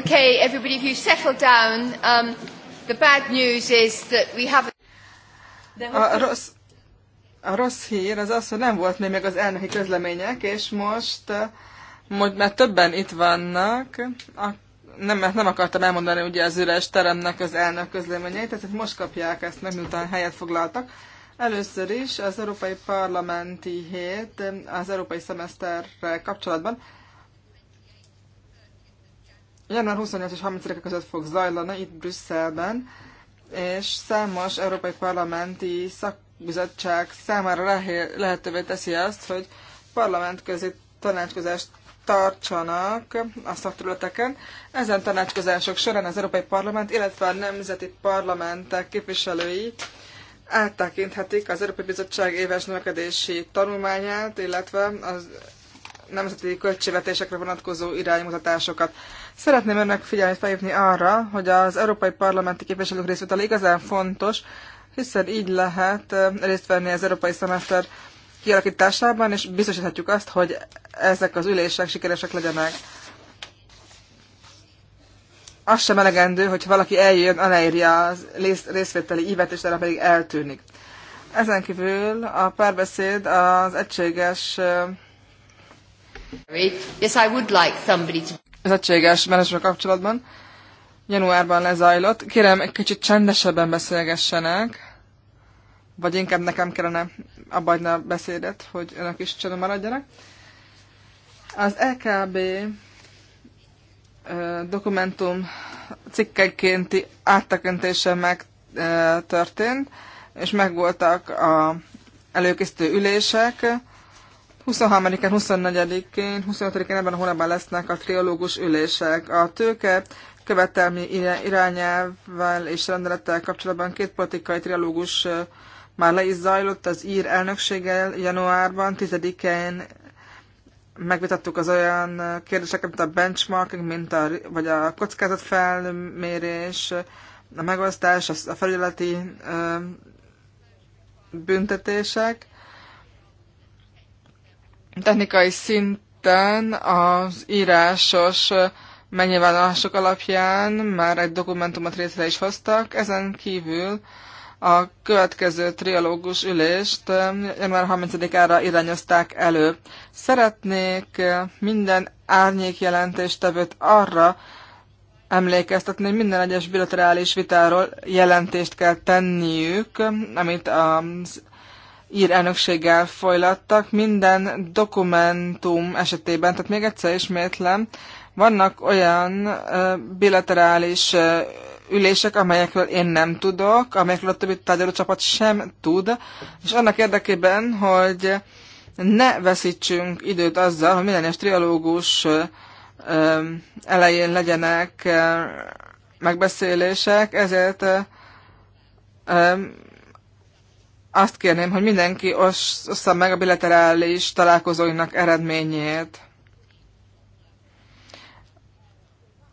Okay, everybody, if you settle down, um, the bad news is that we haven't... A rossz, a rossz hír az az, hogy nem volt még meg az elnöki közlemények, és most, uh, most már többen itt vannak, a, nem, mert nem akartam elmondani ugye az üres teremnek az elnök közleményeit, tehát most kapják ezt meg, miután helyet foglaltak. Először is az Európai Parlamenti Hét um, az Európai Szemeszterrel kapcsolatban január 28 és 30 között fog zajlani itt Brüsszelben, és számos európai parlamenti szakbizottság számára lehetővé teszi azt, hogy közé tanácskozást tartsanak a szakterületeken. Ezen tanácskozások során az Európai Parlament, illetve a nemzeti parlamentek képviselői áttekinthetik az Európai Bizottság éves növekedési tanulmányát, illetve az nemzeti költségvetésekre vonatkozó iránymutatásokat. Szeretném önnek figyelmet felhívni arra, hogy az európai parlamenti képviselők részvétele igazán fontos, hiszen így lehet részt venni az európai szemeszter kialakításában, és biztosíthatjuk azt, hogy ezek az ülések sikeresek legyenek. Az sem elegendő, hogyha valaki eljön, aláírja a részvételi ívet, és pedig eltűnik. Ezen kívül a párbeszéd az egységes ez I egységes kapcsolatban januárban lezajlott. Kérem, egy kicsit csendesebben beszélgessenek, vagy inkább nekem kellene abbagyni a beszédet, hogy önök is csendben maradjanak. Az LKB e dokumentum cikkekénti áttekintése megtörtént, és megvoltak a előkészítő ülések, 23-án, 24-én, 25-én ebben a hónapban lesznek a triológus ülések. A tőke követelmi irányával és rendelettel kapcsolatban két politikai triológus már le is zajlott az ír elnökséggel januárban 10-én megvitattuk az olyan kérdéseket, mint a benchmarking, mint a, vagy a kockázatfelmérés, a megosztás, a felületi büntetések, technikai szinten az írásos megnyilvánulások alapján már egy dokumentumot részre is hoztak, ezen kívül a következő triológus ülést um, január 30-ára irányozták elő. Szeretnék uh, minden árnyék jelentéstevőt arra emlékeztetni, hogy minden egyes bilaterális vitáról jelentést kell tenniük, amit az ír elnökséggel folylattak. Minden dokumentum esetében, tehát még egyszer ismétlem, vannak olyan bilaterális ülések, amelyekről én nem tudok, amelyekről a többi csapat sem tud, és annak érdekében, hogy ne veszítsünk időt azzal, hogy minden egyes trialógus elején legyenek megbeszélések, ezért azt kérném, hogy mindenki ossza meg a bilaterális találkozóinak eredményét.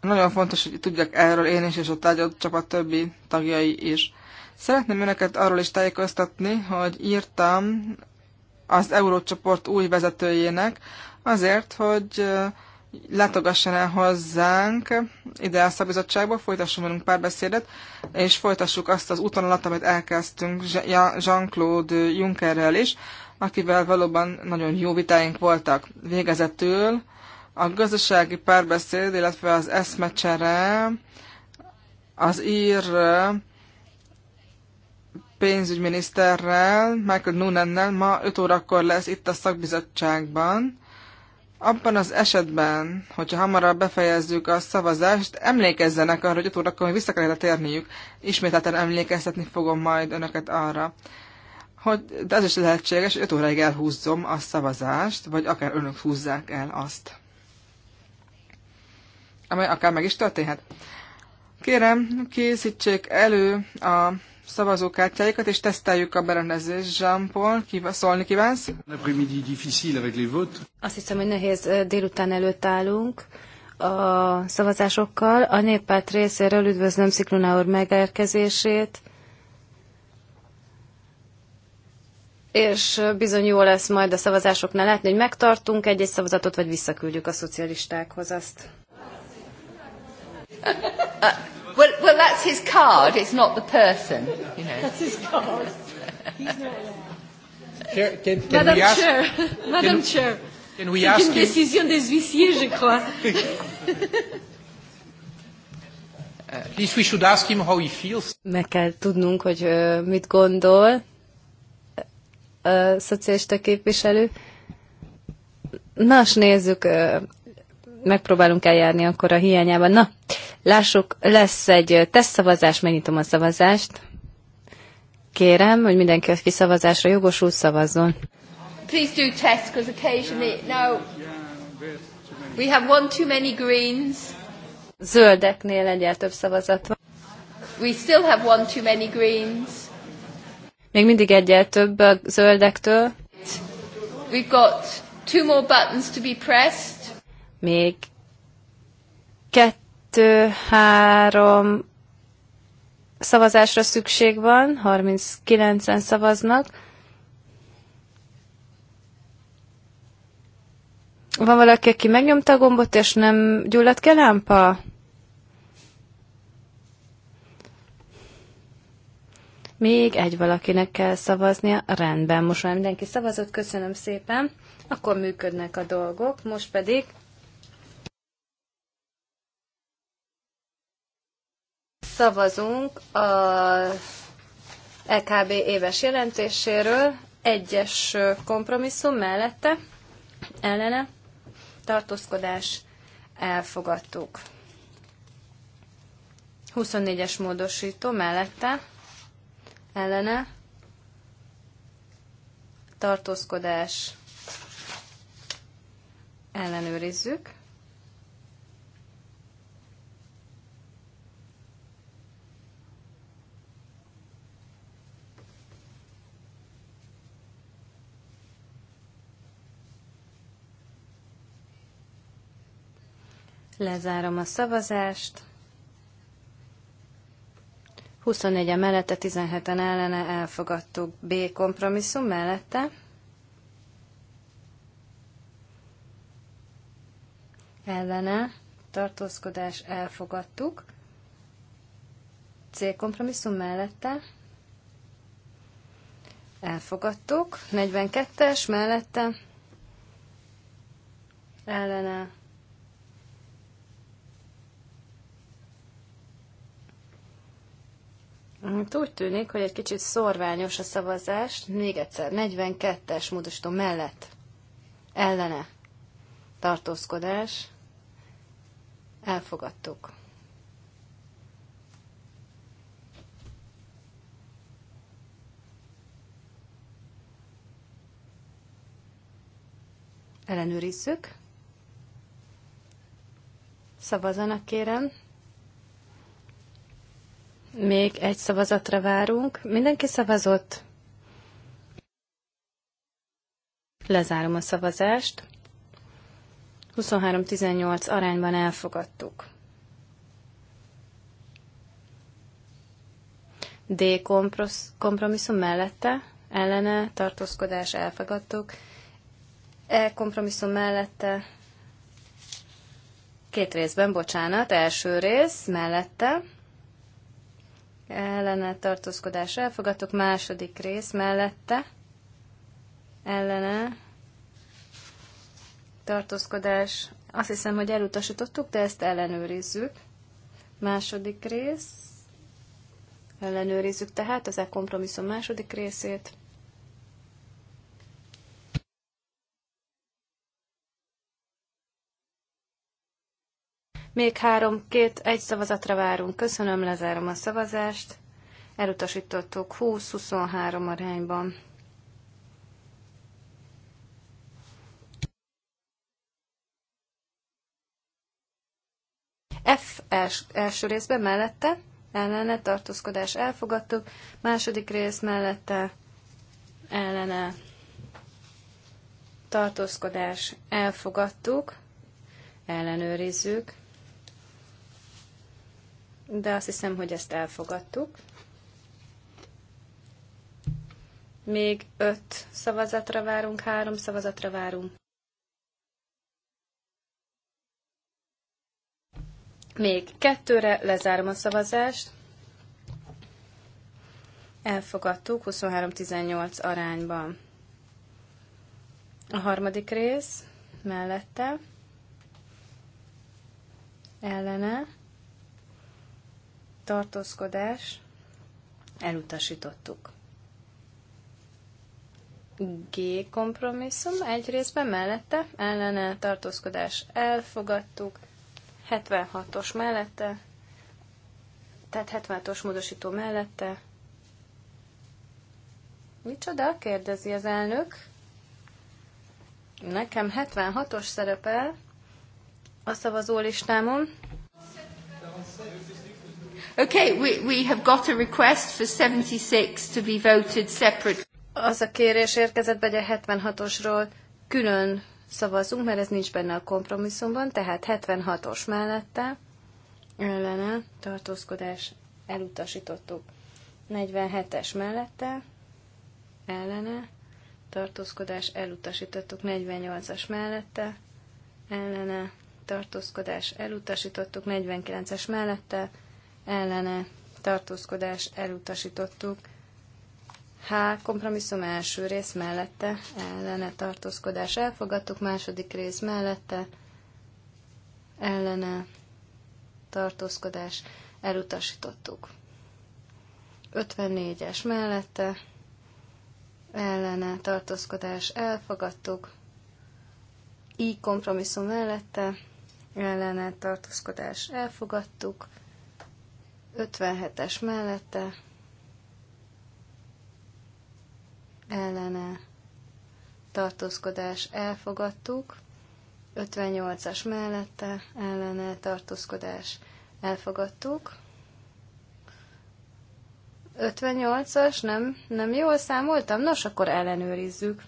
Nagyon fontos, hogy tudjak erről én is, és a tárgyalt csapat többi tagjai is. Szeretném önöket arról is tájékoztatni, hogy írtam az Eurócsoport új vezetőjének azért, hogy látogasson el hozzánk ide a szabizottságba, folytassunk velünk párbeszédet, és folytassuk azt az alatt, amit elkezdtünk Jean-Claude Junckerrel is, akivel valóban nagyon jó vitáink voltak. Végezetül a gazdasági párbeszéd, illetve az eszmecsere az ír pénzügyminiszterrel, Michael Noonan-nel ma 5 órakor lesz itt a szakbizottságban abban az esetben, hogyha hamarabb befejezzük a szavazást, emlékezzenek arra, hogy 5 órakor vissza kellett térniük. Ismételten emlékeztetni fogom majd önöket arra. Hogy, de az is lehetséges, hogy 5 óráig elhúzzom a szavazást, vagy akár önök húzzák el azt. Amely akár meg is történhet. Kérem, készítsék elő a szavazókártyáikat, és teszteljük a berendezést. Jean-Paul, szólni kívánsz? Azt hiszem, hogy nehéz délután előtt állunk a szavazásokkal. A néppárt részéről üdvözlöm Szikluna úr megérkezését. és bizony jó lesz majd a szavazásoknál látni, hogy megtartunk egy-egy szavazatot, vagy visszaküldjük a szocialistákhoz azt. Well, well, that's his card. It's not the person. You know. That's his card. He's not allowed. Can, can, can Madame we ask, Chair, Madame can, Chair, can we ask une him? décision des huissiers, je crois. At least we should ask him how he feels. Meg kell tudnunk, hogy mit gondol a uh, szocialista képviselő. Nos, nézzük megpróbálunk eljárni akkor a hiányában. Na, lássuk, lesz egy tesztszavazás, megnyitom a szavazást. Kérem, hogy mindenki, aki szavazásra jogosult, szavazzon. Please do test, because occasionally, no. We have one too many greens. Zöldeknél egyel több szavazat van. We still have one too many greens. Még mindig egyel több a zöldektől. We've got two more buttons to be pressed még kettő-három szavazásra szükség van, 39-en szavaznak. Van valaki, aki megnyomta a gombot, és nem gyulladt ki lámpa? Még egy valakinek kell szavaznia. Rendben, most már mindenki szavazott, köszönöm szépen. Akkor működnek a dolgok. Most pedig Szavazunk a LKB e éves jelentéséről, egyes kompromisszum mellette, ellene, tartózkodás, elfogadtuk. 24-es módosító mellette, ellene, tartózkodás, ellenőrizzük. Lezárom a szavazást. 24-en mellette, 17-en ellene elfogadtuk B kompromisszum mellette. Ellene tartózkodás elfogadtuk. C kompromisszum mellette elfogadtuk. 42-es mellette ellene Hát úgy tűnik, hogy egy kicsit szorványos a szavazás. Még egyszer, 42-es módosító mellett ellene tartózkodás. Elfogadtuk. Ellenőrizzük. Szavazanak kérem. Még egy szavazatra várunk. Mindenki szavazott? Lezárom a szavazást. 23-18 arányban elfogadtuk. D kompromisszum mellette, ellene tartózkodás elfogadtuk. E kompromisszum mellette, két részben, bocsánat, első rész mellette, ellene tartózkodás elfogadtuk, második rész mellette ellene tartózkodás, azt hiszem, hogy elutasítottuk, de ezt ellenőrizzük. Második rész, ellenőrizzük tehát az e kompromisszum második részét. Még három, két, egy szavazatra várunk. Köszönöm, lezárom a szavazást. Elutasítottuk 20-23 arányban. F els, első részben mellette, ellene tartózkodás elfogadtuk, második rész mellette, ellene tartózkodás elfogadtuk, ellenőrizzük de azt hiszem, hogy ezt elfogadtuk. Még öt szavazatra várunk, három szavazatra várunk. Még kettőre lezárom a szavazást. Elfogadtuk 23-18 arányban. A harmadik rész mellette, ellene, tartózkodás, elutasítottuk. G kompromisszum egy részben mellette, ellene tartózkodás elfogadtuk, 76-os mellette, tehát 76-os módosító mellette. Micsoda? kérdezi az elnök. Nekem 76-os szerepel a szavazólistámon. Okay, we, we have got a request for 76 to be voted separate. Az a kérés érkezett be, hogy a 76-osról külön szavazunk, mert ez nincs benne a kompromisszumban, tehát 76-os mellette ellene tartózkodás elutasítottuk. 47-es mellette ellene tartózkodás elutasítottuk. 48-as mellette ellene tartózkodás elutasítottuk. 49-es mellette ellene tartózkodás elutasítottuk. H. Kompromisszum első rész mellette ellene tartózkodás elfogadtuk, második rész mellette ellene tartózkodás elutasítottuk. 54-es mellette ellene tartózkodás elfogadtuk, így kompromisszum mellette ellene tartózkodás elfogadtuk, 57-es mellette ellene tartózkodás elfogadtuk, 58-as mellette ellene tartózkodás elfogadtuk. 58-as, nem, nem jól számoltam? Nos, akkor ellenőrizzük.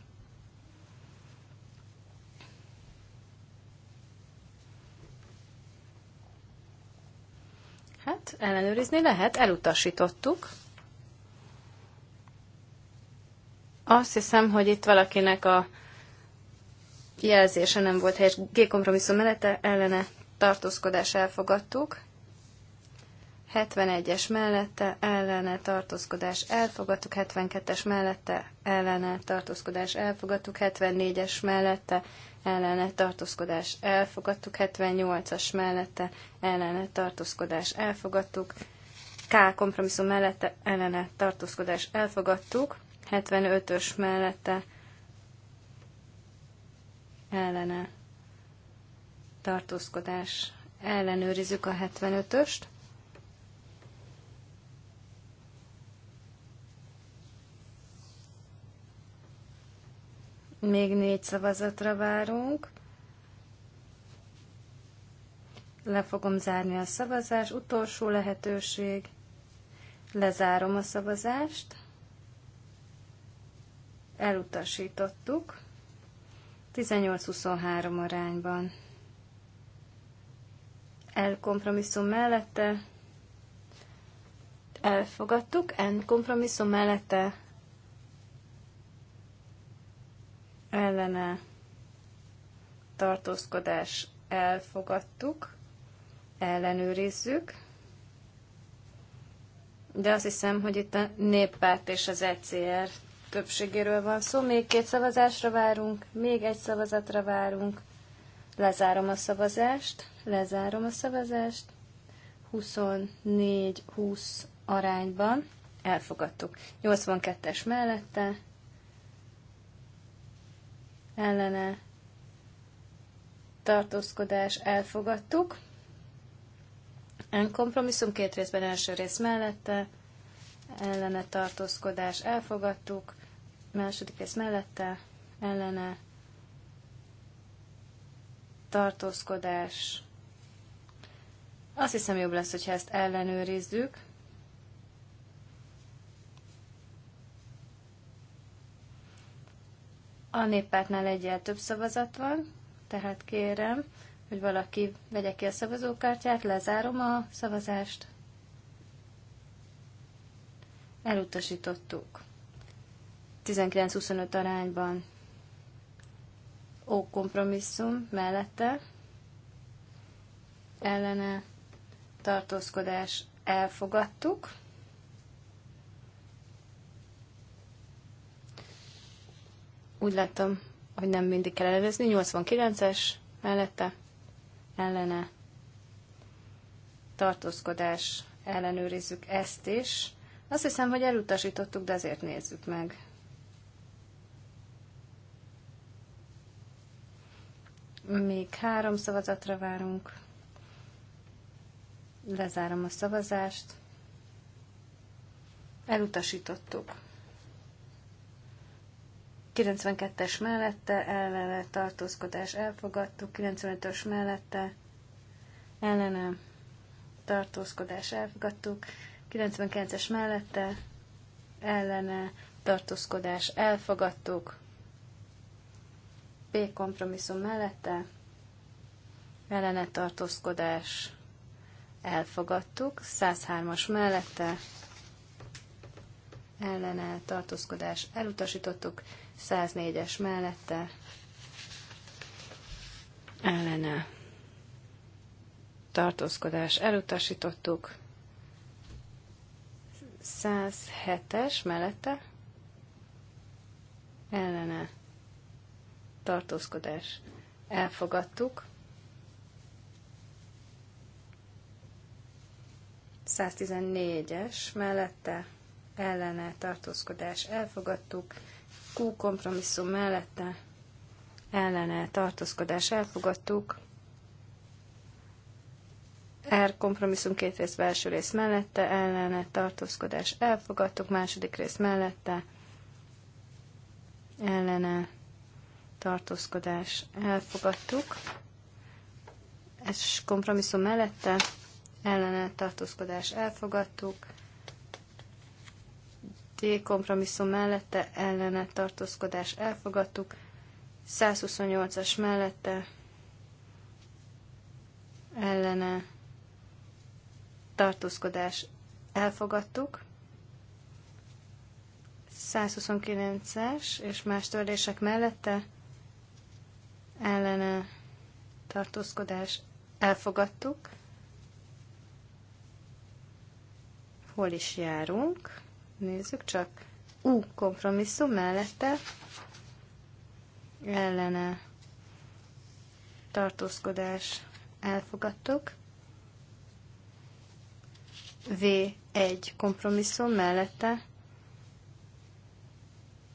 Hát ellenőrizni lehet, elutasítottuk. Azt hiszem, hogy itt valakinek a jelzése nem volt helyes. G kompromisszum mellette ellene tartózkodás elfogadtuk. 71-es mellette ellene tartózkodás elfogadtuk, 72-es mellette ellene tartózkodás elfogadtuk, 74-es mellette ellene tartózkodás elfogadtuk, 78-as mellette ellene tartózkodás elfogadtuk, K kompromisszum mellette ellene tartózkodás elfogadtuk, 75-ös mellette ellene tartózkodás ellenőrizzük a 75-öst. Még négy szavazatra várunk. Le fogom zárni a szavazás. Utolsó lehetőség. Lezárom a szavazást. Elutasítottuk. 18-23 arányban. Elkompromisszum mellette elfogadtuk, en kompromisszum mellette ellene tartózkodás elfogadtuk, ellenőrizzük, de azt hiszem, hogy itt a néppárt és az ECR többségéről van szó. Még két szavazásra várunk, még egy szavazatra várunk. Lezárom a szavazást, lezárom a szavazást. 24-20 arányban elfogadtuk. 82-es mellette, ellene tartózkodás elfogadtuk. En kompromisszum két részben első rész mellette, ellene tartózkodás elfogadtuk, második rész mellette, ellene tartózkodás. Azt hiszem jobb lesz, hogyha ezt ellenőrizzük. A néppártnál egyel több szavazat van, tehát kérem, hogy valaki vegye ki a szavazókártyát, lezárom a szavazást. Elutasítottuk. 19-25 arányban ó kompromisszum mellette ellene tartózkodás elfogadtuk. Úgy láttam, hogy nem mindig kell előzni. 89-es mellette ellene tartózkodás ellenőrizzük ezt is. Azt hiszem, hogy elutasítottuk, de azért nézzük meg. Még három szavazatra várunk. Lezárom a szavazást. Elutasítottuk. 92-es mellette ellene tartózkodás elfogadtuk, 95-ös mellette ellene tartózkodás elfogadtuk, 99-es mellette ellene tartózkodás elfogadtuk, B kompromisszum mellette ellene tartózkodás elfogadtuk, 103-as mellette ellene tartózkodás elutasítottuk, 104-es mellette ellene tartózkodás elutasítottuk. 107-es mellette ellene tartózkodás elfogadtuk. 114-es mellette ellene tartózkodás elfogadtuk. Q kompromisszum mellette ellene tartózkodás elfogadtuk. R kompromisszum két rész belső rész mellette, ellene tartózkodás elfogadtuk, második rész mellette, ellene tartózkodás elfogadtuk. S kompromisszum mellette, ellene tartózkodás elfogadtuk. T kompromisszum mellette ellene tartózkodás elfogadtuk, 128-as mellette ellene tartózkodás elfogadtuk, 129-es és más törlések mellette ellene tartózkodás elfogadtuk, hol is járunk nézzük csak. U kompromisszum mellette ellene tartózkodás elfogadtok. V1 kompromisszum mellette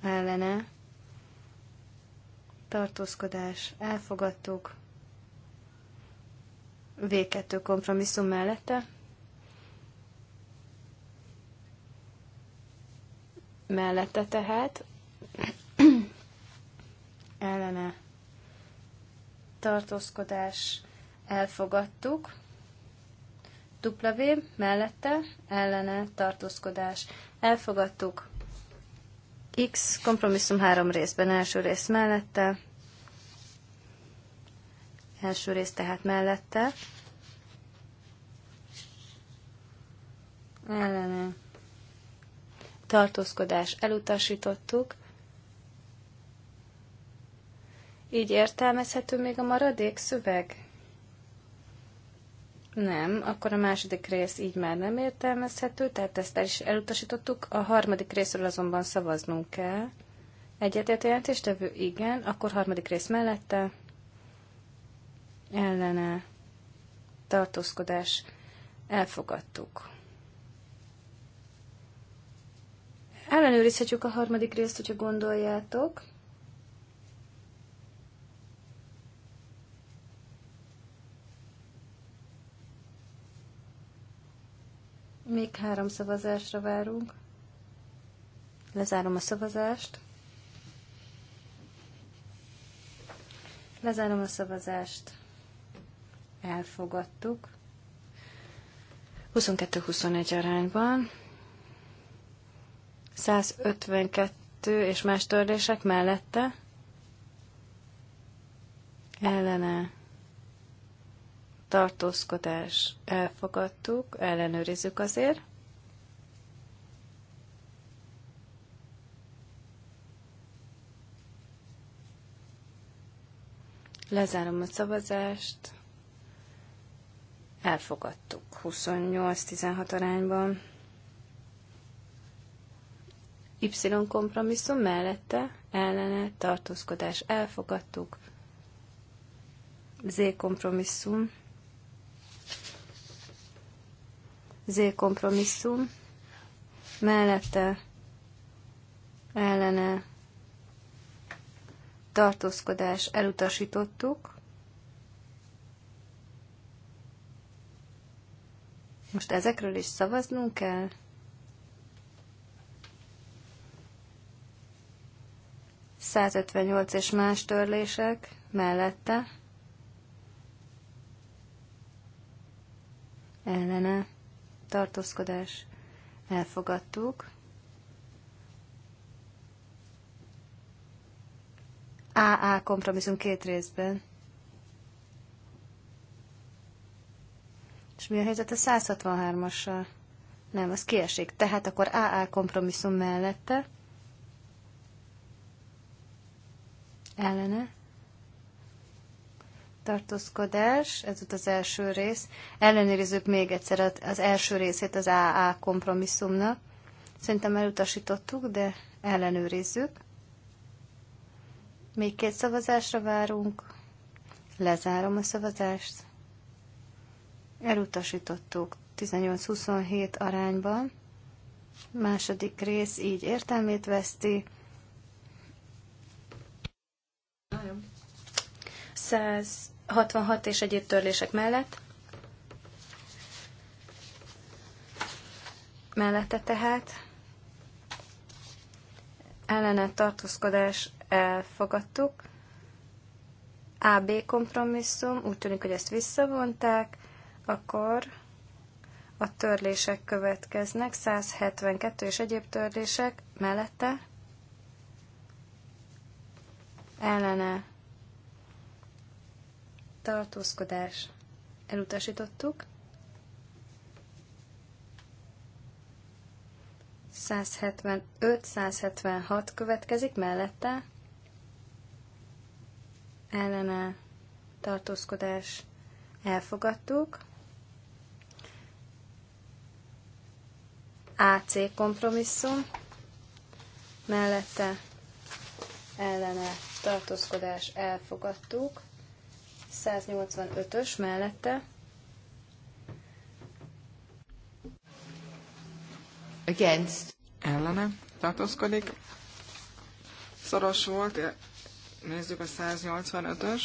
ellene tartózkodás elfogadtuk. V2 kompromisszum mellette mellette tehát ellene tartózkodás elfogadtuk. W mellette ellene tartózkodás elfogadtuk. X kompromisszum három részben első rész mellette. Első rész tehát mellette. Ellene tartózkodás elutasítottuk. Így értelmezhető még a maradék szöveg? Nem, akkor a második rész így már nem értelmezhető, tehát ezt el is elutasítottuk. A harmadik részről azonban szavaznunk kell. Egyetért a jelentéstevő? Igen. Akkor harmadik rész mellette? Ellene. Tartózkodás. Elfogadtuk. Ellenőrizhetjük a harmadik részt, hogyha gondoljátok. Még három szavazásra várunk. Lezárom a szavazást. Lezárom a szavazást. Elfogadtuk. 22-21 arányban. 152 és más törlések mellette ellene tartózkodás elfogadtuk, ellenőrizzük azért. Lezárom a szavazást. Elfogadtuk 28-16 arányban. Y kompromisszum mellette ellene tartózkodás elfogadtuk. Z kompromisszum. Z kompromisszum. Mellette ellene tartózkodás elutasítottuk. Most ezekről is szavaznunk kell? 158 és más törlések mellette, ellene, tartózkodás, elfogadtuk. AA kompromisszum két részben. És mi a helyzet a 163-assal? Nem, az kiesik. Tehát akkor AA kompromisszum mellette ellene, tartózkodás, ez volt az első rész. Ellenőrizzük még egyszer az első részét az AA kompromisszumnak. Szerintem elutasítottuk, de ellenőrizzük. Még két szavazásra várunk. Lezárom a szavazást. Elutasítottuk 18-27 arányban. Második rész így értelmét veszti. 166 és egyéb törlések mellett. Mellette tehát ellene tartózkodás elfogadtuk. AB kompromisszum, úgy tűnik, hogy ezt visszavonták, akkor a törlések következnek, 172 és egyéb törlések mellette ellene tartózkodás elutasítottuk. 175-176 következik mellette. Ellene tartózkodás elfogadtuk. AC kompromisszum mellette ellene tartózkodás elfogadtuk. 185-ös mellette. Against. Ellene tartózkodik. Szoros volt, nézzük a 185-ös.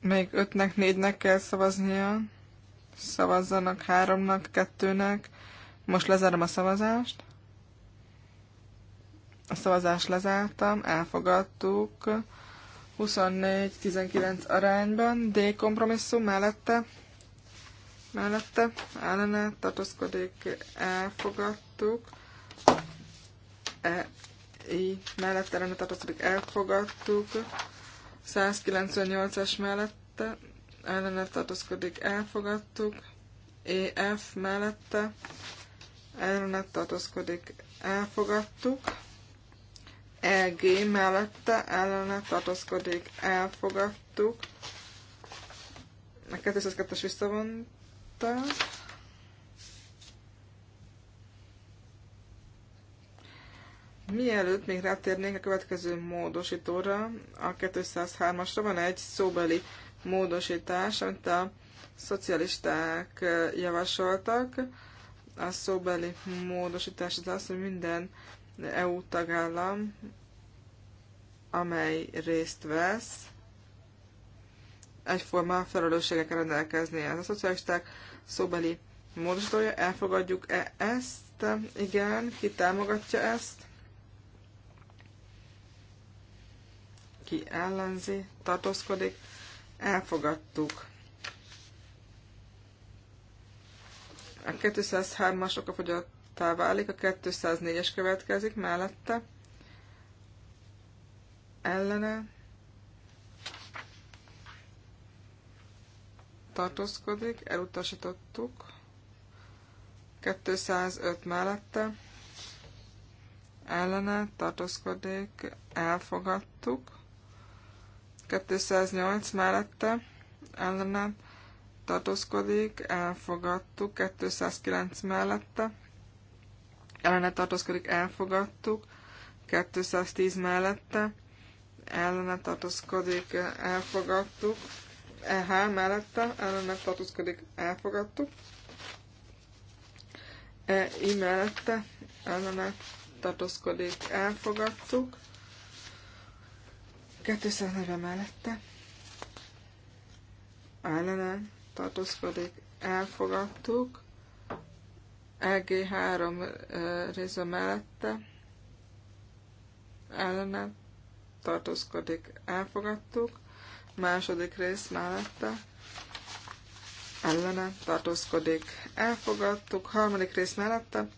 Még 5-nek, 4-nek kell szavaznia. Szavazzanak 3-nak, 2-nek. Most lezárom a szavazást. A szavazást lezártam, elfogadtuk. 24-19 arányban, D kompromisszum mellette, mellette, ellene tartózkodik, elfogadtuk. E, I mellette ellene tartózkodik, elfogadtuk. 198-es mellette, ellene tartózkodik, elfogadtuk. E, F mellette, ellene tartózkodik, elfogadtuk. EG mellette ellene tartozkodik. Elfogadtuk. Meg 202-es visszavonta. Mielőtt még rátérnénk a következő módosítóra, a 203-asra van egy szóbeli módosítás, amit a szocialisták eh, javasoltak. A szóbeli módosítás az az, hogy minden EU tagállam, amely részt vesz, egyforma felelősségekkel rendelkeznie. A szocialisták szóbeli módosítója, elfogadjuk-e ezt? Igen, ki támogatja ezt? Ki ellenzi, tartózkodik? Elfogadtuk. A 203-as okafogyott okafogyottá válik, a 204-es következik mellette, ellene, tartózkodik, elutasítottuk, 205 mellette, ellene, tartózkodik, elfogadtuk, 208 mellette, ellene, tartózkodik, elfogadtuk 209 mellette, ellene tartózkodik, elfogadtuk, 210 mellette, ellene tartózkodik, elfogadtuk, EH mellette, ellene tartózkodik, elfogadtuk, EI mellette, ellene tartózkodik, elfogadtuk, 240 mellette, ellene tartózkodik, elfogadtuk, LG3 része mellette ellene tartózkodik, elfogadtuk. Második rész mellette ellene tartózkodik, elfogadtuk. Harmadik rész mellette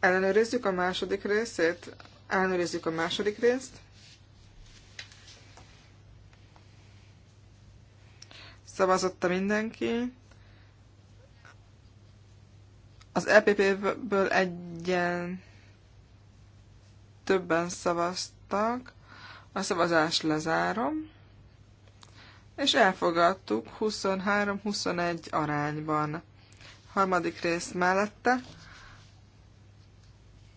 ellenőrizzük a második részét, ellenőrizzük a második részt. Szavazotta mindenki. Az EPP-ből egyen többen szavaztak. A szavazást lezárom. És elfogadtuk 23-21 arányban. Harmadik rész mellette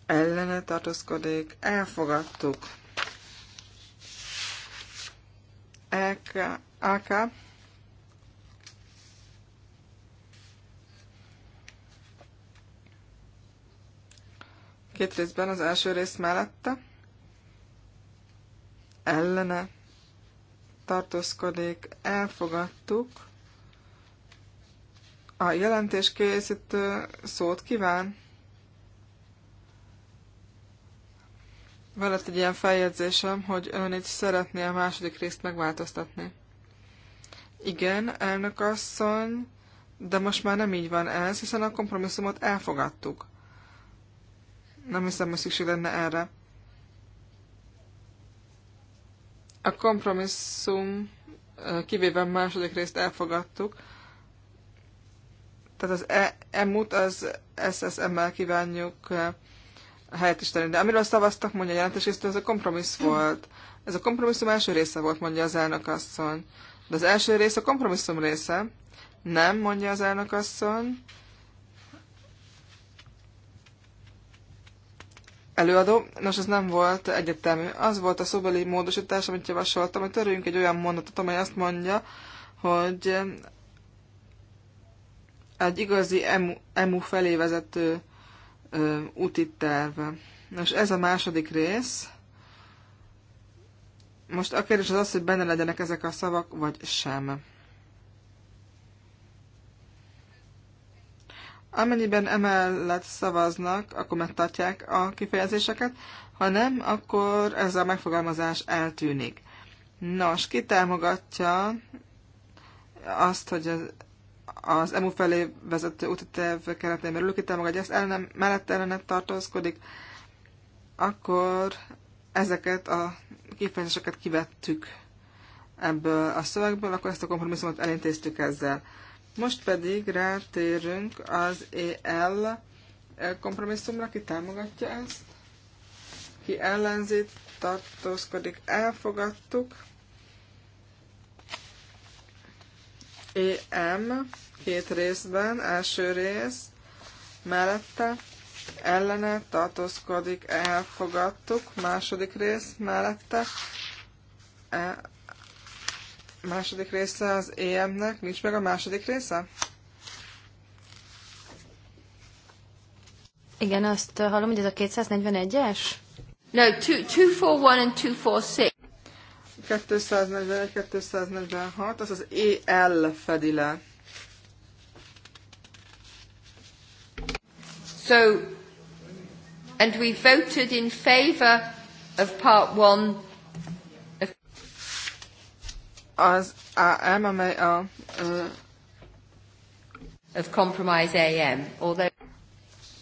ellene tartózkodik. Elfogadtuk. EK, AK Két részben az első rész mellette. Ellene tartózkodik, elfogadtuk. A jelentés készítő szót kíván. Veled egy ilyen feljegyzésem, hogy ön itt szeretné a második részt megváltoztatni. Igen, elnök asszony, de most már nem így van ez, hiszen a kompromisszumot elfogadtuk. Nem hiszem, hogy szükség lenne erre. A kompromisszum kivéve a második részt elfogadtuk. Tehát az emut e az SSM-mel kívánjuk tenni. De amiről szavaztak, mondja a részt, ez a kompromissz volt. Ez a kompromisszum első része volt, mondja az asszony. De az első rész a kompromisszum része. Nem, mondja az asszony. előadó. Nos, ez nem volt egyetemű. Az volt a szóbeli módosítás, amit javasoltam, hogy törjünk egy olyan mondatot, amely azt mondja, hogy egy igazi emu, emu felé vezető ö, úti terve. Nos, ez a második rész. Most a kérdés az az, hogy benne legyenek ezek a szavak, vagy sem. Amennyiben emellett szavaznak, akkor megtartják a kifejezéseket, ha nem, akkor ez a megfogalmazás eltűnik. Nos, ki támogatja azt, hogy az, az EMU felé vezető útiterv keretében belül ki támogatja ezt, ellenem, mellett ellenet tartózkodik, akkor ezeket a kifejezéseket kivettük ebből a szövegből, akkor ezt a kompromisszumot elintéztük ezzel. Most pedig rátérünk az EL kompromisszumra, ki támogatja ezt, ki ellenzét tartózkodik, elfogadtuk. EM két részben, első rész, mellette, ellene, tartózkodik, elfogadtuk, második rész, mellette, e második része az EM-nek? Nincs meg a második része? Igen, azt hallom, hogy ez a 241-es? No, 241 and 246. 241-246, az az EL fedi le. So, and we voted in favor of part one az AM, amely a... Uh, of Compromise AM, although...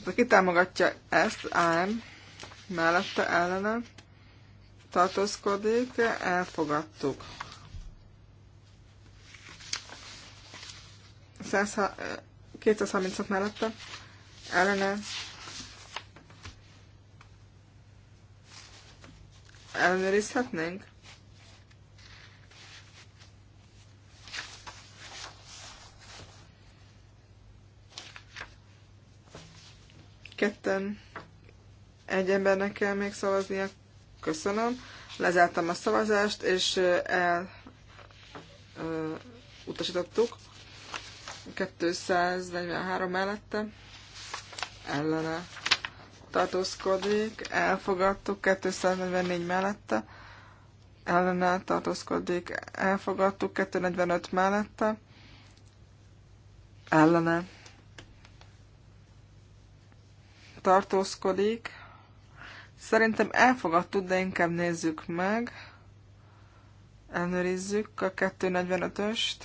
De ki támogatja ezt, AM, mellette ellene tartózkodik, elfogadtuk. 236 mellette ellene ellenőrizhetnénk? Ketten egy embernek kell még szavaznia. Köszönöm. Lezártam a szavazást, és el ö, utasítottuk. 243 mellette ellene tartózkodik, elfogadtuk 244 mellette, ellene tartózkodik, elfogadtuk 245 mellette, ellene tartózkodik. Szerintem elfogadtuk, de inkább nézzük meg. Elnőrizzük a 245-öst.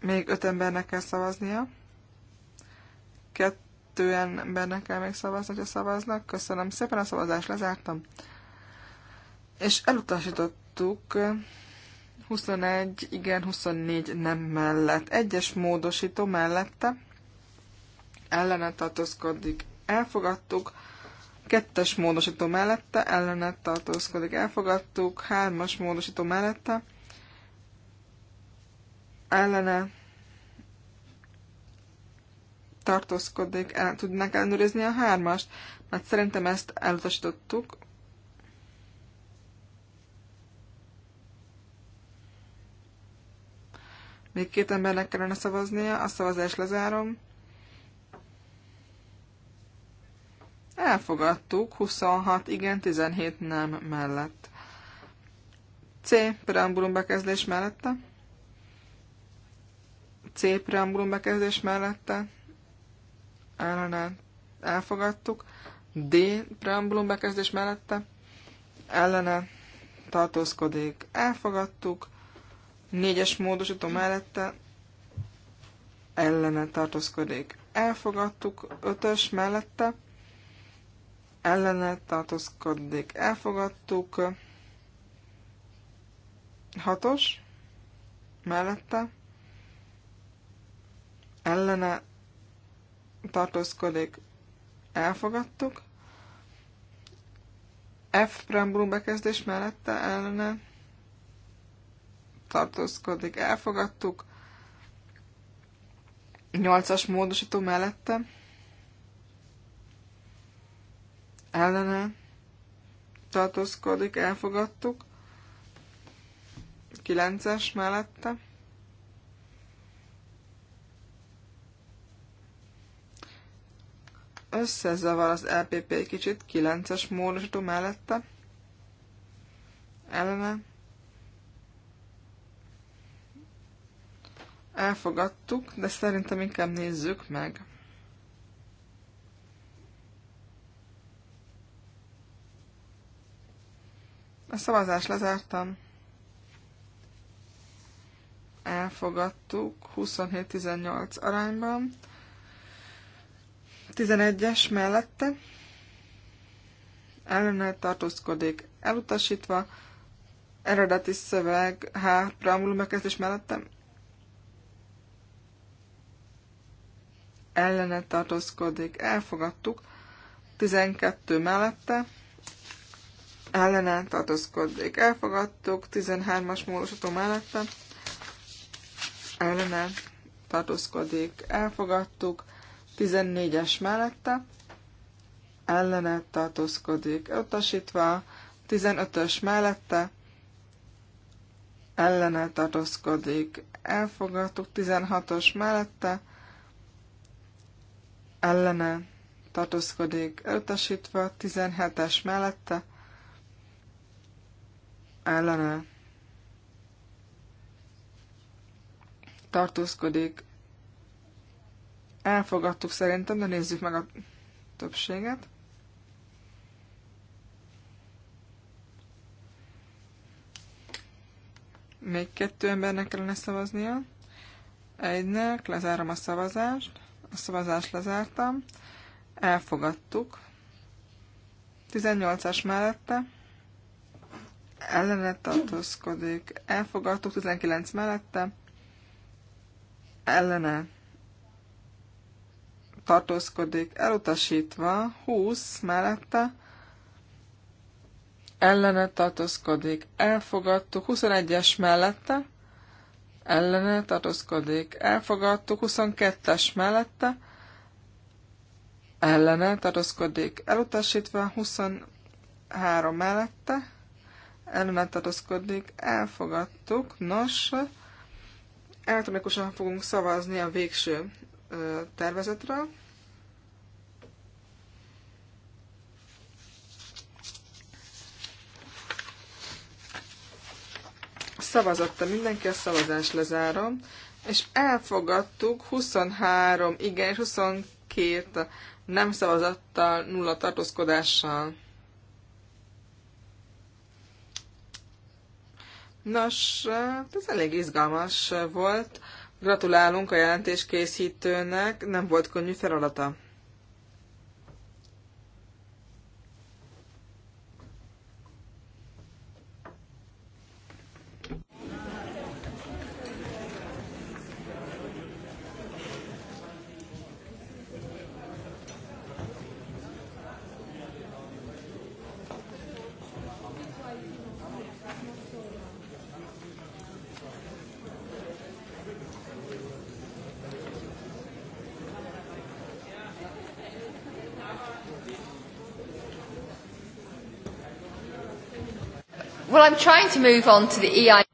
Még öt embernek kell szavaznia. Kettő embernek kell még szavazni, ha szavaznak. Köszönöm szépen, a szavazást lezártam. És elutasítottuk 21 igen, 24 nem mellett. Egyes módosító mellette ellene tartózkodik, elfogadtuk. Kettes módosító mellette ellene tartózkodik, elfogadtuk. Hármas módosító mellette ellene tartózkodik, el tudnak ellenőrizni a hármast, mert szerintem ezt elutasítottuk, Még két embernek kellene szavaznia, a szavazást lezárom. Elfogadtuk, 26 igen, 17 nem mellett. C. Preambulum bekezdés mellette. C. Preambulum bekezdés mellette. Ellenet. elfogadtuk. D. Preambulum bekezdés mellette. Ellene tartózkodik. Elfogadtuk. Négyes módosító mellette ellene tartózkodik. Elfogadtuk ötös mellette ellene tartózkodik. Elfogadtuk hatos mellette ellene tartózkodik. Elfogadtuk. F preambulum bekezdés mellette ellene tartózkodik, elfogadtuk. Nyolcas módosító mellette ellene tartózkodik, elfogadtuk. Kilences mellette. Összezavar az LPP e kicsit, kilences módosító mellette. Ellene elfogadtuk, de szerintem inkább nézzük meg. A szavazást lezártam. Elfogadtuk 27-18 arányban. 11-es mellette Ellenőr tartózkodik elutasítva, eredeti szöveg H preambulum bekezdés ellene tartózkodik, elfogadtuk. 12 mellette ellene tartózkodik, elfogadtuk. 13-as módosító mellette ellene tartózkodik, elfogadtuk. 14-es mellette ellene tartózkodik, utasítva. 15-ös mellette ellene tartózkodik, elfogadtuk. 16-os mellette ellene tartózkodik elutasítva, 17-es mellette ellene tartózkodik. Elfogadtuk szerintem, de nézzük meg a többséget. Még kettő embernek kellene szavaznia. Egynek, lezárom a szavazást. A szavazást lezártam. Elfogadtuk. 18-as mellette ellene tartózkodik. Elfogadtuk 19 mellette ellene tartózkodik. Elutasítva 20 mellette ellene tartózkodik. Elfogadtuk 21-es mellette ellene tartózkodik. Elfogadtuk 22-es mellette, ellene tartózkodik. Elutasítva 23 mellette, ellene tartózkodik. Elfogadtuk. Nos, elektronikusan fogunk szavazni a végső tervezetről. Szavazatta mindenki, a szavazás lezárom, és elfogadtuk 23 igen és 22 nem szavazattal, nulla tartózkodással. Nos, hát ez elég izgalmas volt. Gratulálunk a jelentéskészítőnek, nem volt könnyű feladata. Well, I'm trying to move on to the EI.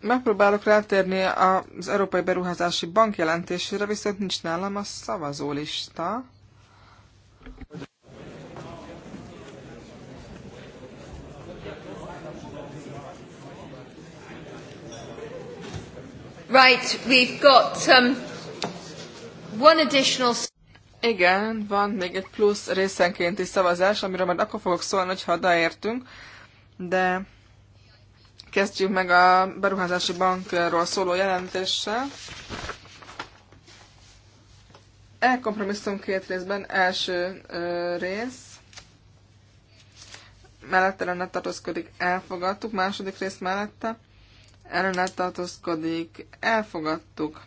Megpróbálok rátérni az Európai Beruházási Bank jelentésére, viszont nincs nálam a szavazólista. Right, we've got um, one additional... Igen, van még egy plusz részenkénti szavazás, amiről majd akkor fogok szólni, ha odaértünk de kezdjük meg a beruházási bankról szóló jelentéssel. Elkompromisszum két részben, első ö, rész, mellette lenne tartózkodik, elfogadtuk, második rész mellette ellene tartózkodik, elfogadtuk.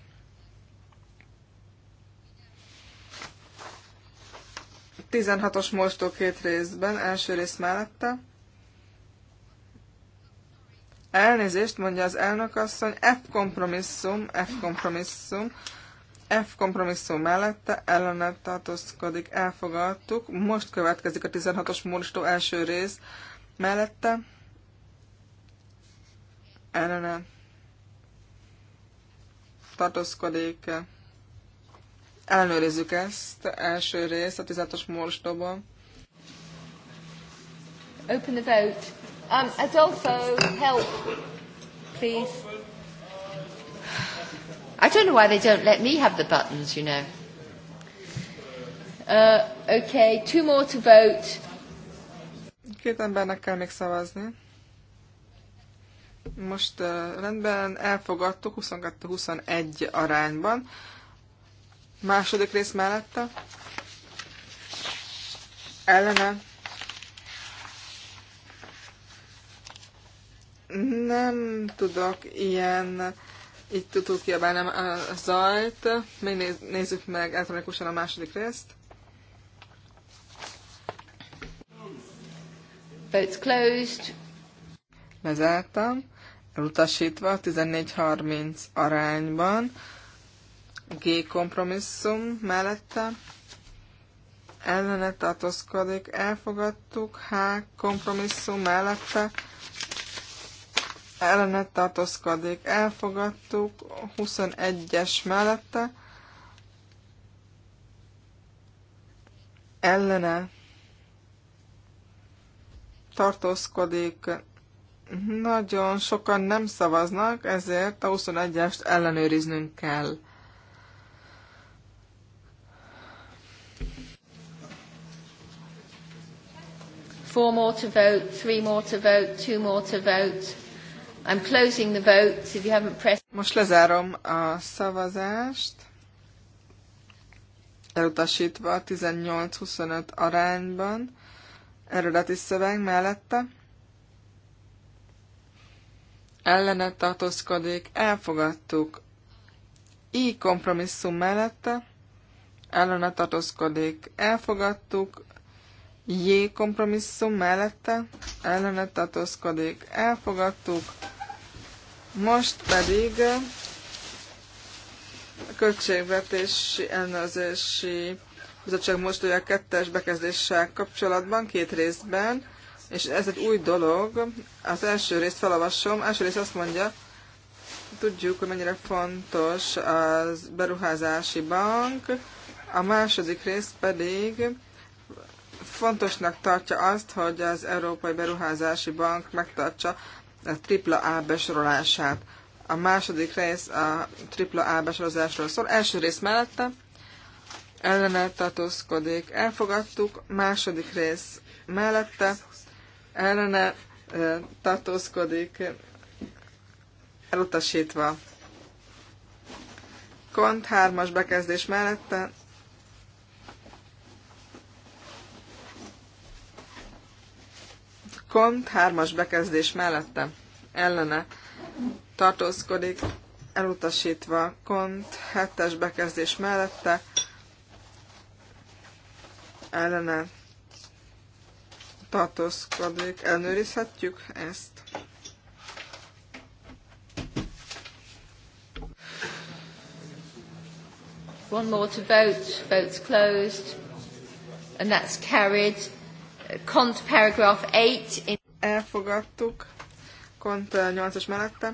Tizenhatos mostó két részben, első rész mellette Elnézést, mondja az elnök asszony, F kompromisszum, F kompromisszum, F kompromisszum mellette ellene tartózkodik, elfogadtuk. Most következik a 16-os módosító első rész mellette ellene tartózkodik. Ellenőrizzük ezt, első rész a 16-os módosítóban. Open the vote. Um, Adolfo, help, please. I don't know why they don't let me have the buttons, you know. Uh, okay, two more to vote. Két embernek kell még szavazni. Most uh, rendben elfogadtuk 22-21 arányban. Második rész mellette. Ellene nem tudok ilyen így tudtuk kiabálni a zajt. Még néz, nézzük meg elektronikusan a második részt. Votes closed. Lezártam. Elutasítva 14.30 arányban. G kompromisszum mellette. Ellene tartózkodik. Elfogadtuk. H kompromisszum mellette ellene tartózkodik. Elfogadtuk 21-es mellette. Ellene tartózkodik. Nagyon sokan nem szavaznak, ezért a 21-est ellenőriznünk kell. Four more to vote, three more to vote, two more to vote. I'm closing the votes if you haven't pressed. Most lezárom a szavazást. Elutasítva 18-25 arányban. Eredeti szöveg mellette. Ellene tartózkodik. Elfogadtuk. I kompromisszum mellette. Ellene tartózkodik. Elfogadtuk. J kompromisszum mellette ellene tartózkodik. Elfogadtuk. Most pedig a költségvetési ellenőrzési bizottság most a kettes bekezdéssel kapcsolatban két részben, és ez egy új dolog. Az első részt felolvasom. Első rész azt mondja, tudjuk, hogy mennyire fontos az beruházási bank, a második rész pedig fontosnak tartja azt, hogy az Európai Beruházási Bank megtartsa a AAA besorolását. A második rész a AAA besorolásról szól. Első rész mellette ellene tartózkodik. Elfogadtuk. Második rész mellette ellene tartózkodik. Elutasítva. Kont 3-as bekezdés mellette kont, hármas bekezdés mellette ellene tartózkodik, elutasítva kont, hetes bekezdés mellette ellene tartózkodik, ellenőrizhetjük ezt. One more to vote. Votes closed. And that's carried. Kant paragraph 8. In... Elfogadtuk. Kant 8-as eh, mellette.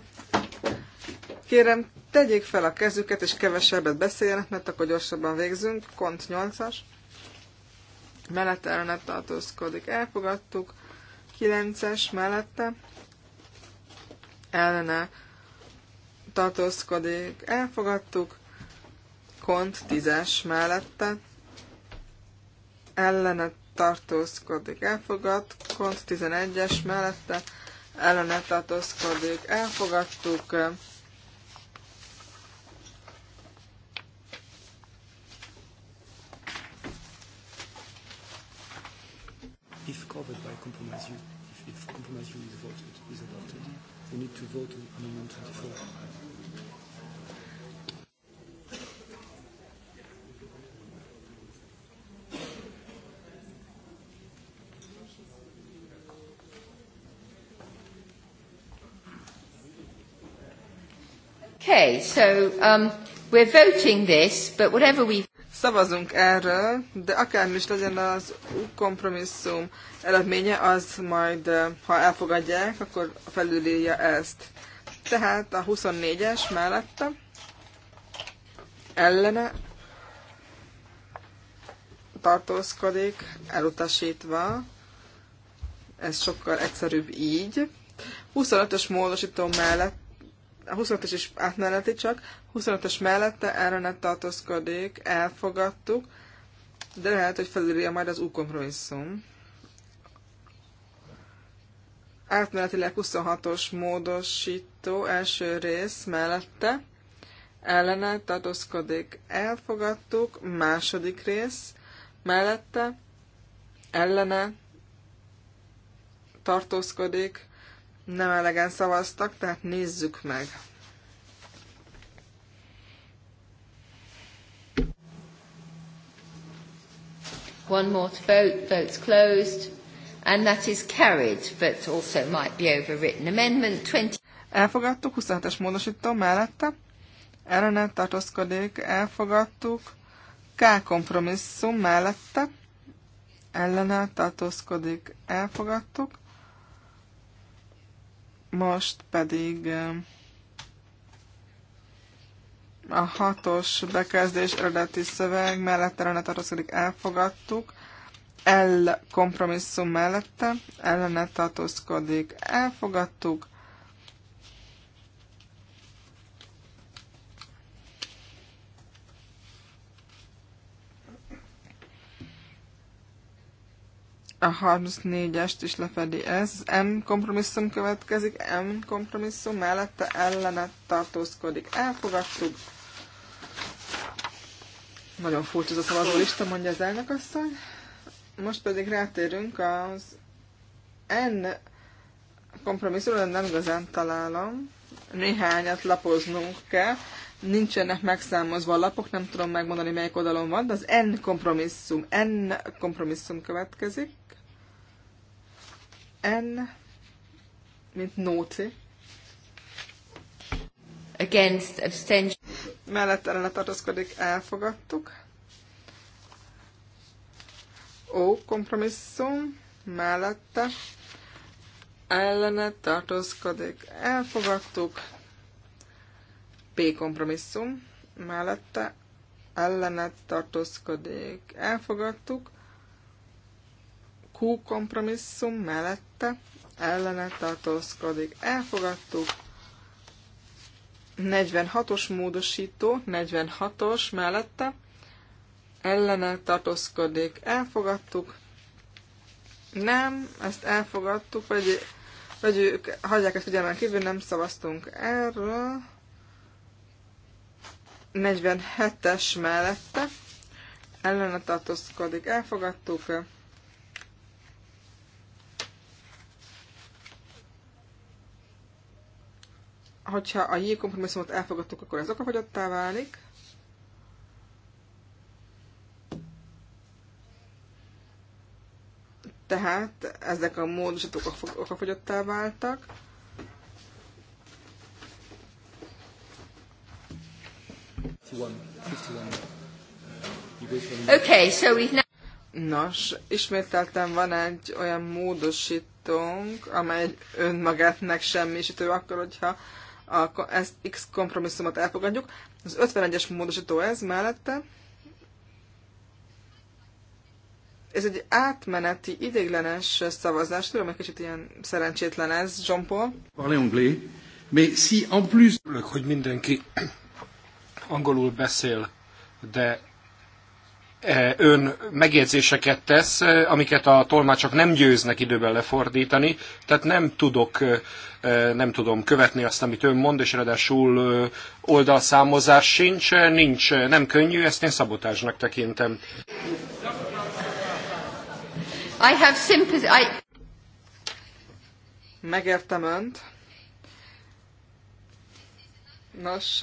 Kérem, tegyék fel a kezüket, és kevesebbet beszéljenek, mert akkor gyorsabban végzünk. Kont 8-as. Mellette ellenet tartózkodik. Elfogadtuk. 9-es mellette. Ellene tartózkodik. Elfogadtuk. Kont 10-es mellette. Ellene tartózkodik, elfogad, kont 11-es mellette ellene tartózkodik, elfogadtuk, If covered by compromise you, if, if compromise you is voted, is adopted, we need to vote on amendment 24. Okay, so um, we're voting this, but whatever we... Szavazunk erről, de akármi is legyen az kompromisszum eredménye, az majd, ha elfogadják, akkor felülírja ezt. Tehát a 24-es mellette ellene tartózkodik, elutasítva. Ez sokkal egyszerűbb így. 25-ös módosító mellett a 25-ös is átmeneti csak, 25-ös mellette ellenet tartózkodik, elfogadtuk, de lehet, hogy felülírja majd az új kompromisszum. Átmenetileg 26-os módosító első rész mellette ellene tartózkodik, elfogadtuk, második rész mellette ellene tartózkodik, nem elegen szavaztak, tehát nézzük meg. One more vote, vote's closed, and that is carried, but also might be overwritten. Amendment 20. Elfogadtuk, 27-es módosító mellette. Erre nem tartózkodik, elfogadtuk. K kompromisszum mellette. Ellene tartózkodik, elfogadtuk. Most pedig eh, a hatos bekezdés eredeti szöveg mellette ellene tartózkodik, elfogadtuk. El kompromisszum mellette ellene tartózkodik, elfogadtuk. a 34-est is lefedi ez. Az M kompromisszum következik, M kompromisszum mellette ellene tartózkodik. Elfogadtuk. Nagyon furcsa ez a szavazólista, mondja az elnökasszony. Most pedig rátérünk az N kompromisszumra, nem igazán találom. Néhányat lapoznunk kell. Nincsenek megszámozva a lapok, nem tudom megmondani, melyik oldalon van, de az N kompromisszum, N kompromisszum következik. N, mint Nóci. Against abstention. Mellett ellene tartózkodik, elfogadtuk. O kompromisszum, mellette ellene tartózkodik, elfogadtuk. P kompromisszum, mellette ellene tartózkodik, elfogadtuk. Q kompromisszum mellette tette, ellene tartózkodik. Elfogadtuk. 46-os módosító, 46-os mellette, ellene tartózkodik. Elfogadtuk. Nem, ezt elfogadtuk, vagy, vagy ők hagyják ezt figyelmen kívül, nem szavaztunk erről. 47-es mellette, ellene tartózkodik. Elfogadtuk. hogyha a J kompromisszumot elfogadtuk, akkor ez okafogyottá válik. Tehát ezek a módosítók okafogyottá váltak. Okay, so we've now... Nos, ismételtem van egy olyan módosítónk, amely önmagát megsemmisítő akkor, hogyha a, ezt X kompromisszumot elfogadjuk. Az 51-es módosító ez mellette. Ez egy átmeneti, idéglenes szavazás. Tudom, egy kicsit ilyen szerencsétlen ez, Jean Paul. Mais si en plus... Hogy mindenki angolul beszél, de E, ön megjegyzéseket tesz, e, amiket a tolmácsok nem győznek időben lefordítani, tehát nem tudok, e, nem tudom követni azt, amit ön mond, és ráadásul oldalszámozás sincs, nincs, nem könnyű, ezt én szabotásnak tekintem. I have sympathy. I... Megértem önt. Nos,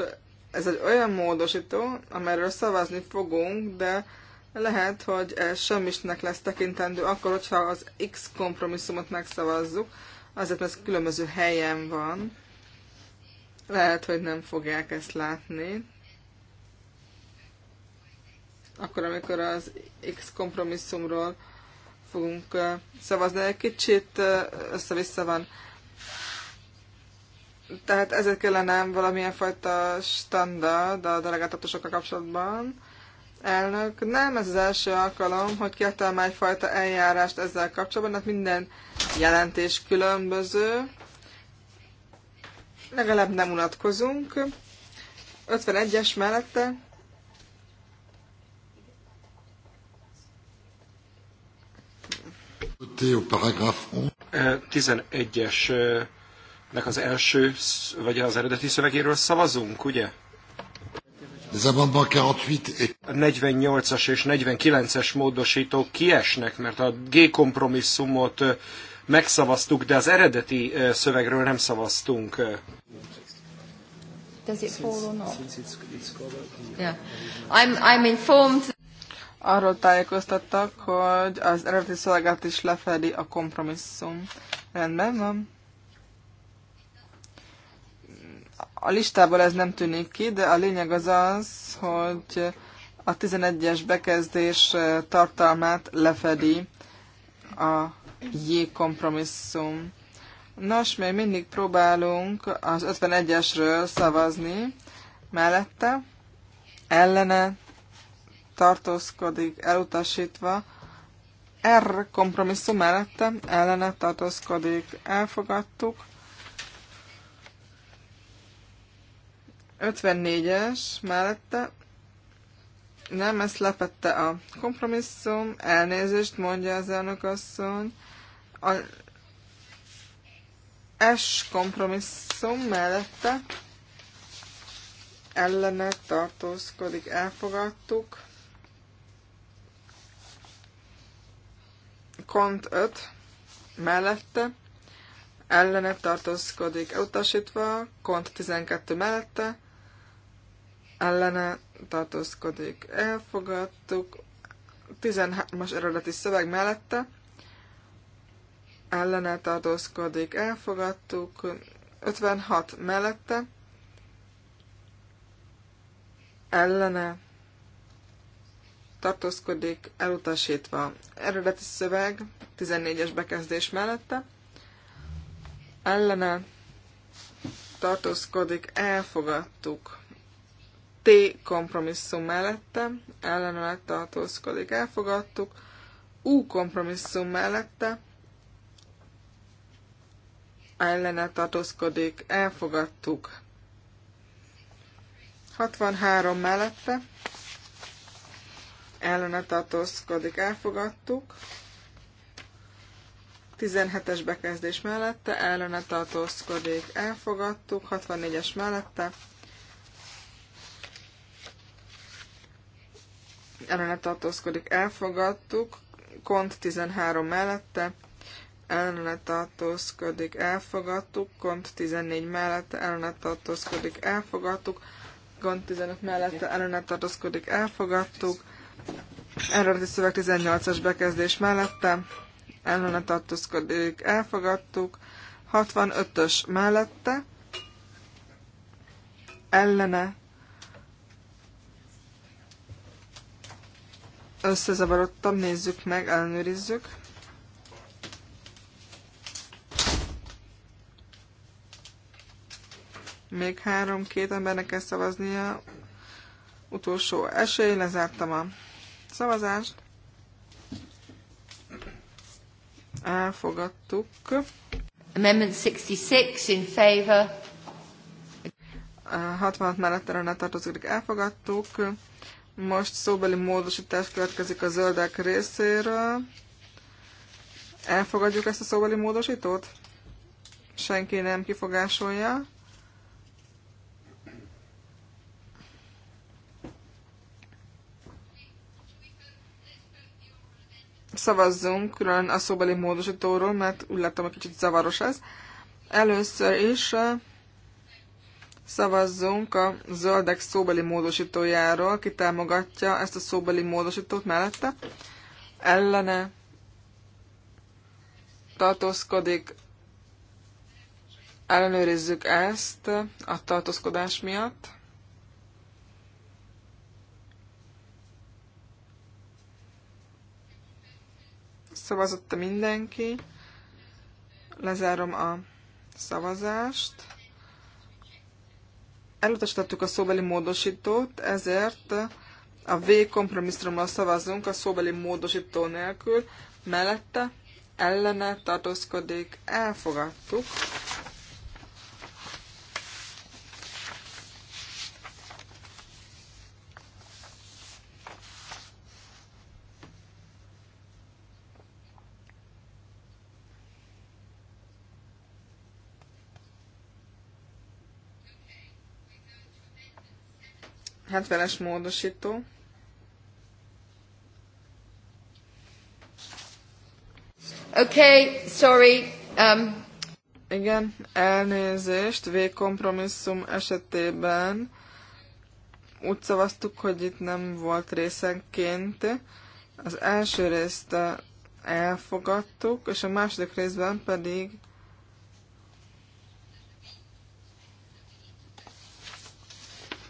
ez egy olyan módosító, amelyről szavazni fogunk, de lehet, hogy ez semmisnek lesz tekintendő, akkor, hogyha az X kompromisszumot megszavazzuk, azért, mert ez különböző helyen van. Lehet, hogy nem fogják ezt látni. Akkor, amikor az X kompromisszumról fogunk szavazni, egy kicsit össze-vissza van. Tehát ezért kellene valamilyen fajta standard a delegáltatósokkal kapcsolatban elnök. Nem, ez az első alkalom, hogy kértem egyfajta eljárást ezzel kapcsolatban, mert hát minden jelentés különböző. Legalább nem unatkozunk. 51-es mellette. Tizenegyesnek az első, vagy az eredeti szövegéről szavazunk, ugye? 48-as és 49-es módosítók kiesnek, mert a G kompromisszumot megszavaztuk, de az eredeti szövegről nem szavaztunk. Does it fall or not? I'm, arról tájékoztattak, hogy az eredeti szöveget is lefedi a kompromisszum. Rendben van. A listából ez nem tűnik ki, de a lényeg az az, hogy a 11-es bekezdés eh, tartalmát lefedi a J kompromisszum. Nos, még mindig próbálunk az 51-esről szavazni, mellette ellene tartózkodik elutasítva, R kompromisszum mellette ellene tartózkodik, elfogadtuk, 54-es mellette nem, ezt lepette a kompromisszum, elnézést mondja az elnök asszony. A S kompromisszum mellette ellene tartózkodik, elfogadtuk. Kont 5 mellette ellene tartózkodik, elutasítva. Kont 12 mellette ellene tartózkodik. Elfogadtuk 13-as eredeti szöveg mellette, ellene tartózkodik. Elfogadtuk 56 mellette, ellene tartózkodik, elutasítva. Eredeti szöveg 14-es bekezdés mellette, ellene tartózkodik, elfogadtuk T kompromisszum mellette, ellenőleg tartózkodik, elfogadtuk. U kompromisszum mellette, ellene tartózkodik, elfogadtuk. 63 mellette, ellene tartózkodik, elfogadtuk. 17-es bekezdés mellette, ellene tartózkodik, elfogadtuk. 64-es mellette, ellene tartózkodik, elfogadtuk, kont 13 mellette, ellene tartózkodik, elfogadtuk, kont 14 mellette, ellene tartózkodik, elfogadtuk, kont 15 mellette, ellene tartózkodik, elfogadtuk, eredeti szöveg 18-as bekezdés mellette, ellene tartózkodik, elfogadtuk, 65-ös mellette, ellene összezavarodtam, nézzük meg, ellenőrizzük. Még három-két embernek kell szavaznia. Utolsó esély, lezártam a szavazást. Elfogadtuk. Amendment 66 in favor. 66 mellett erre tartozik, elfogadtuk. Most szóbeli módosítás következik a zöldek részéről. Elfogadjuk ezt a szóbeli módosítót? Senki nem kifogásolja. Szavazzunk külön a szóbeli módosítóról, mert úgy láttam, hogy kicsit zavaros ez. Először is Szavazzunk a zöldek szóbeli módosítójáról. Ki támogatja ezt a szóbeli módosítót mellette? Ellene tartózkodik. Ellenőrizzük ezt a tartózkodás miatt. Szavazott mindenki. Lezárom a szavazást. Elutasítottuk a szóbeli módosítót, ezért a V kompromisszumra szavazunk a szóbeli módosító nélkül, mellette ellene tartózkodik, elfogadtuk. 70-es módosító. Okay, sorry. Um... Igen, elnézést, végkompromisszum esetében úgy szavaztuk, hogy itt nem volt részenként. Az első részt elfogadtuk, és a második részben pedig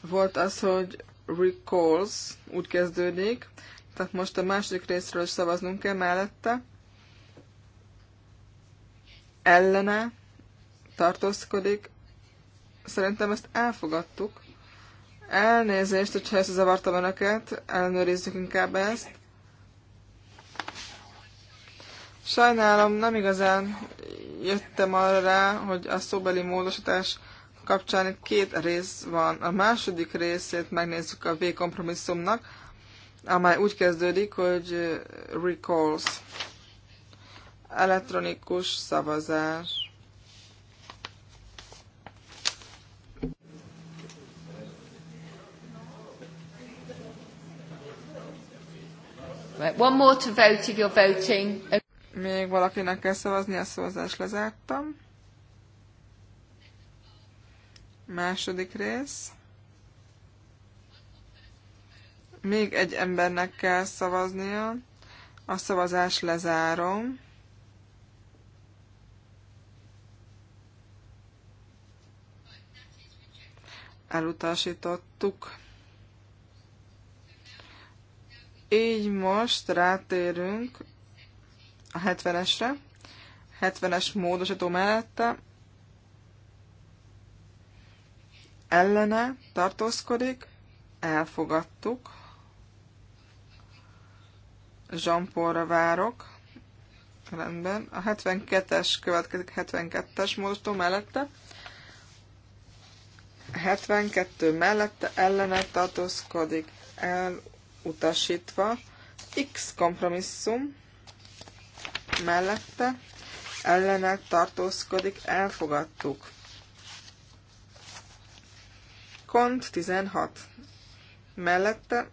volt az, hogy recalls úgy kezdődik, tehát most a második részről is szavaznunk kell mellette. Ellene tartózkodik. Szerintem ezt elfogadtuk. Elnézést, hogyha ezt zavartam önöket, ellenőrizzük inkább ezt. Sajnálom, nem igazán jöttem arra rá, hogy a szóbeli módosítás kapcsán itt két rész van. A második részét megnézzük a V kompromisszumnak, amely úgy kezdődik, hogy recalls. Elektronikus szavazás. Right, one more to vote if you're voting. Még valakinek kell szavazni, a szavazást lezártam. Második rész. Még egy embernek kell szavaznia. A szavazás lezárom. Elutasítottuk. Így most rátérünk a 70-esre. 70-es módosító mellette ellene tartózkodik, elfogadtuk. Zsampóra várok. Rendben. A 72-es következik, 72-es módosító mellette. 72 mellette ellene tartózkodik, elutasítva. X kompromisszum mellette ellene tartózkodik, elfogadtuk. Kont 16. Mellette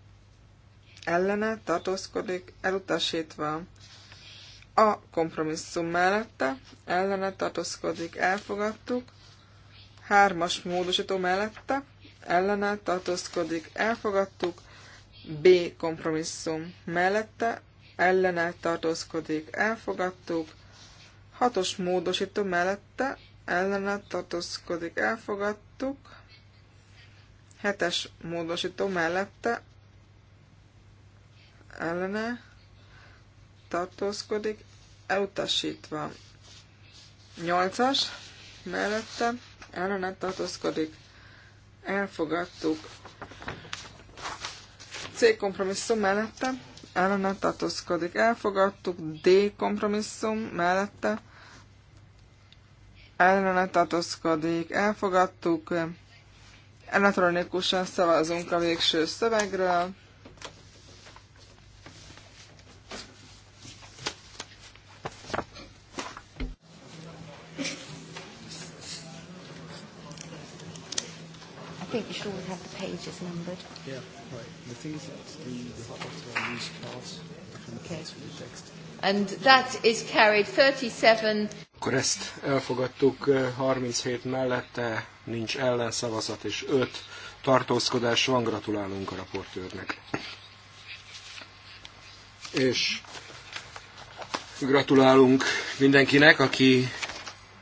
ellene tartózkodik elutasítva. A kompromisszum mellette ellene tartózkodik elfogadtuk. Hármas módosító mellette ellene tartózkodik elfogadtuk. B kompromisszum mellette ellene tartózkodik elfogadtuk. Hatos módosító mellette ellene tartózkodik elfogadtuk. Hetes módosító mellette ellene tartózkodik, elutasítva. Nyolcas mellette ellene tartózkodik, elfogadtuk. C kompromisszum mellette ellene tartózkodik, elfogadtuk. D kompromisszum mellette ellene tartózkodik, elfogadtuk. Elektronikusan szavazunk a végső szövegről. I think you should always have the pages numbered. Yeah, right. The thing is that the, the rapporteur used cards, different okay. cards for the text. And that is carried 37. Akkor ezt elfogadtuk 37 mellette, nincs ellenszavazat és 5 tartózkodás van, gratulálunk a raportőrnek. És gratulálunk mindenkinek, aki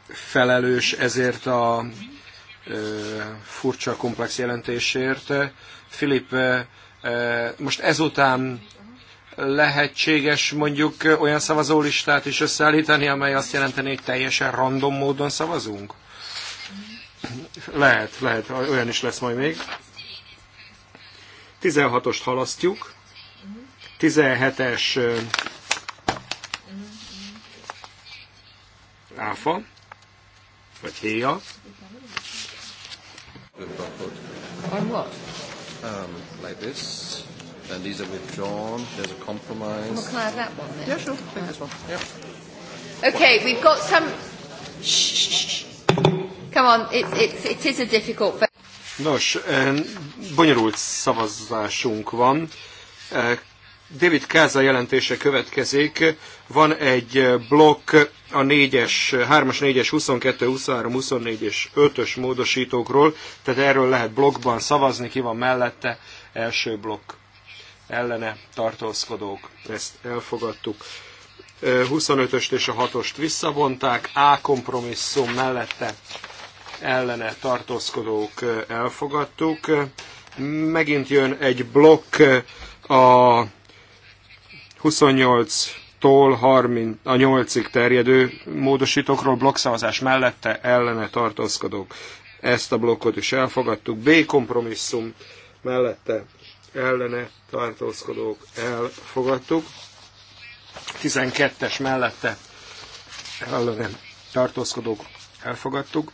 felelős ezért a furcsa komplex jelentésért. Filip, most ezután lehetséges mondjuk olyan szavazólistát is összeállítani, amely azt jelenteni, hogy teljesen random módon szavazunk? Lehet, lehet, olyan is lesz majd még. 16-ost halasztjuk, 17-es áfa, vagy héja. Um, like this. Then these are withdrawn. There's a compromise. Well, can I have that one then? Yeah, sure. Take this one. Yeah. Okay, we've got some. Come on, it, it, it is a difficult. Nos, eh, bonyolult szavazásunk van. Eh, David Káza jelentése következik. Van egy eh, blokk a 4-es, 3-as, 4-es, 22, 23, 24 és 5-ös módosítókról, tehát erről lehet blokkban szavazni, ki van mellette, első blokk ellene tartózkodók, ezt elfogadtuk. 25-öst és a 6-ost visszavonták, A kompromisszum mellette ellene tartózkodók elfogadtuk. Megint jön egy blokk a 28-tól 30, a 8-ig terjedő módosítókról blokkszavazás mellette ellene tartózkodók. Ezt a blokkot is elfogadtuk. B kompromisszum mellette ellene tartózkodók elfogadtuk. 12-es mellette ellene tartózkodók elfogadtuk.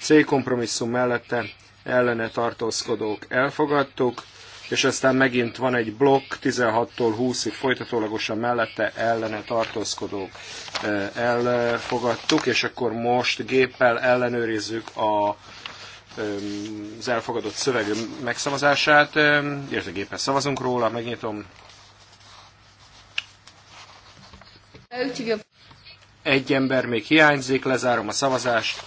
C kompromisszum mellette ellene tartózkodók elfogadtuk, és aztán megint van egy blokk 16-tól 20-ig folytatólagosan mellette ellene tartózkodók eh, elfogadtuk, és akkor most géppel ellenőrizzük a az elfogadott szöveg megszavazását. Értegépen szavazunk róla, megnyitom. Egy ember még hiányzik, lezárom a szavazást.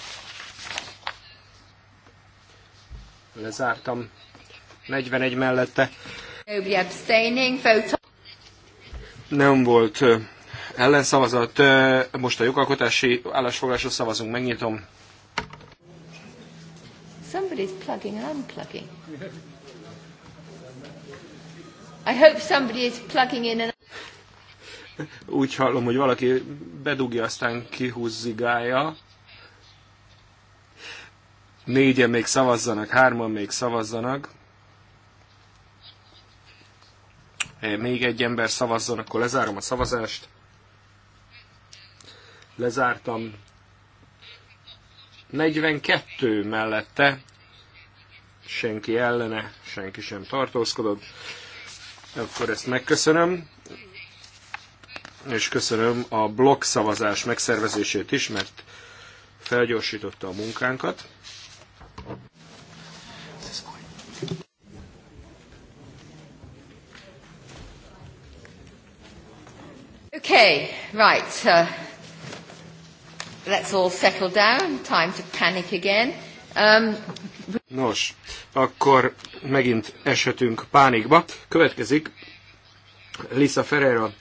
Lezártam. 41 mellette. Nem volt ellenszavazat. Most a jogalkotási állásfoglásra szavazunk, megnyitom. Everybody's plugging and unplugging. I hope somebody is plugging in and úgy hallom, hogy valaki bedugja, aztán kihúzzigálja. Négyen még szavazzanak, hárman még szavazzanak. Még egy ember szavazzon, akkor lezárom a szavazást. Lezártam. 42 mellette, senki ellene, senki sem tartózkodott. Akkor ezt megköszönöm, és köszönöm a blog szavazás megszervezését is, mert felgyorsította a munkánkat. Okay, right. Uh, let's all settle down. Time to panic again. Um, Nos, akkor megint esetünk pánikba. Következik Lisa Ferreira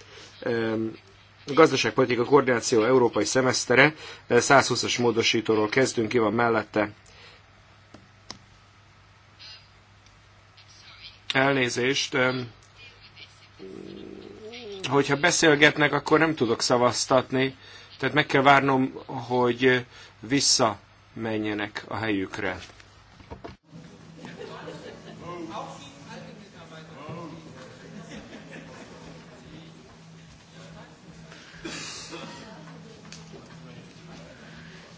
gazdaságpolitika koordináció európai szemesztere, 120-as módosítóról kezdünk, ki van mellette. Elnézést, hogyha beszélgetnek, akkor nem tudok szavaztatni, tehát meg kell várnom, hogy visszamenjenek a helyükre.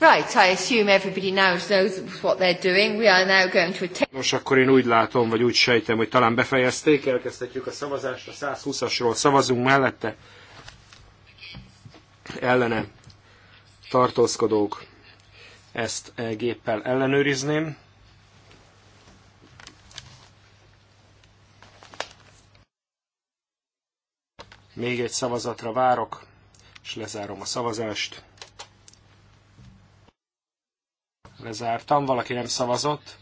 Right, I assume everybody now knows what they're doing. We are now going to attend. Nos, akkor én úgy látom, vagy úgy sejtem, hogy talán befejezték, elkezdhetjük a szavazást, a 120-asról szavazunk mellette. Ellene tartózkodók, ezt e géppel ellenőrizném. Még egy szavazatra várok, és lezárom a szavazást. Lezártam, valaki nem szavazott,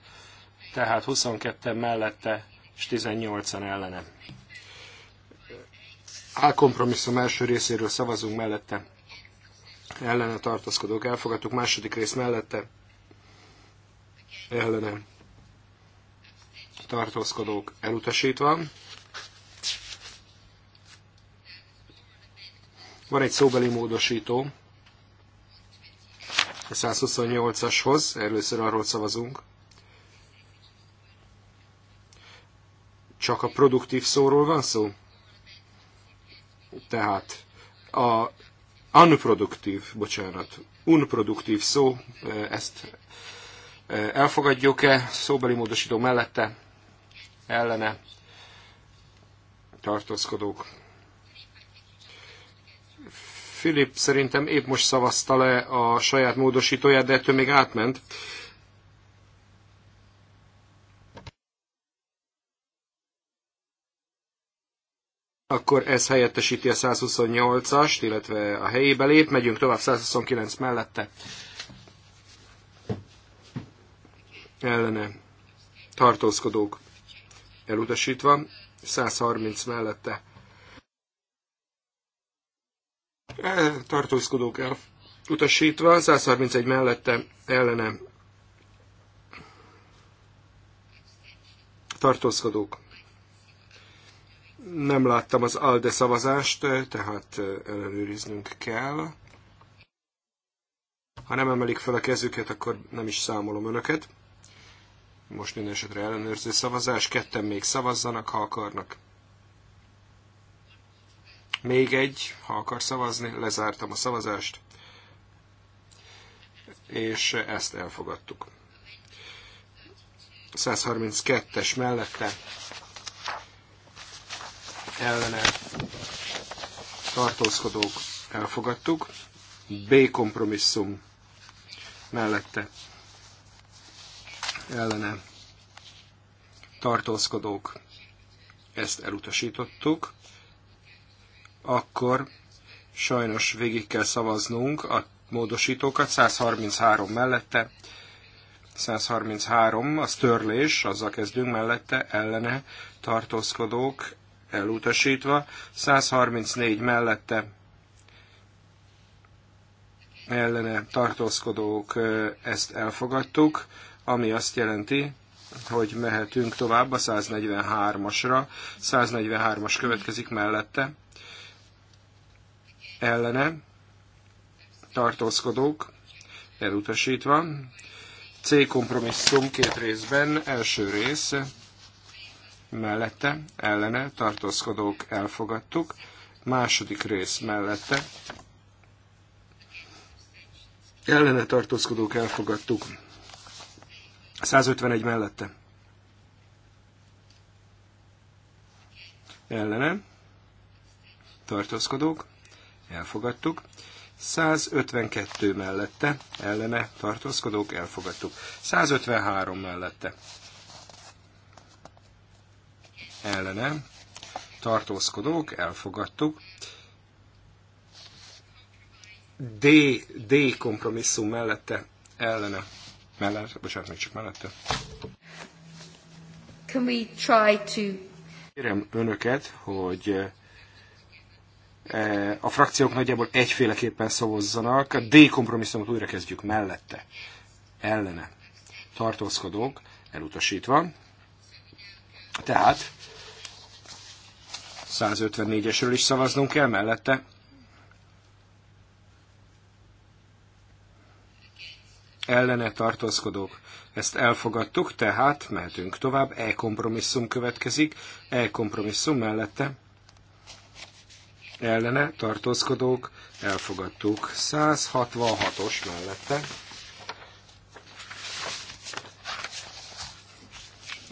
tehát 22 mellette és 18-an ellene. Álkompromisszum kompromisszum első részéről szavazunk mellette. Ellene tartózkodók elfogadtuk, második rész mellette. Ellene tartózkodók elutasítva. Van egy szóbeli módosító a 128-ashoz, először arról szavazunk. Csak a produktív szóról van szó? Tehát a unproduktív, bocsánat, unproduktív szó, e, ezt e, elfogadjuk-e szóbeli módosító mellette, ellene tartózkodók Filip szerintem épp most szavazta le a saját módosítóját, de ettől még átment. Akkor ez helyettesíti a 128-ast, illetve a helyébe lép. Megyünk tovább 129 mellette. Ellene tartózkodók elutasítva, 130 mellette E, tartózkodók el utasítva, 131 mellette ellene tartózkodók. Nem láttam az ALDE szavazást, tehát e, ellenőriznünk kell. Ha nem emelik fel a kezüket, akkor nem is számolom önöket. Most minden esetre ellenőrző szavazás, ketten még szavazzanak, ha akarnak. Még egy, ha akar szavazni, lezártam a szavazást, és ezt elfogadtuk. 132-es mellette ellene tartózkodók elfogadtuk, B kompromisszum mellette ellene tartózkodók ezt elutasítottuk, akkor sajnos végig kell szavaznunk a módosítókat, 133 mellette, 133, az törlés, azzal kezdünk mellette, ellene tartózkodók elutasítva, 134 mellette ellene tartózkodók ezt elfogadtuk, ami azt jelenti, hogy mehetünk tovább a 143-asra. 143-as következik mellette, ellene tartózkodók elutasítva. C kompromisszum két részben, első rész mellette, ellene tartózkodók elfogadtuk, második rész mellette, ellene tartózkodók elfogadtuk, 151 mellette. Ellene tartózkodók elfogadtuk. 152 mellette, ellene tartózkodók, elfogadtuk. 153 mellette, ellene tartózkodók, elfogadtuk. D, D kompromisszum mellette, ellene, mellett, bocsánat, még csak mellette. Can we try to... Kérem önöket, hogy a frakciók nagyjából egyféleképpen szavazzanak, a D kompromisszumot újra kezdjük mellette, ellene tartózkodók elutasítva. Tehát 154-esről is szavaznunk kell mellette. Ellene tartózkodók. Ezt elfogadtuk, tehát mehetünk tovább. E-kompromisszum következik. E-kompromisszum mellette ellene tartózkodók elfogadtuk. 166-os mellette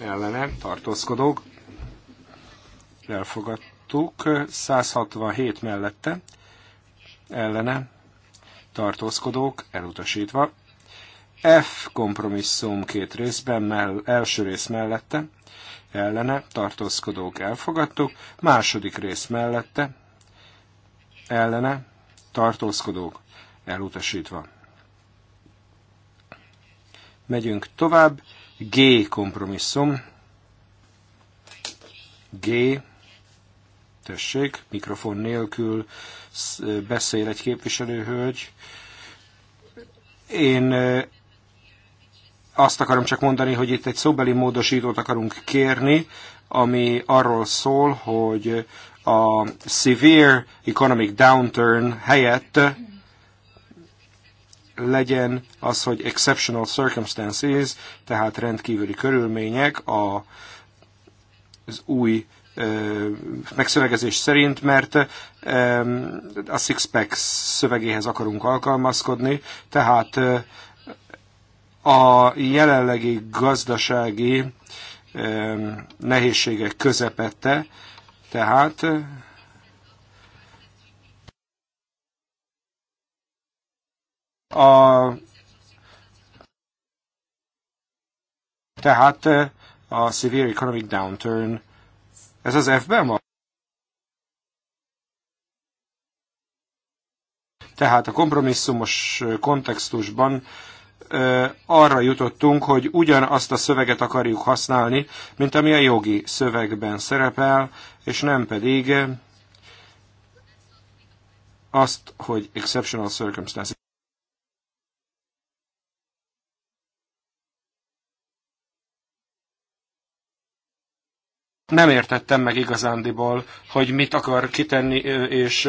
ellene tartózkodók elfogadtuk. 167 mellette ellene tartózkodók elutasítva. F kompromisszum két részben, mell, első rész mellette, ellene tartózkodók elfogadtuk, második rész mellette, ellene tartózkodók elutasítva. Megyünk tovább. G kompromisszum. G. Tessék, mikrofon nélkül beszél egy képviselőhölgy. Én azt akarom csak mondani, hogy itt egy szóbeli módosítót akarunk kérni, ami arról szól, hogy a severe economic downturn helyett legyen az, hogy exceptional circumstances, tehát rendkívüli körülmények a, az új ö, megszövegezés szerint, mert ö, a Sixpack szövegéhez akarunk alkalmazkodni, tehát ö, a jelenlegi gazdasági ö, nehézségek közepette tehát a tehát a Severe Economic Downturn ez az F-ben van? Tehát a kompromisszumos kontextusban arra jutottunk, hogy ugyanazt a szöveget akarjuk használni, mint ami a jogi szövegben szerepel, és nem pedig azt, hogy exceptional circumstances. nem értettem meg igazándiból, hogy mit akar kitenni és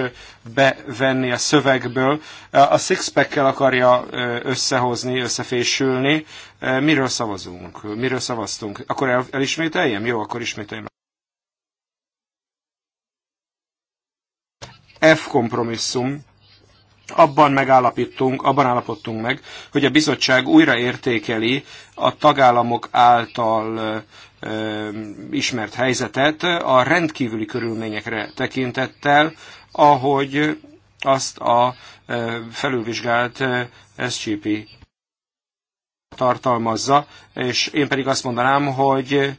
bevenni a szövegből. A Sixpack-kel akarja összehozni, összefésülni. Miről szavazunk? Miről szavaztunk? Akkor el, elismételjem? Jó, akkor ismételjem. F kompromisszum abban megállapítunk, abban állapodtunk meg, hogy a bizottság újra értékeli a tagállamok által ismert helyzetet a rendkívüli körülményekre tekintettel, ahogy azt a felülvizsgált SCP tartalmazza, és én pedig azt mondanám, hogy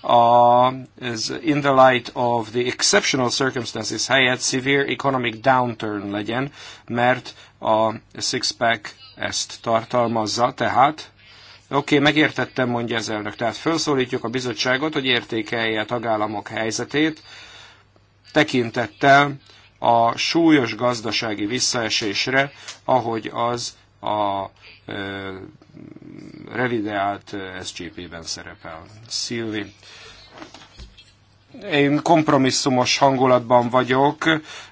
a, ez in the light of the exceptional circumstances helyett severe economic downturn legyen, mert a six-pack ezt tartalmazza, tehát Oké, okay, megértettem, mondja az elnök. Tehát felszólítjuk a bizottságot, hogy értékelje a tagállamok helyzetét, tekintettel a súlyos gazdasági visszaesésre, ahogy az a e, revideált SGP-ben szerepel. Szilvi én kompromisszumos hangulatban vagyok,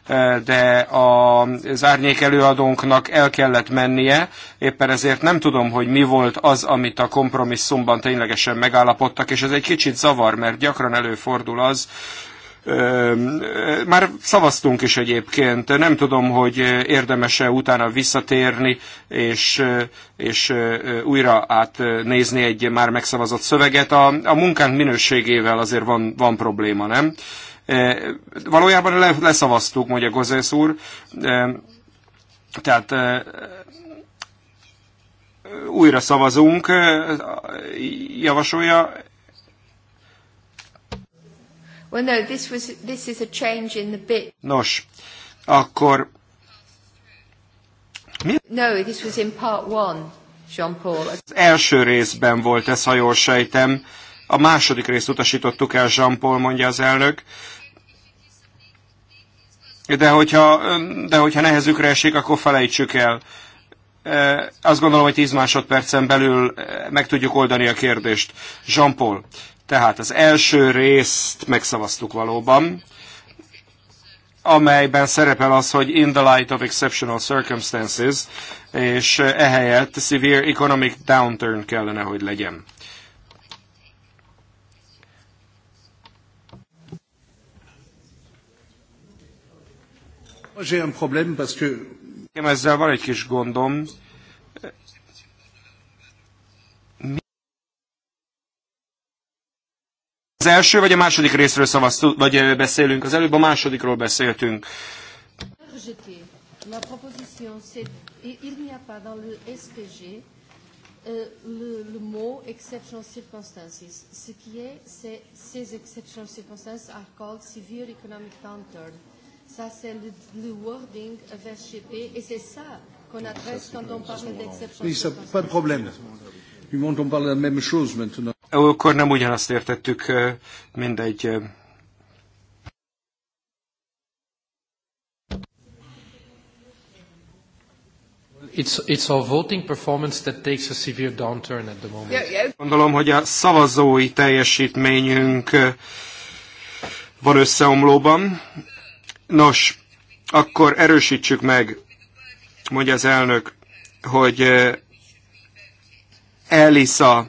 eh, de az árnyék előadónknak el kellett mennie, éppen ezért nem tudom, hogy mi volt az, amit a kompromisszumban ténylegesen megállapodtak, és ez egy kicsit zavar, mert gyakran előfordul az, már szavaztunk is egyébként, nem tudom, hogy érdemese utána visszatérni, és, és újra átnézni egy már megszavazott szöveget. A, a munkánk minőségével azért van, van probléma, nem? Valójában le, leszavaztuk, mondja Gozesz úr. Tehát újra szavazunk, javasolja, Well, no, this, was, this is a change in the bit. Nos, akkor... Mi? No, this was in part one, Jean-Paul. Az első részben volt ez, ha jól sejtem. A második részt utasítottuk el, Jean-Paul, mondja az elnök. De hogyha, de hogyha nehezükre esik, akkor felejtsük el. Eh, azt gondolom, hogy 10 másodpercen belül eh, meg tudjuk oldani a kérdést. Jean-Paul, tehát az első részt megszavaztuk valóban, amelyben szerepel az, hogy in the light of exceptional circumstances, és eh, ehelyett severe economic downturn kellene, hogy legyen. J'ai un problème parce que Nekem ezzel van egy kis gondom. Az első vagy a második részről szavaztunk, vagy beszélünk? Az előbb a másodikról beszéltünk. La proposition, c'est il n'y a pas dans le SPG euh, le, le mot exception Ce qui est, c'est ces are called severe economic downturn. Euh, Ça, c'est le, le wording FSGP et c'est ça qu'on adresse quand on parle d'exception. Oui, ça, pas de problème. Du moment on parle de la même chose maintenant. Akkor nem ugyanazt értettük, mindegy. It's, it's our voting performance that takes a severe downturn at the moment. Yeah, yeah. Gondolom, hogy a szavazói teljesítményünk van összeomlóban. Nos, akkor erősítsük meg, mondja az elnök, hogy eh, Elisa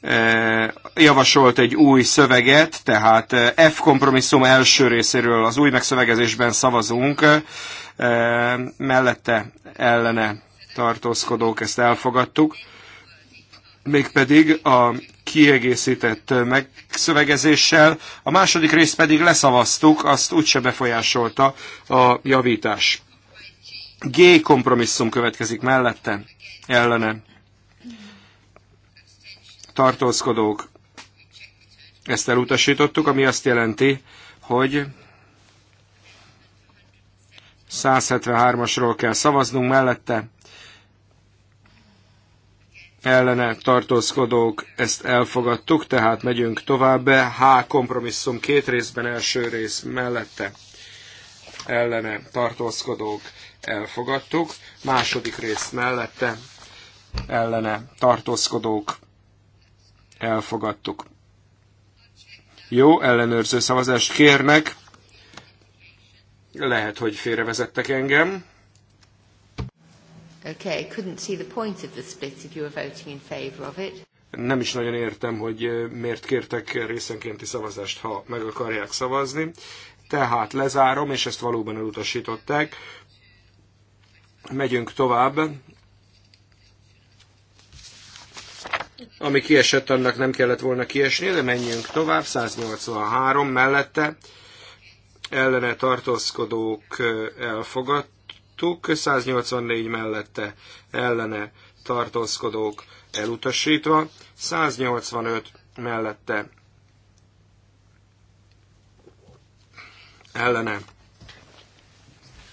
eh, javasolt egy új szöveget, tehát eh, F kompromisszum első részéről az új megszövegezésben szavazunk, mellette ellene tartózkodók, ezt elfogadtuk mégpedig a kiegészített megszövegezéssel, a második részt pedig leszavaztuk, azt úgyse befolyásolta a javítás. G kompromisszum következik mellette, ellene. Tartózkodók. Ezt elutasítottuk, ami azt jelenti, hogy 173-asról kell szavaznunk mellette, ellene tartózkodók, ezt elfogadtuk, tehát megyünk tovább. H kompromisszum két részben, első rész mellette ellene tartózkodók, elfogadtuk. Második rész mellette ellene tartózkodók, elfogadtuk. Jó, ellenőrző szavazást kérnek. Lehet, hogy félrevezettek engem. Okay, couldn't see the point of the split if you were voting in favor of it. Nem is nagyon értem, hogy eh, miért kértek részenkénti szavazást, ha meg akarják szavazni. Tehát lezárom, és ezt valóban elutasították. Megyünk tovább. Ami kiesett, annak nem kellett volna kiesni, de menjünk tovább. 183 mellette ellene tartózkodók eh, elfogadt tuk 184 mellette ellene tartózkodók elutasítva, 185 mellette ellene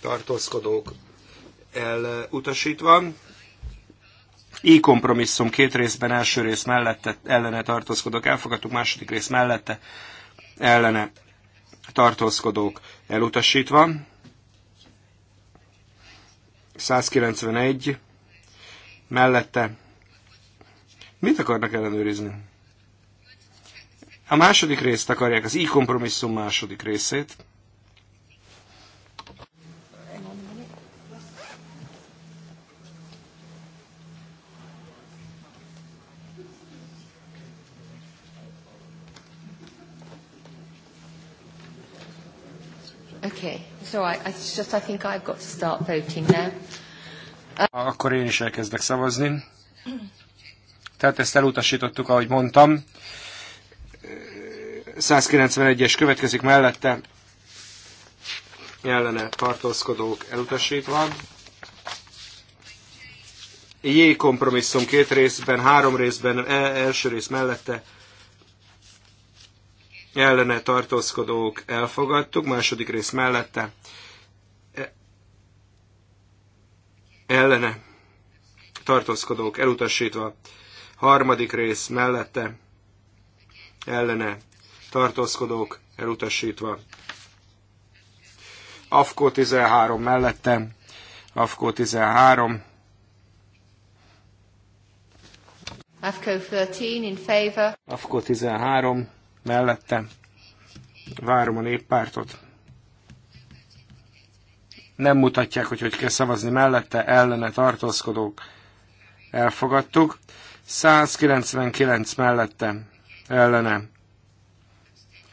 tartózkodók elutasítva. Így kompromisszum két részben, első rész mellette ellene tartózkodók elfogadtuk, második rész mellette ellene tartózkodók elutasítva. 191 mellette. Mit akarnak ellenőrizni? A második részt akarják, az így kompromisszum második részét. Okay, all right. It's just I think I've got to start voting now. Uh... Akkor én is elkezdek szavazni. Tehát ezt elutasítottuk, ahogy mondtam. 191-es következik mellette. Ellene tartózkodók elutasítva. J kompromisszum két részben, három részben, e, első rész mellette ellene tartózkodók elfogadtuk, második rész mellette e, ellene tartózkodók elutasítva, harmadik rész mellette ellene tartózkodók elutasítva. AFKO 13 mellette, AFKO 13. AFKO 13 in favor. AFKO 13 mellette. Várom a néppártot. Nem mutatják, hogy hogy kell szavazni mellette, ellene tartózkodók. Elfogadtuk. 199 mellette, ellene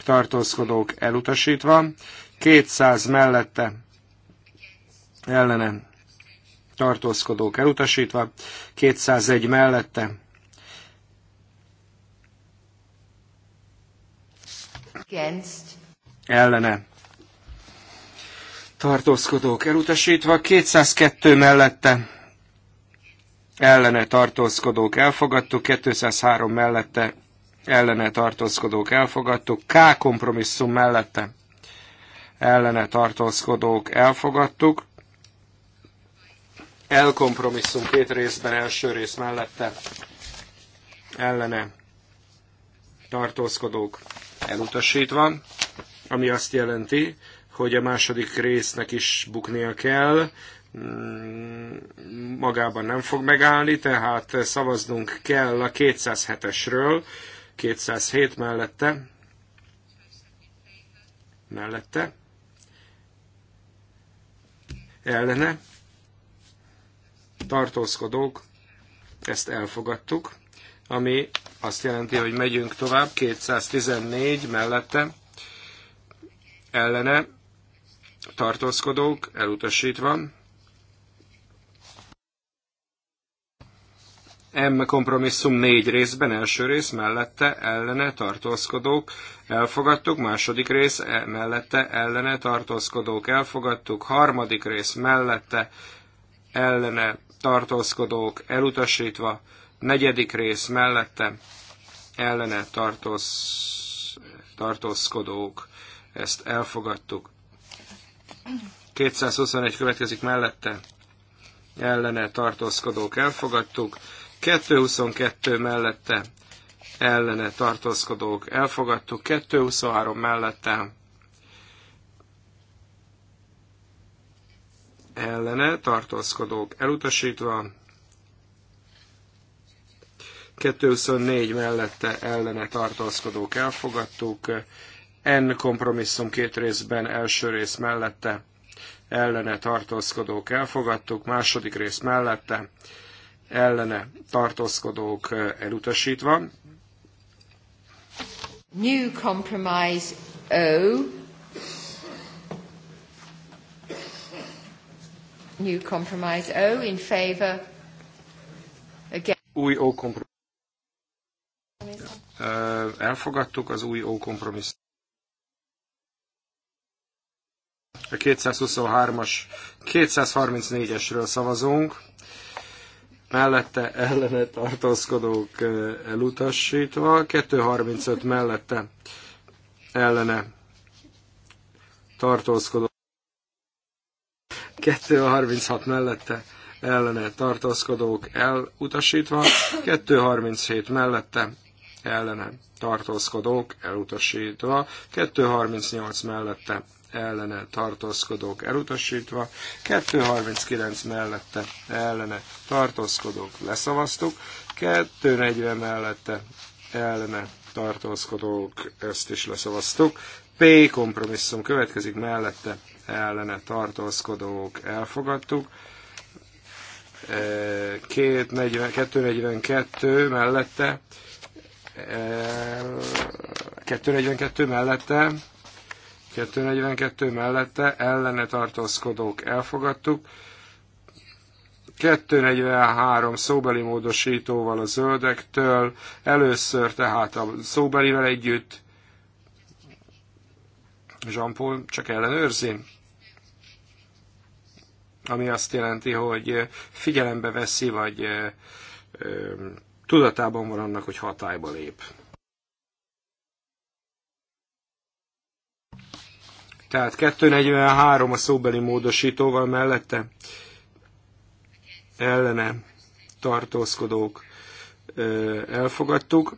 tartózkodók elutasítva. 200 mellette, ellene tartózkodók elutasítva. 201 mellette, Against. Ellene. Tartózkodók elutasítva. 202 mellette. Ellene tartózkodók elfogadtuk. 203 mellette. Ellene tartózkodók elfogadtuk. K kompromisszum mellette. Ellene tartózkodók elfogadtuk elkompromisszum két részben, első rész mellette ellene tartózkodók elutasítva, ami azt jelenti, hogy a második résznek is buknia kell, mm, magában nem fog megállni, tehát szavaznunk kell a 207-esről, 207 mellette, mellette, ellene, tartózkodók, ezt elfogadtuk ami azt jelenti, hogy megyünk tovább, 214 mellette ellene tartózkodók elutasítva. M kompromisszum négy részben, első rész mellette ellene tartózkodók elfogadtuk, második rész e, mellette ellene tartózkodók elfogadtuk, harmadik rész mellette ellene tartózkodók elutasítva, Negyedik rész mellette ellene tartóz, tartózkodók, ezt elfogadtuk. 221 következik mellette, ellene tartózkodók elfogadtuk, 222 mellette ellene tartózkodók elfogadtuk, 223 mellette ellene tartózkodók elutasítva, 224 mellette ellene tartózkodók elfogadtuk, N kompromisszum két részben első rész mellette ellene tartózkodók elfogadtuk, második rész mellette ellene tartózkodók elutasítva. New compromise O. New compromise O in favor. Again. Új O kompromisszum elfogadtuk az új ókompromisszum. A 223-as, 234-esről szavazunk, mellette ellene tartózkodók elutasítva, 235 mellette ellene tartózkodók, 236 mellette ellene tartózkodók elutasítva, 237 mellette ellene tartózkodók elutasítva, 238 mellette ellene tartózkodók elutasítva, 239 mellette ellene tartózkodók leszavaztuk, 240 mellette ellene tartózkodók, ezt is leszavaztuk. P kompromisszum következik mellette, ellene tartózkodók, elfogadtuk. 242 e, mellette 242 mellette, 242 mellette ellene tartózkodók elfogadtuk, 243 szóbeli módosítóval a zöldektől, először tehát a szóbelivel együtt, Jean-Paul csak ellenőrzi, ami azt jelenti, hogy figyelembe veszi, vagy tudatában van annak, hogy hatályba lép. Tehát 243 a szóbeli módosítóval mellette ellene tartózkodók elfogadtuk.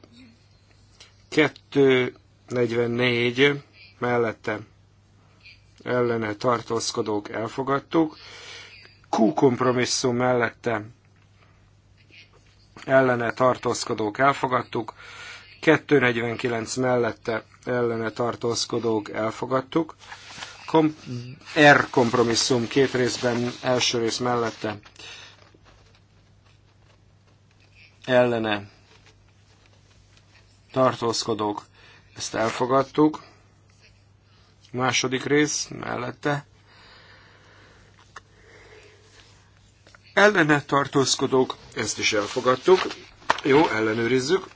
244 mellette ellene tartózkodók elfogadtuk. Q kompromisszum mellette ellene tartózkodók elfogadtuk, 249 mellette ellene tartózkodók elfogadtuk, Kom R kompromisszum két részben, első rész mellette ellene tartózkodók, ezt elfogadtuk, második rész mellette ellene tartózkodók, ezt is elfogadtuk. Jó, ellenőrizzük.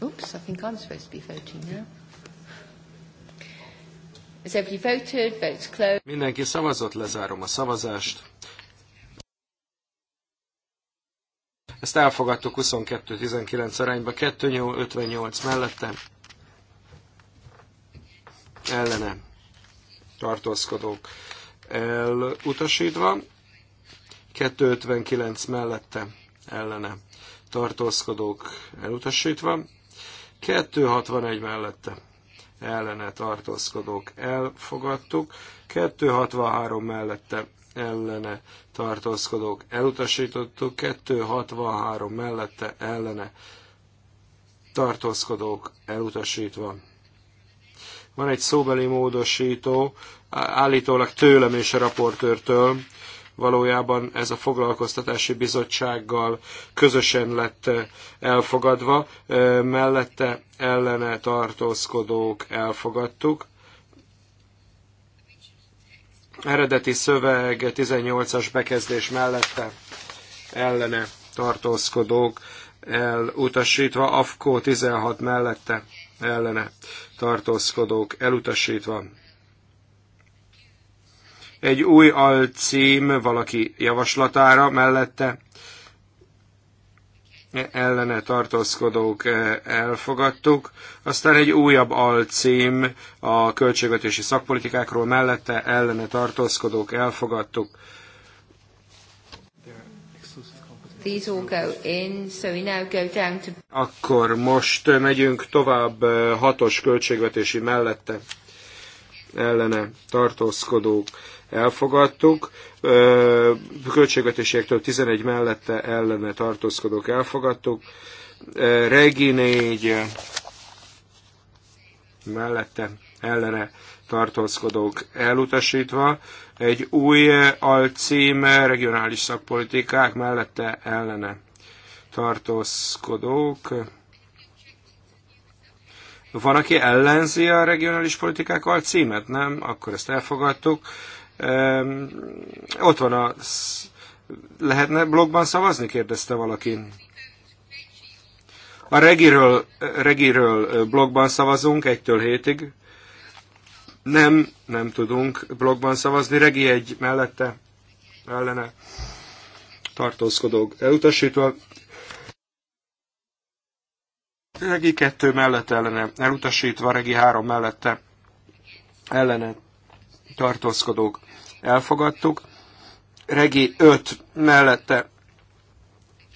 Oops, I think I'm supposed to be voting now. Has everybody voted? Votes closed. Mindenki szavazott, lezárom a szavazást. Ezt elfogadtuk 22-19 arányba, 2-58 mellette. Ellene tartózkodók elutasítva, 259 mellette ellene tartózkodók elutasítva, 261 mellette ellene tartózkodók elfogadtuk, 263 mellette ellene tartózkodók elutasítottuk, 263 mellette ellene tartózkodók elutasítva. Van egy szóbeli módosító, állítólag tőlem és a raportőrtől, valójában ez a foglalkoztatási bizottsággal közösen lett elfogadva, mellette ellene tartózkodók elfogadtuk. Eredeti szöveg 18-as bekezdés mellette ellene tartózkodók elutasítva, AFKO 16 mellette ellene tartózkodók elutasítva. Egy új alcím valaki javaslatára mellette ellene tartózkodók eh, elfogadtuk. Aztán egy újabb alcím a költségvetési szakpolitikákról mellette ellene tartózkodók elfogadtuk. Akkor most megyünk tovább eh, hatos költségvetési mellette ellene tartózkodók elfogadtuk. Eh, Költségvetésiektől 11 mellette ellene tartózkodók elfogadtuk. Eh, Regi 4 mellette ellene tartózkodók elutasítva, egy új alcíme regionális szakpolitikák mellette ellene tartózkodók. Van, aki ellenzi a regionális politikák alcímet, nem? Akkor ezt elfogadtuk. Ehm, ott van a... Lehetne blogban szavazni? kérdezte valaki. A regiről, regiről blogban szavazunk egytől hétig. Nem, nem tudunk blogban szavazni. Regi egy mellette, ellene tartózkodó elutasítva. Regi kettő mellette ellene elutasítva, Regi három mellette ellene tartózkodók elfogadtuk. Regi 5 mellette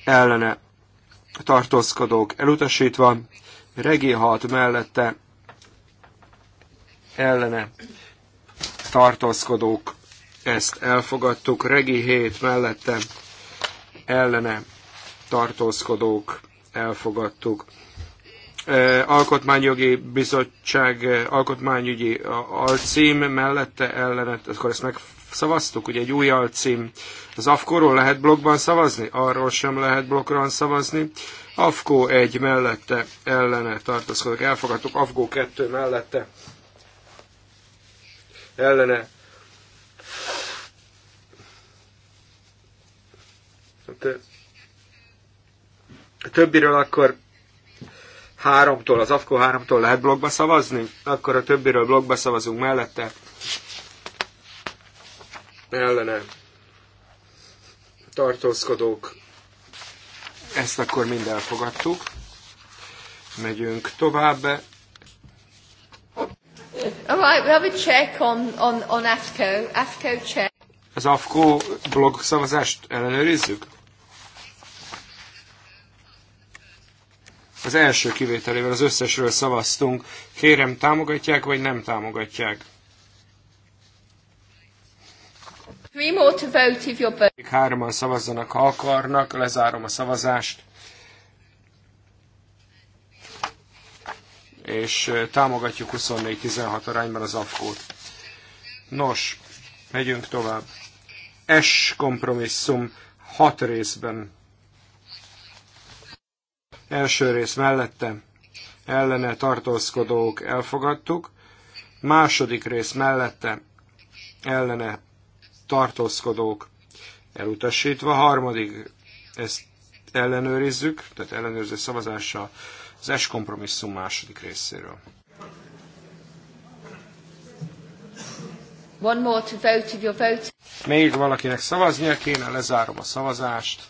ellene tartózkodók elutasítva, Regi 6 mellette ellene tartózkodók, ezt elfogadtuk. Regi hét mellette ellene tartózkodók, elfogadtuk. Alkotmányjogi Bizottság alkotmányügyi alcím mellette ellene, akkor ezt megszavaztuk, ugye egy új alcím. Az Afkóról lehet blogban szavazni? Arról sem lehet blokkron szavazni. AFKO egy mellette ellene tartózkodók, elfogadtuk. AFKO kettő mellette ellene hát, a többiről akkor háromtól, az AFKO háromtól lehet blogba szavazni, akkor a többiről blogba szavazunk mellette. Ellene tartózkodók. Ezt akkor mind elfogadtuk. Megyünk tovább. All right, we have a check on, on, on AFCO. AFCO check. Az AFCO blog szavazást ellenőrizzük? Az első kivételével az összesről szavaztunk. Kérem, támogatják vagy nem támogatják? Three more to vote if you're... Hárman szavazzanak, ha akarnak. Lezárom a szavazást. és támogatjuk 24-16 arányban az AFKót. Nos, megyünk tovább. S kompromisszum hat részben. Első rész mellette ellene tartózkodók elfogadtuk, második rész mellette ellene tartózkodók elutasítva, harmadik ezt ellenőrizzük, tehát ellenőrző szavazással az es kompromisszum második részéről. One more to vote if your vote. Még valakinek szavaznia kéne, lezárom a szavazást.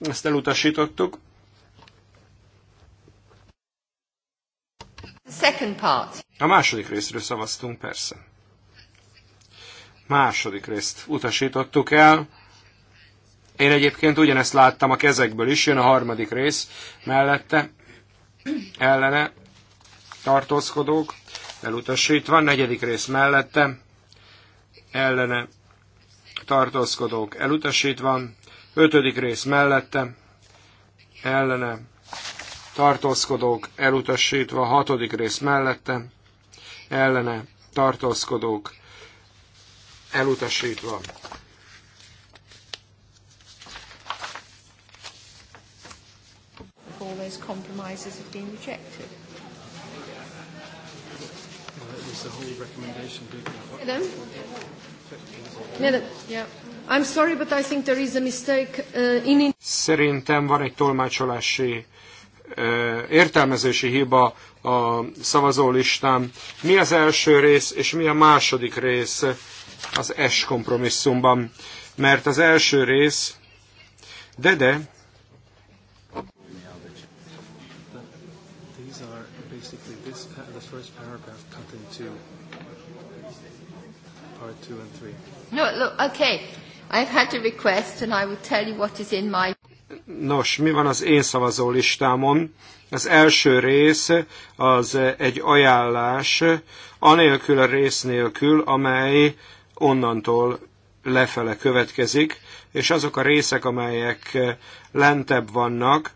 Ezt elutasítottuk. Second part. A második részről szavaztunk, persze. Második részt utasítottuk el. Én egyébként ugyanezt láttam a kezekből is, jön a harmadik rész mellette, ellene tartózkodók, elutasítva, negyedik rész mellette, ellene tartózkodók, elutasítva, ötödik rész mellette, ellene tartózkodók, elutasítva, hatodik rész mellette, ellene tartózkodók, elutasítva. compromises have been rejected. the whole recommendation. yeah. I'm sorry, but I think there is a mistake uh, in... Szerintem van egy tolmácsolási uh, értelmezési hiba a szavazólistán. Mi az első rész, és mi a második rész az S kompromisszumban? Mert az első rész, de de, No, look, okay. I've had a request and I will tell you what is in my... Nos, mi van az én szavazó listámon? Az első rész az egy ajánlás, anélkül a rész nélkül, amely onnantól lefele következik, és azok a részek, amelyek lentebb vannak,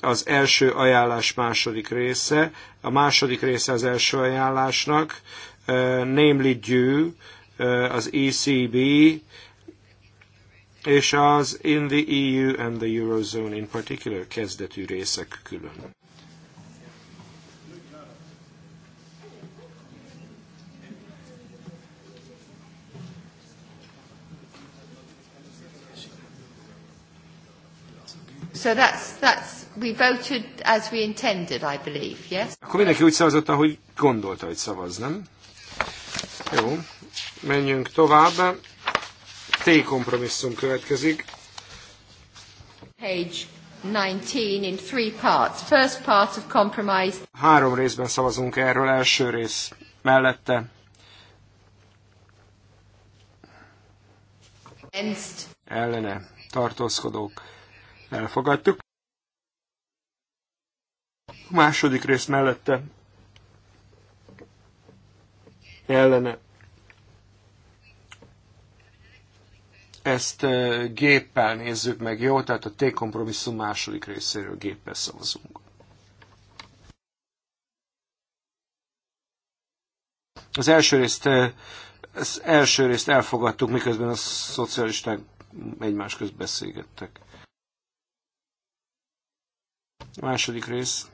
az első ajánlás második része, a második része az első ajánlásnak, eh, namely due, Eh, az ECB és az In the EU and the Eurozone in particular kezdetű részek külön. So that's, that's, we voted as we intended, I believe, yes? Akkor mindenki úgy szavazott, ahogy gondolta, hogy szavaz, nem? Jó. Menjünk tovább. T kompromisszum következik. Page 19 in three parts. First part of compromise. Három részben szavazunk erről. Első rész mellette. Enst. Ellene. Tartózkodók. Elfogadtuk. A második rész mellette. Ellene ezt géppel nézzük meg, jó? Tehát a T-kompromisszum második részéről géppel szavazunk. Az első részt, az első részt elfogadtuk, miközben a szocialisták egymás közt beszélgettek. A második rész.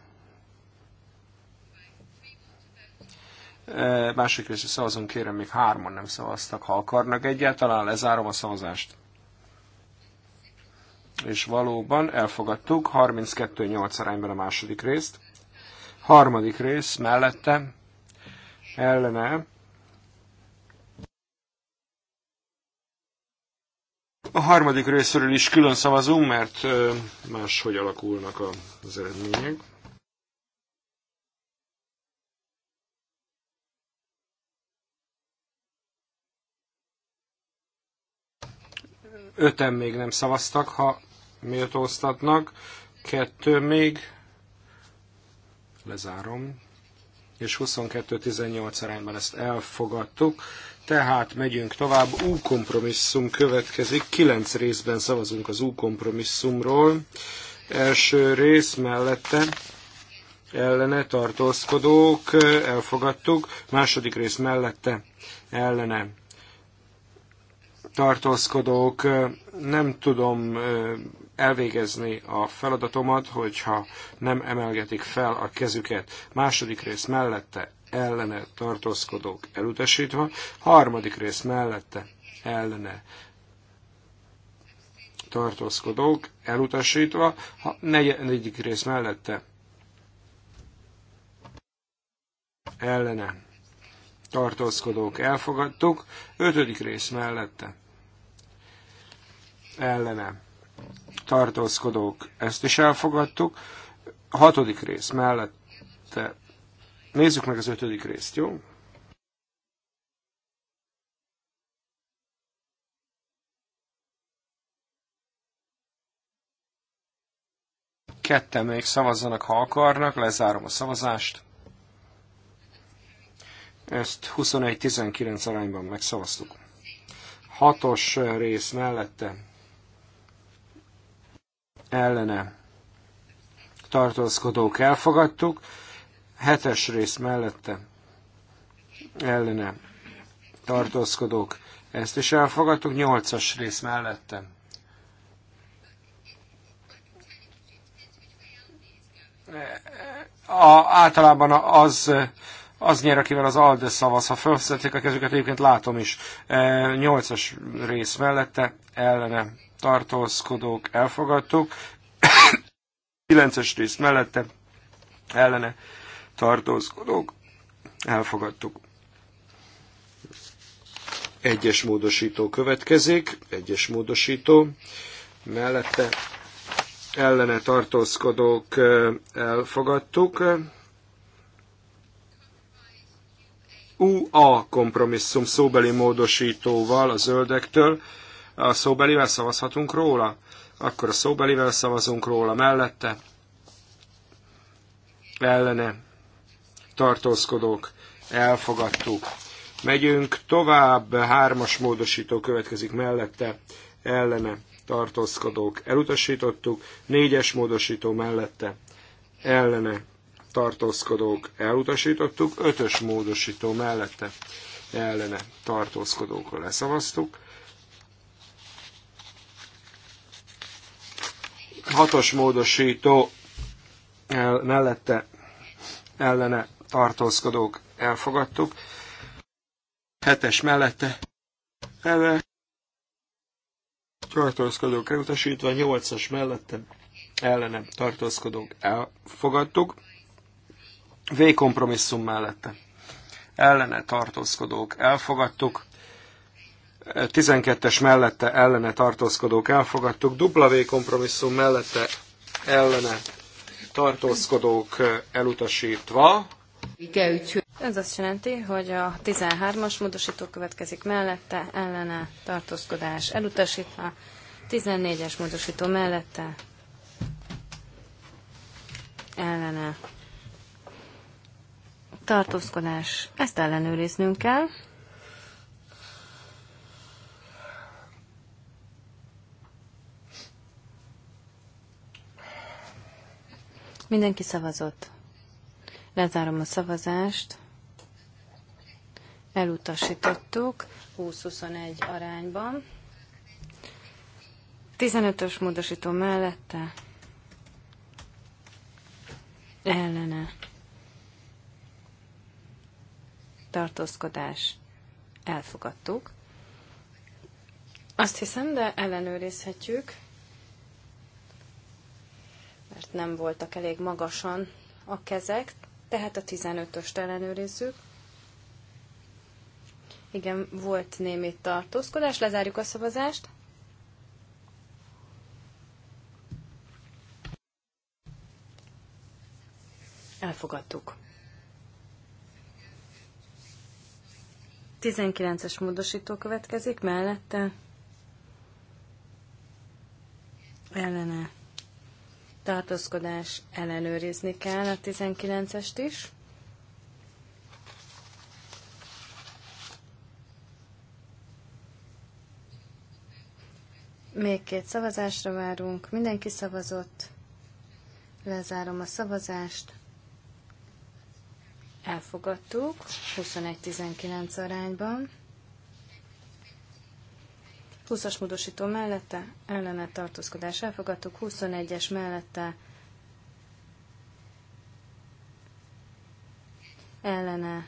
Eh, másik része szavazunk, kérem, még hárman nem szavaztak, ha akarnak egyáltalán, lezárom a szavazást. És valóban elfogadtuk, 32-8 arányban a második részt. Harmadik rész mellette, ellene, A harmadik részről is külön szavazunk, mert eh, máshogy alakulnak az eredmények. Öten még nem szavaztak, ha méltóztatnak. Kettő még. Lezárom. És 22-18 arányban ezt elfogadtuk. Tehát megyünk tovább. U kompromisszum következik. Kilenc részben szavazunk az U kompromisszumról. Első rész mellette ellene tartózkodók, elfogadtuk. Második rész mellette ellene tartózkodók, nem tudom elvégezni a feladatomat, hogyha nem emelgetik fel a kezüket. Második rész mellette ellene tartózkodók elutasítva, harmadik rész mellette ellene tartózkodók elutasítva, a negyedik rész mellette ellene tartózkodók elfogadtuk, ötödik rész mellette ellene tartózkodók, ezt is elfogadtuk. A hatodik rész mellette, nézzük meg az ötödik részt, jó? ketten még szavazzanak, ha akarnak, lezárom a szavazást. Ezt 21-19 arányban megszavaztuk. Hatos rész mellette ellene tartózkodók elfogadtuk, hetes rész mellette ellene tartózkodók ezt is elfogadtuk, nyolcas rész mellette a, általában az, az nyer, akivel az ALDE szavaz. Ha felszették a kezüket, egyébként látom is. E, nyolcas rész mellette ellene tartózkodók elfogadtuk. 9-es rész mellette ellene tartózkodók elfogadtuk. Egyes módosító következik, egyes módosító mellette ellene tartózkodók elfogadtuk. UA kompromisszum szóbeli módosítóval a zöldektől a szóbelivel szavazhatunk róla? Akkor a szóbelivel szavazunk róla mellette. Ellene. Tartózkodók. Elfogadtuk. Megyünk tovább, hármas módosító következik mellette, ellene tartózkodók elutasítottuk, négyes módosító mellette, ellene tartózkodók elutasítottuk, ötös módosító mellette, ellene tartózkodókra leszavaztuk, Hatos módosító el, mellette ellene tartózkodók elfogadtuk. Hetes mellette ellen tartózkodók elutasítva, nyolcas mellette ellene tartózkodók elfogadtuk. V kompromisszum mellette ellene tartózkodók elfogadtuk. 12-es mellette ellene tartózkodók elfogadtuk, W kompromisszum mellette ellene tartózkodók elutasítva. Ez azt jelenti, hogy a 13-as módosító következik mellette, ellene tartózkodás elutasítva, 14-es módosító mellette, ellene tartózkodás. Ezt ellenőriznünk kell. Mindenki szavazott. Lezárom a szavazást. Elutasítottuk 20-21 arányban. 15-ös módosító mellette ellene tartózkodás elfogadtuk. Azt hiszem, de ellenőrizhetjük mert nem voltak elég magasan a kezek, tehát a 15-öst ellenőrizzük. Igen, volt némi tartózkodás, lezárjuk a szavazást. Elfogadtuk. 19-es módosító következik mellette. Ellene tartózkodás ellenőrizni kell a 19-est is. Még két szavazásra várunk. Mindenki szavazott. Lezárom a szavazást. Elfogadtuk 21-19 arányban. 20-as módosító mellette ellene tartózkodás elfogadtuk, 21-es mellette ellene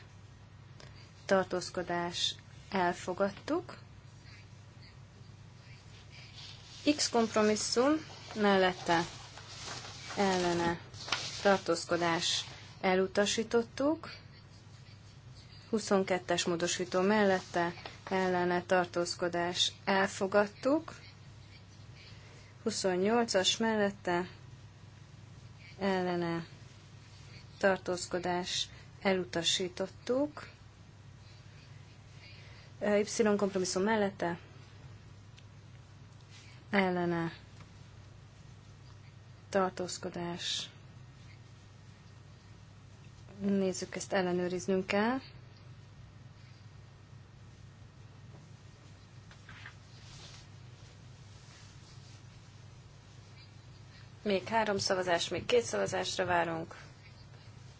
tartózkodás elfogadtuk. X kompromisszum mellette ellene tartózkodás elutasítottuk. 22-es módosító mellette ellene tartózkodás elfogadtuk. 28-as mellette ellene tartózkodás elutasítottuk. Y kompromisszum mellette ellene tartózkodás. Nézzük, ezt ellenőriznünk kell. Még három szavazás, még két szavazásra várunk.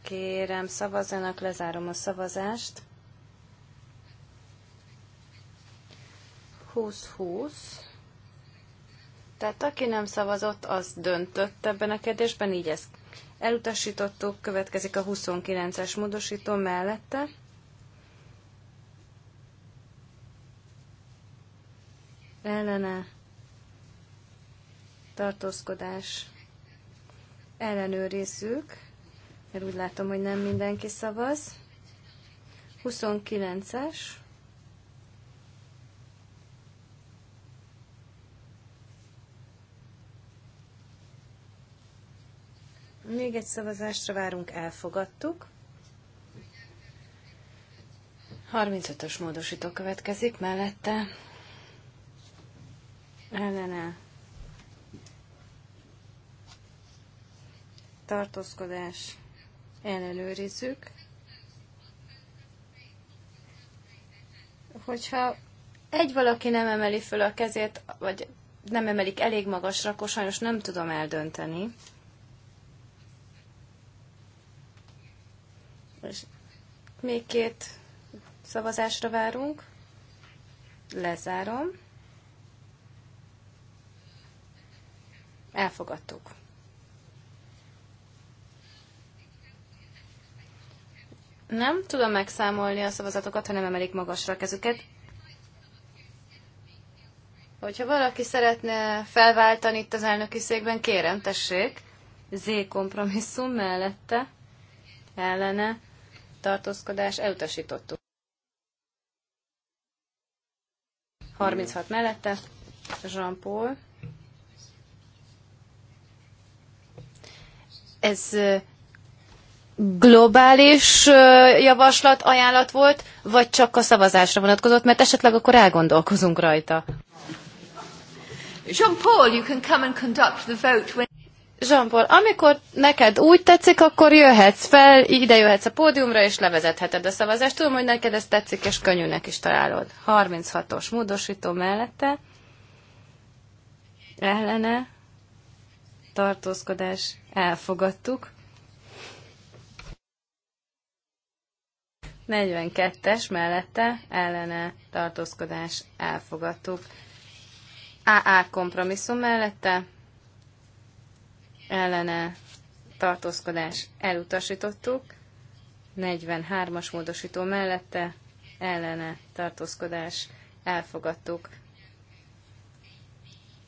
Kérem, szavazzanak, lezárom a szavazást. 20-20. Tehát aki nem szavazott, az döntött ebben a kérdésben, így ezt elutasítottuk. Következik a 29-es módosító mellette. Ellene tartózkodás ellenőrizzük, mert úgy látom, hogy nem mindenki szavaz. 29-es. Még egy szavazásra várunk, elfogadtuk. 35-ös módosító következik mellette. Ellene tartózkodás ellenőrizzük. Hogyha egy valaki nem emeli föl a kezét, vagy nem emelik elég magasra, akkor sajnos nem tudom eldönteni. És még két szavazásra várunk. Lezárom. Elfogadtuk. Nem tudom megszámolni a szavazatokat, ha nem emelik magasra a kezüket. Hogyha valaki szeretne felváltani itt az elnöki székben, kérem, tessék. Z kompromisszum mellette, ellene, tartózkodás, elutasítottuk. 36 mellette, Jean-Paul. Ez globális javaslat, ajánlat volt, vagy csak a szavazásra vonatkozott, mert esetleg akkor elgondolkozunk rajta. Jean-Paul, you can come and conduct the vote when... Jean-Paul, amikor neked úgy tetszik, akkor jöhetsz fel, ide jöhetsz a pódiumra, és levezetheted a szavazást. Tudom, hogy neked ez tetszik, és könnyűnek is találod. 36-os módosító mellette. Ellene. Tartózkodás. Elfogadtuk. 42-es mellette ellene tartózkodás elfogadtuk. AA kompromisszum mellette ellene tartózkodás elutasítottuk. 43-as módosító mellette ellene tartózkodás elfogadtuk.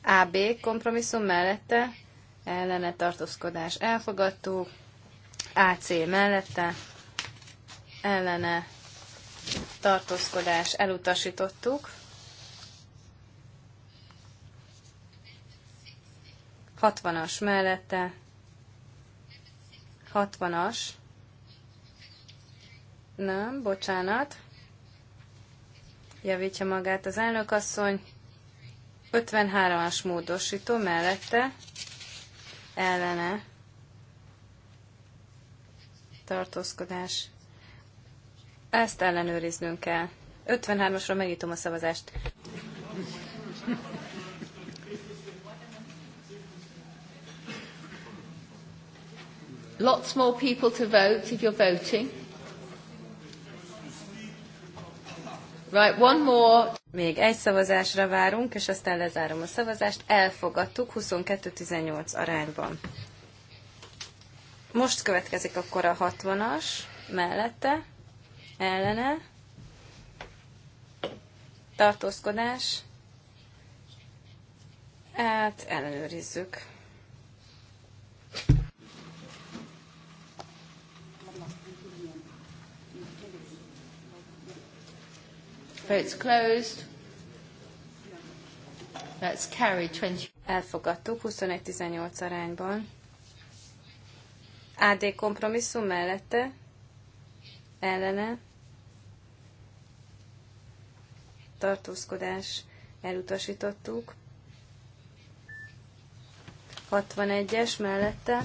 AB kompromisszum mellette ellene tartózkodás elfogadtuk. AC mellette ellene tartózkodás elutasítottuk. 60-as mellette, 60-as, nem, bocsánat, javítja magát az elnökasszony, 53-as módosító mellette, ellene, tartózkodás ezt ellenőriznünk kell. 53-asról megnyitom a szavazást. Lots more people to vote if you're voting. Right, one more. Még egy szavazásra várunk, és aztán lezárom a szavazást. Elfogadtuk 22-18 arányban. Most következik akkor a 60-as mellette ellene, tartózkodás, hát ellenőrizzük. Votes closed. That's carried 20. Elfogadtuk 21-18 arányban. AD kompromisszum mellette ellene tartózkodás elutasítottuk. 61-es mellette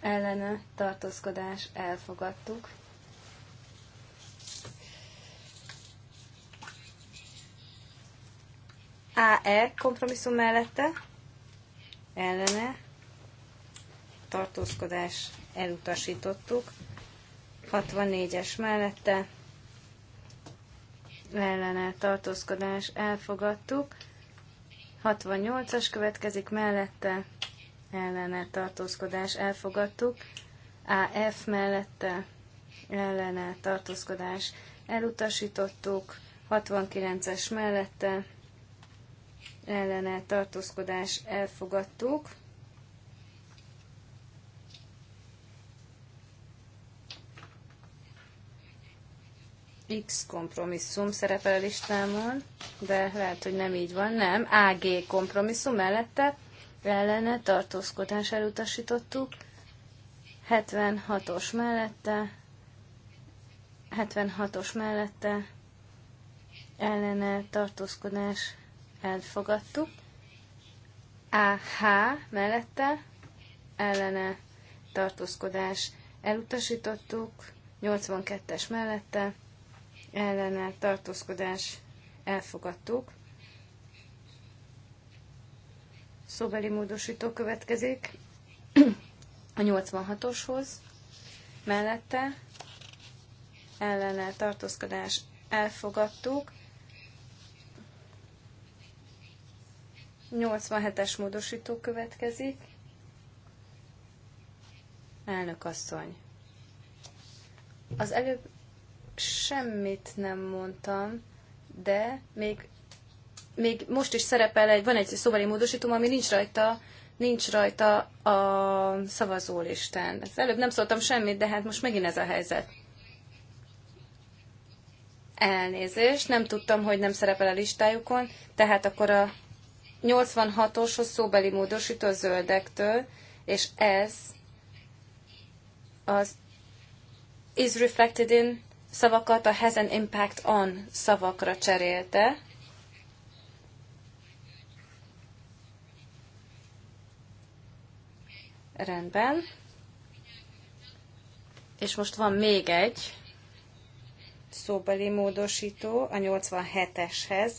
ellene tartózkodás elfogadtuk. AE kompromisszum mellette ellene tartózkodás elutasítottuk. 64-es mellette ellene tartózkodás elfogadtuk. 68-as következik mellette ellene tartózkodás elfogadtuk. AF mellette ellene tartózkodás elutasítottuk. 69-es mellette ellene tartózkodás elfogadtuk. X kompromisszum szerepel a listámon, de lehet, hogy nem így van, nem. AG kompromisszum mellette ellene tartózkodás elutasítottuk, 76-os mellette, 76-os mellette ellene tartózkodás elfogadtuk, AH mellette ellene tartózkodás elutasítottuk, 82-es mellette ellene tartózkodás elfogadtuk. Szóbeli módosító következik a 86-oshoz, mellette ellene tartózkodás elfogadtuk. 87-es módosító következik. Elnök asszony. Az előbb semmit nem mondtam, de még, még most is szerepel egy, van egy szóbeli módosítom, ami nincs rajta, nincs rajta a szavazólistán. Ez előbb nem szóltam semmit, de hát most megint ez a helyzet. Elnézést, nem tudtam, hogy nem szerepel a listájukon, tehát akkor a 86-oshoz szóbeli módosító a zöldektől, és ez az is reflected in szavakat a has an impact on szavakra cserélte. Rendben. És most van még egy szóbeli módosító a 87-eshez,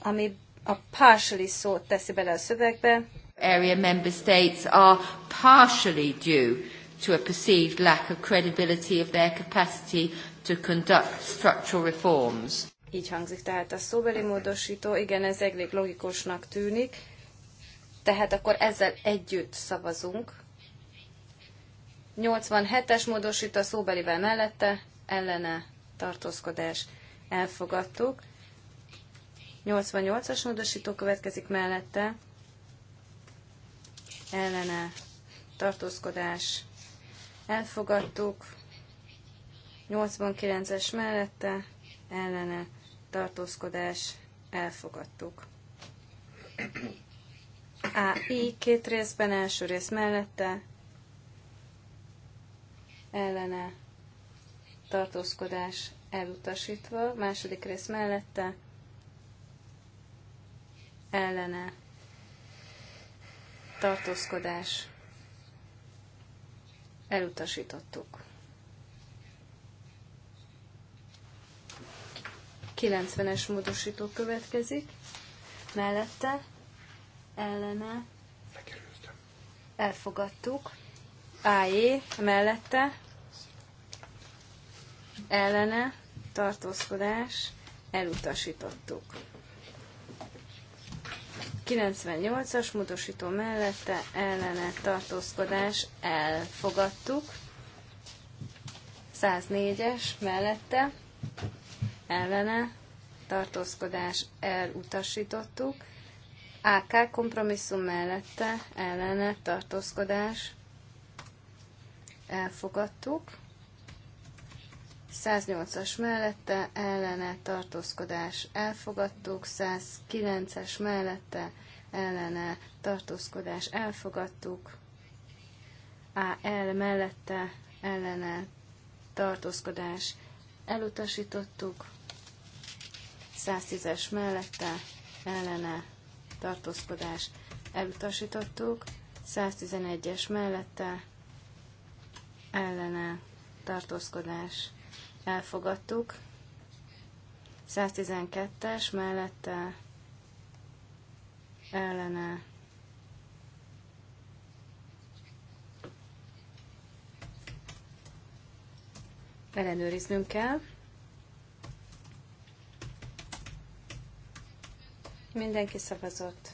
ami a partially szót teszi bele a szövegbe. Area member states are partially due to a perceived lack of credibility of their capacity to conduct structural reforms. Így hangzik tehát a szóbeli módosító, igen, ez elég logikusnak tűnik, tehát akkor ezzel együtt szavazunk. 87-es módosító szóbelivel mellette, ellene tartózkodás elfogadtuk. 88-as módosító következik mellette, ellene tartózkodás elfogadtuk, 89-es mellette ellene tartózkodás elfogadtuk. I két részben, első rész mellette ellene tartózkodás elutasítva, második rész mellette ellene tartózkodás Elutasítottuk. 90-es módosító következik, mellette, ellene, elfogadtuk, Ájé, mellette, ellene, tartózkodás, elutasítottuk. 98-as módosító mellette ellene tartózkodás elfogadtuk. 104-es mellette ellene tartózkodás elutasítottuk. AK kompromisszum mellette ellene tartózkodás elfogadtuk. 108-as mellette ellene tartózkodás elfogadtuk, 109-es mellette ellene tartózkodás elfogadtuk, AL mellette ellene tartózkodás elutasítottuk, 110-es mellette ellene tartózkodás elutasítottuk, 111-es mellette ellene tartózkodás elfogadtuk. 112-es mellette ellene ellenőriznünk kell. Mindenki szavazott.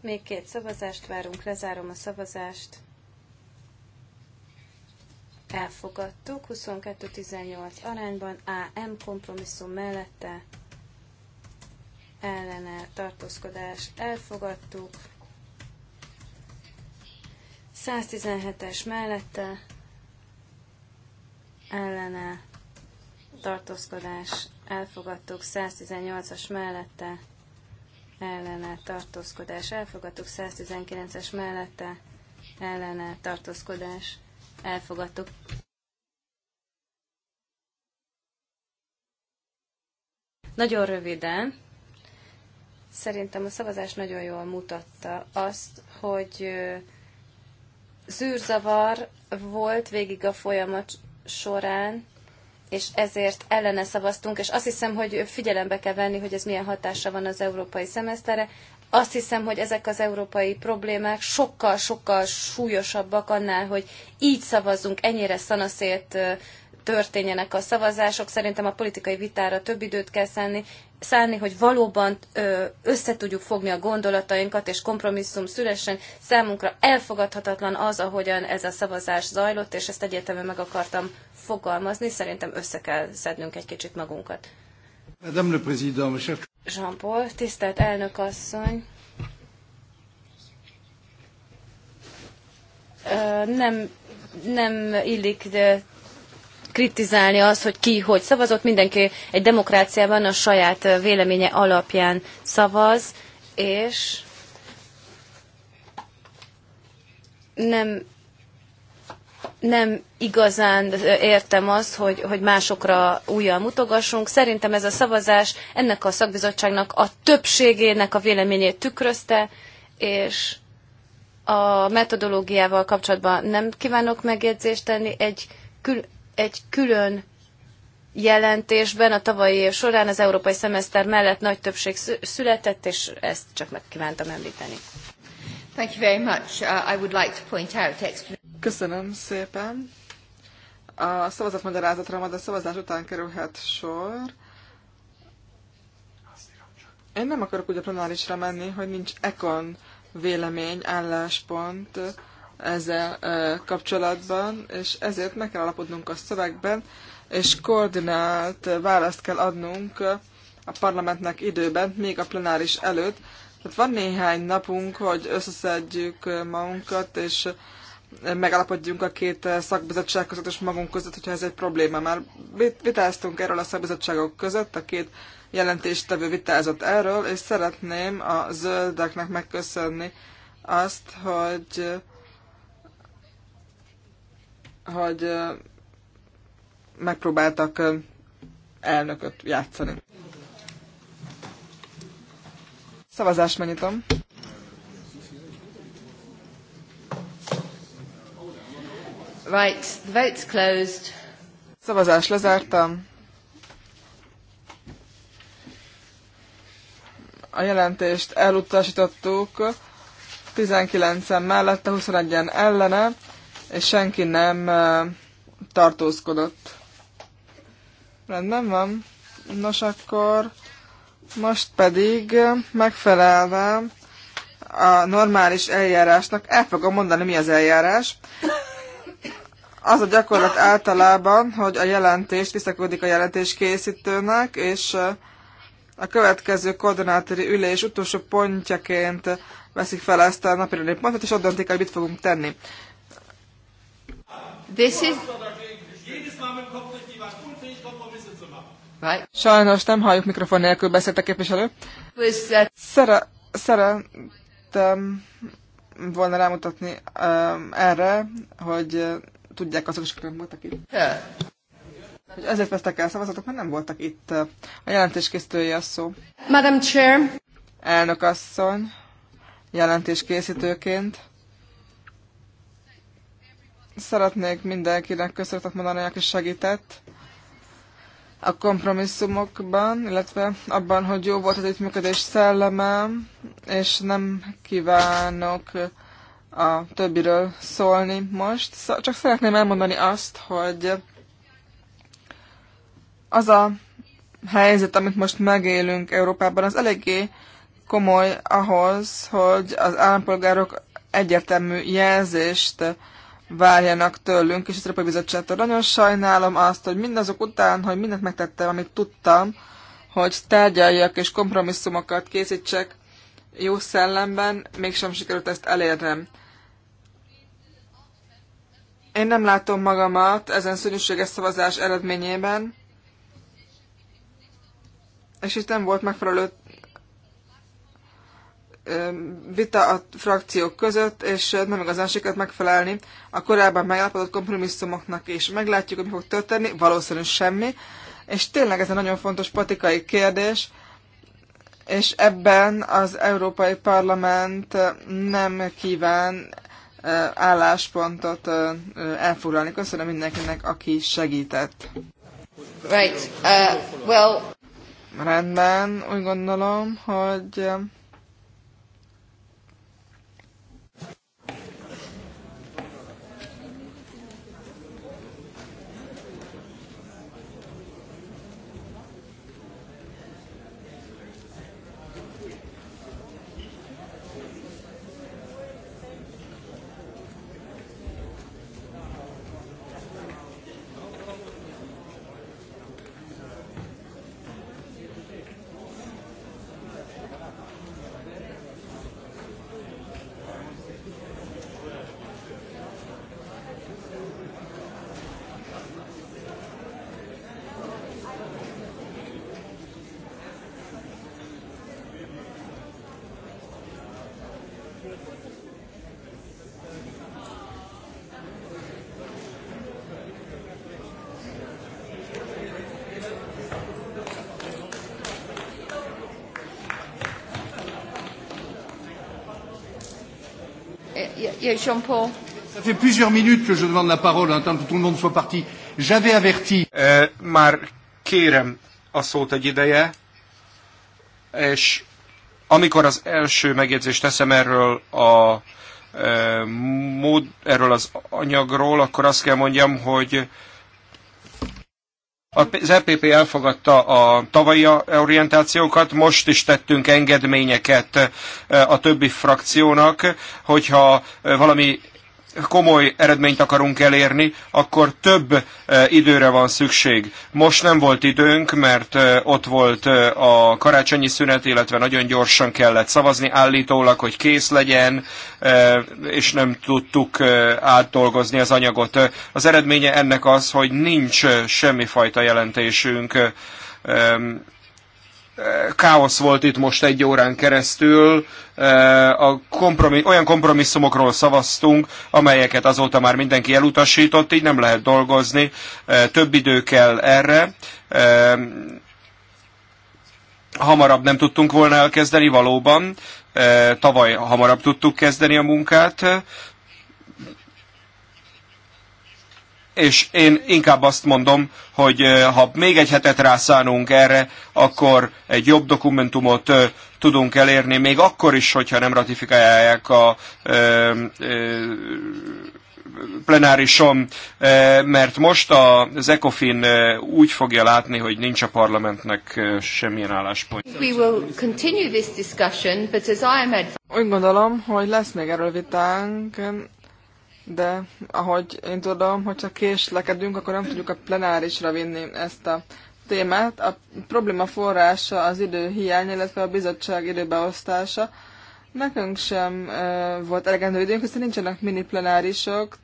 Még két szavazást várunk, lezárom a szavazást elfogadtuk, 22-18 arányban, AM kompromisszum mellette ellene tartózkodás elfogadtuk, 117-es mellette ellene tartózkodás elfogadtuk, 118-as mellette ellene tartózkodás elfogadtuk, 119-es mellette ellene tartózkodás elfogadtuk. Nagyon röviden, szerintem a szavazás nagyon jól mutatta azt, hogy zűrzavar volt végig a folyamat során, és ezért ellene szavaztunk, és azt hiszem, hogy figyelembe kell venni, hogy ez milyen hatása van az európai szemeszterre azt hiszem, hogy ezek az európai problémák sokkal-sokkal súlyosabbak annál, hogy így szavazzunk, ennyire szanaszét történjenek a szavazások. Szerintem a politikai vitára több időt kell szállni, szállni hogy valóban összetudjuk fogni a gondolatainkat, és kompromisszum szülessen. Számunkra elfogadhatatlan az, ahogyan ez a szavazás zajlott, és ezt egyértelműen meg akartam fogalmazni. Szerintem össze kell szednünk egy kicsit magunkat. Madame le Président, Jean-Paul, tisztelt elnök asszony, nem, nem illik de kritizálni azt, hogy ki hogy szavazott. Mindenki egy demokráciában a saját véleménye alapján szavaz, és nem nem igazán értem azt, hogy, hogy másokra újjal mutogassunk. Szerintem ez a szavazás ennek a szakbizottságnak a többségének a véleményét tükrözte, és a metodológiával kapcsolatban nem kívánok megjegyzést tenni. Egy, kül, egy külön jelentésben a tavalyi év során az európai szemeszter mellett nagy többség született, és ezt csak meg kívántam említeni. Thank you very much. Uh, I would like to point out Köszönöm szépen. A szavazatmagyarázatra majd a szavazás után kerülhet sor. Én nem akarok úgy a plenárisra menni, hogy nincs ekon vélemény, álláspont ezzel kapcsolatban, és ezért meg kell alapodnunk a szövegben, és koordinált választ kell adnunk a parlamentnek időben, még a plenáris előtt. Tehát van néhány napunk, hogy összeszedjük magunkat, és megállapodjunk a két eh, szakbizottság között és magunk között, hogyha ez egy probléma. Már vitáztunk erről a szakbizottságok között, a két jelentéstevő vitázott erről, és szeretném a zöldeknek megköszönni azt, hogy hogy eh, megpróbáltak eh, elnököt játszani. Szavazást megnyitom. Right, the vote's closed. Szavazás lezártam. A jelentést elutasítottuk 19-en mellette, 21-en ellene, és senki nem tartózkodott. Rendben van. Nos, akkor most pedig megfelelve a normális eljárásnak el fogom mondani, mi az eljárás. Az a gyakorlat általában, hogy a jelentést visszaküldik a jelentés készítőnek, és uh, a következő koordinátori ülés utolsó pontjaként veszik fel ezt a napi pontot, és ott döntik, hogy mit fogunk tenni. This is... Right. Sajnos nem halljuk mikrofon nélkül beszélt a képviselő. Szere, szerettem volna rámutatni um, erre, hogy tudják azok is, akik nem voltak itt. Hogy ezért vesztek el szavazatok, mert nem voltak itt. A jelentés a szó. Madam Chair. Elnök asszony, jelentéskészítőként. Szeretnék mindenkinek köszönetet mondani, aki segített a kompromisszumokban, illetve abban, hogy jó volt az együttműködés szellemem, és nem kívánok uh, a többiről szólni most. Csak szeretném elmondani azt, hogy az a helyzet, amit most megélünk Európában, az eléggé komoly ahhoz, hogy az állampolgárok egyértelmű jelzést várjanak tőlünk, és az Európai Bizottságtól nagyon sajnálom azt, hogy mindazok után, hogy mindent megtettem, amit tudtam, hogy tárgyaljak és kompromisszumokat készítsek jó szellemben, mégsem sikerült ezt elérnem. Én nem látom magamat ezen szörnyűséges szavazás eredményében, és itt nem volt megfelelő vita a frakciók között, és nem igazán sikert megfelelni a korábban megállapodott kompromisszumoknak is. Meglátjuk, hogy mi fog történni, valószínűleg semmi, és tényleg ez egy nagyon fontos patikai kérdés, és ebben az Európai Parlament nem kíván álláspontot elfoglalni. Köszönöm mindenkinek, aki segített. Right. Uh, well... Rendben, úgy gondolom, hogy Ça fait plusieurs minutes que je demande la parole, tant que tout le monde soit parti. J'avais averti. Eh, már kérem a szót egy ideje, és amikor az első megjegyzést teszem erről a uh, mód, erről az anyagról, akkor azt kell mondjam, hogy az EPP elfogadta a tavalyi orientációkat, most is tettünk engedményeket a többi frakciónak, hogyha valami komoly eredményt akarunk elérni, akkor több e, időre van szükség. Most nem volt időnk, mert e, ott volt e, a karácsonyi szünet, illetve nagyon gyorsan kellett szavazni állítólag, hogy kész legyen, és nem tudtuk átdolgozni az anyagot. Az eredménye ennek az, hogy nincs semmifajta jelentésünk káosz volt itt most egy órán keresztül, e, a kompromis, olyan kompromisszumokról szavaztunk, amelyeket azóta már mindenki elutasított, így nem lehet dolgozni, e, több idő kell erre. E, hamarabb nem tudtunk volna elkezdeni valóban, tavaly hamarabb tudtuk kezdeni a munkát, és én inkább azt mondom, hogy ha még egy hetet rászánunk erre, akkor egy jobb dokumentumot tudunk elérni, még akkor is, hogyha nem ratifikálják a ö, ö, plenárison, mert most az ECOFIN úgy fogja látni, hogy nincs a parlamentnek semmilyen álláspont. Úgy gondolom, hogy lesz még erről vitánk de ahogy én tudom, hogyha késlekedünk, akkor nem tudjuk a plenárisra vinni ezt a témát. A probléma forrása az idő hiány, illetve a bizottság időbeosztása. Nekünk sem e, volt elegendő időnk, hiszen nincsenek mini plenárisok,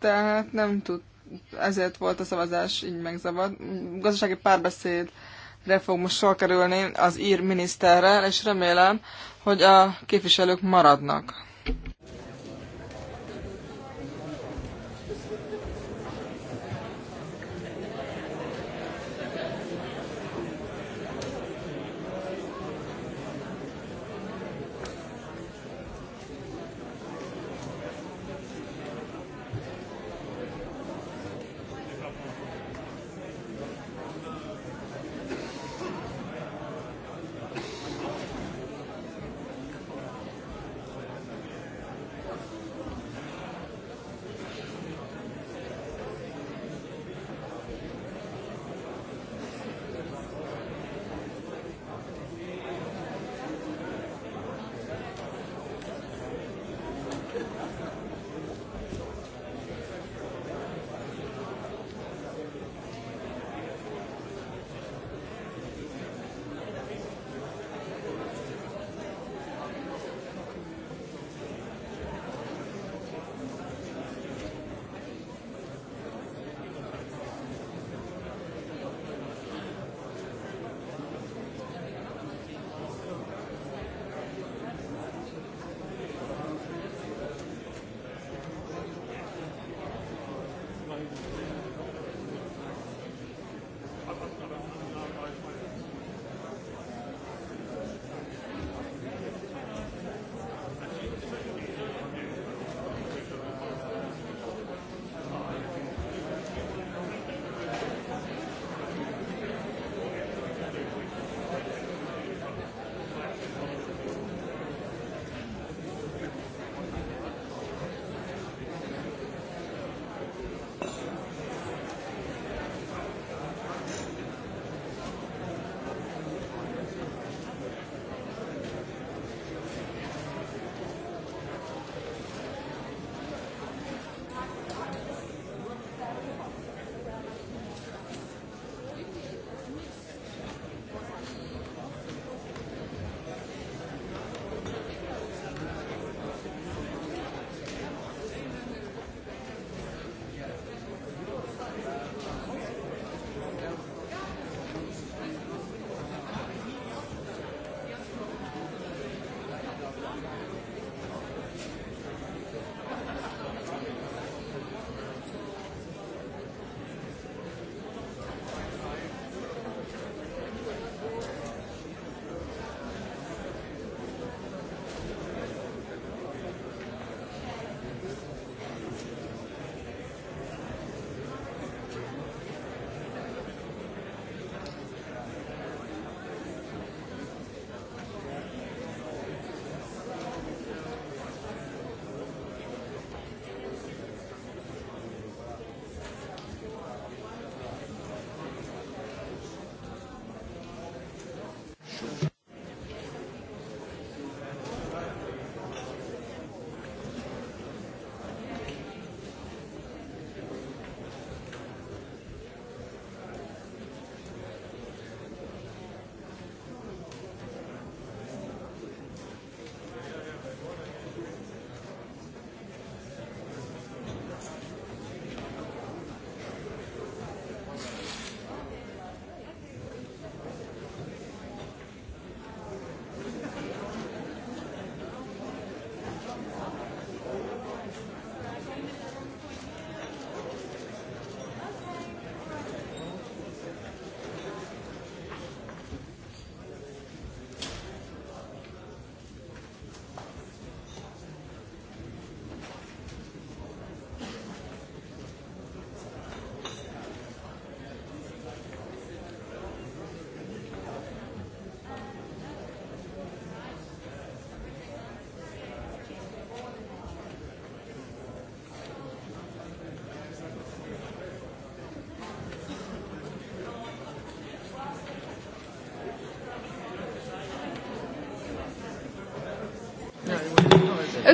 tehát nem tud, ezért volt a szavazás így megzavad. Gazdasági párbeszéd re fog most sor kerülni az ír miniszterrel, és remélem, hogy a képviselők maradnak.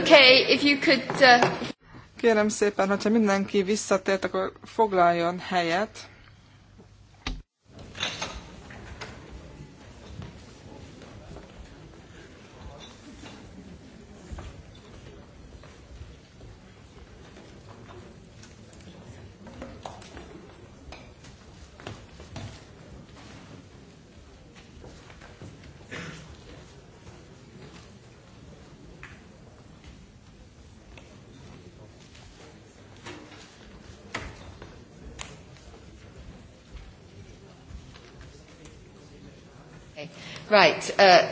Okay, if you could, uh... Kérem szépen, hogyha mindenki visszatért, akkor foglaljon helyet. Right. Uh...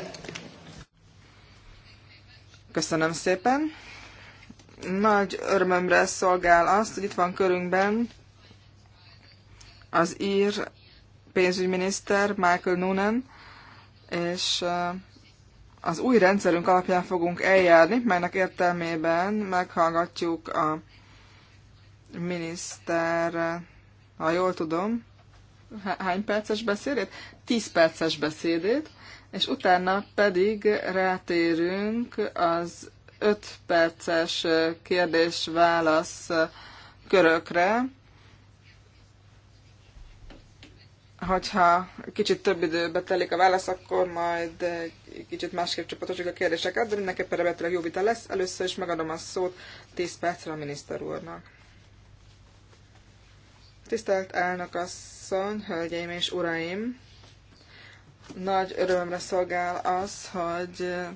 Köszönöm szépen. Nagy örömömre szolgál azt, hogy itt van körünkben az ír pénzügyminiszter Michael Noonan, és uh, az új rendszerünk alapján fogunk eljárni, melynek értelmében meghallgatjuk a miniszter, ha jól tudom, hány perces beszélét? 10 perces beszédét, és utána pedig rátérünk az 5 perces kérdés-válasz körökre. Hogyha kicsit több időbe telik a válasz, akkor majd kicsit másképp csapatosjuk a kérdéseket, de mindenképpen remélhetőleg jó vita lesz. Először is megadom a szót 10 percre a miniszter úrnak. Tisztelt elnök asszony, hölgyeim és uraim! Nagy örömre szolgál az, hogy eh,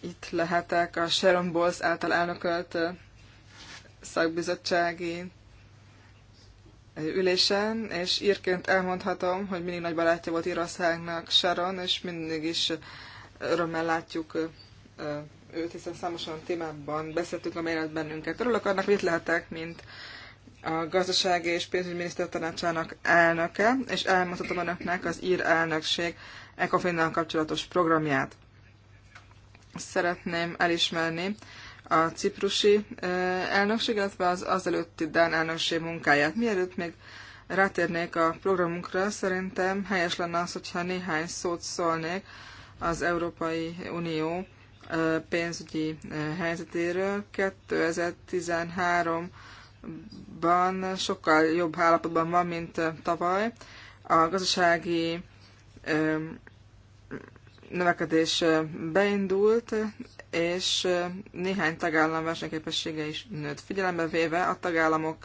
itt lehetek a Sharon Bowles által elnökölt eh, szakbizottsági eh, ülésen, és írként elmondhatom, hogy mindig nagy barátja volt Írországnak Sharon, és mindig is örömmel látjuk őt, hiszen számosan témában beszéltünk, amelyet bennünket. Örülök annak, hogy itt lehetek, mint a gazdasági és pénzügyminiszter tanácsának elnöke, és elmondhatom önöknek az ír elnökség ECOFIN-nal kapcsolatos programját. Szeretném elismerni a ciprusi elnökség, illetve az azelőtti Dán elnökség munkáját. Mielőtt még rátérnék a programunkra, szerintem helyes lenne az, hogyha néhány szót szólnék az Európai Unió pénzügyi helyzetéről. 2013 ban sokkal jobb állapotban van, mint tavaly. A gazdasági növekedés beindult, és néhány tagállam versenyképessége is nőtt. Figyelembe véve a tagállamok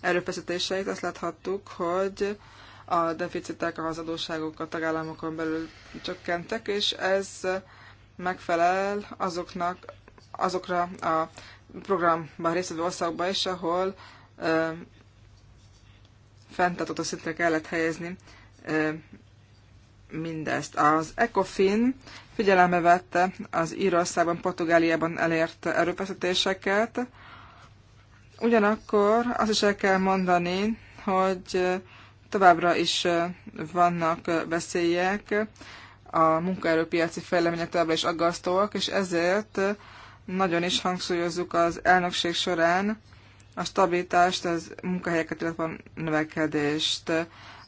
erőfeszítéseit, azt láthattuk, hogy a deficitek, az adósságok a tagállamokon belül csökkentek, és ez megfelel azoknak, azokra a programban részvevő országba is, ahol ö, fenntartató szintre kellett helyezni ö, mindezt. Az ECOFIN figyelembe vette az Írországban, Portugáliában elért erőfeszítéseket, ugyanakkor azt is el kell mondani, hogy továbbra is vannak veszélyek, a munkaerőpiaci fejlemények továbbra is aggasztóak, és ezért nagyon is hangsúlyozzuk az elnökség során a stabilitást, az munkahelyeket, illetve a növekedést.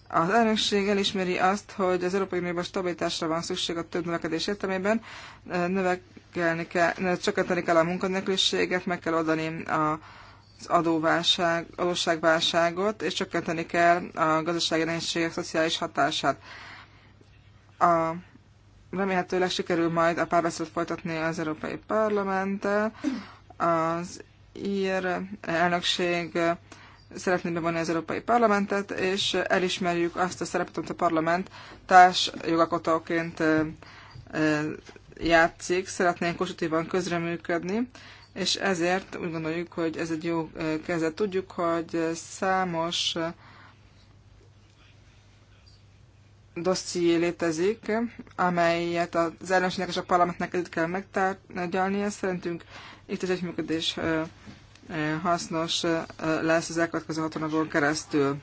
Az elnökség elismeri azt, hogy az Európai Unióban stabilitásra van szükség a több növekedés értelmében, növekelni kell, csökkenteni kell a munkanélküliséget, meg kell oldani a az adóválság, adósságválságot, és csökkenteni kell a gazdasági nehézségek szociális hatását. A remélhetőleg sikerül majd a párbeszédet folytatni az Európai Parlamenttel. Az ír elnökség szeretné bevonni az Európai Parlamentet, és elismerjük azt a szerepet, amit a parlament társ jogakotóként játszik, szeretnénk konstruktívan közreműködni, és ezért úgy gondoljuk, hogy ez egy jó kezdet. Tudjuk, hogy számos dosszié létezik, amelyet az ellenségnek és a parlamentnek együtt kell megtárgyalnia. Szerintünk itt az egyműködés hasznos lesz az elkövetkező hatónapon keresztül.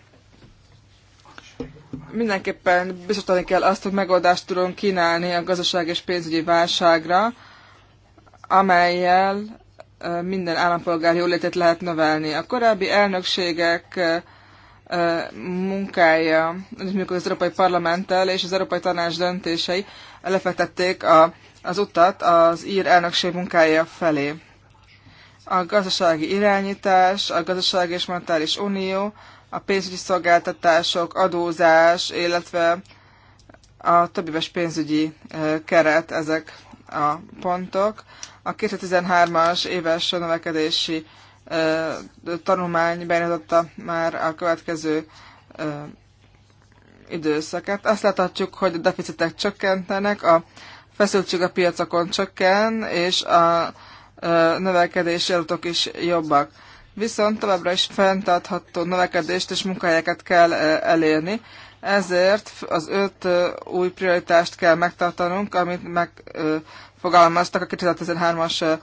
Mindenképpen biztosítani kell azt, hogy megoldást tudunk kínálni a gazdaság és pénzügyi válságra, amelyel minden állampolgár jólétét lehet növelni. A korábbi elnökségek munkája, az Európai Parlamenttel és az Európai Tanács döntései lefektették a, az utat az ír elnökség munkája felé. A gazdasági irányítás, a gazdasági és monetáris unió, a pénzügyi szolgáltatások, adózás, illetve a többéves pénzügyi keret, ezek a pontok. A 2013-as éves növekedési tanulmány beindította már a következő időszakát. Azt láthatjuk, hogy a deficitek csökkentenek, a feszültség a piacokon csökken, és a növekedési adatok is jobbak. Viszont továbbra is fenntartható növekedést és munkahelyeket kell elérni, ezért az öt új prioritást kell megtartanunk, amit megfogalmaztak a 2013-as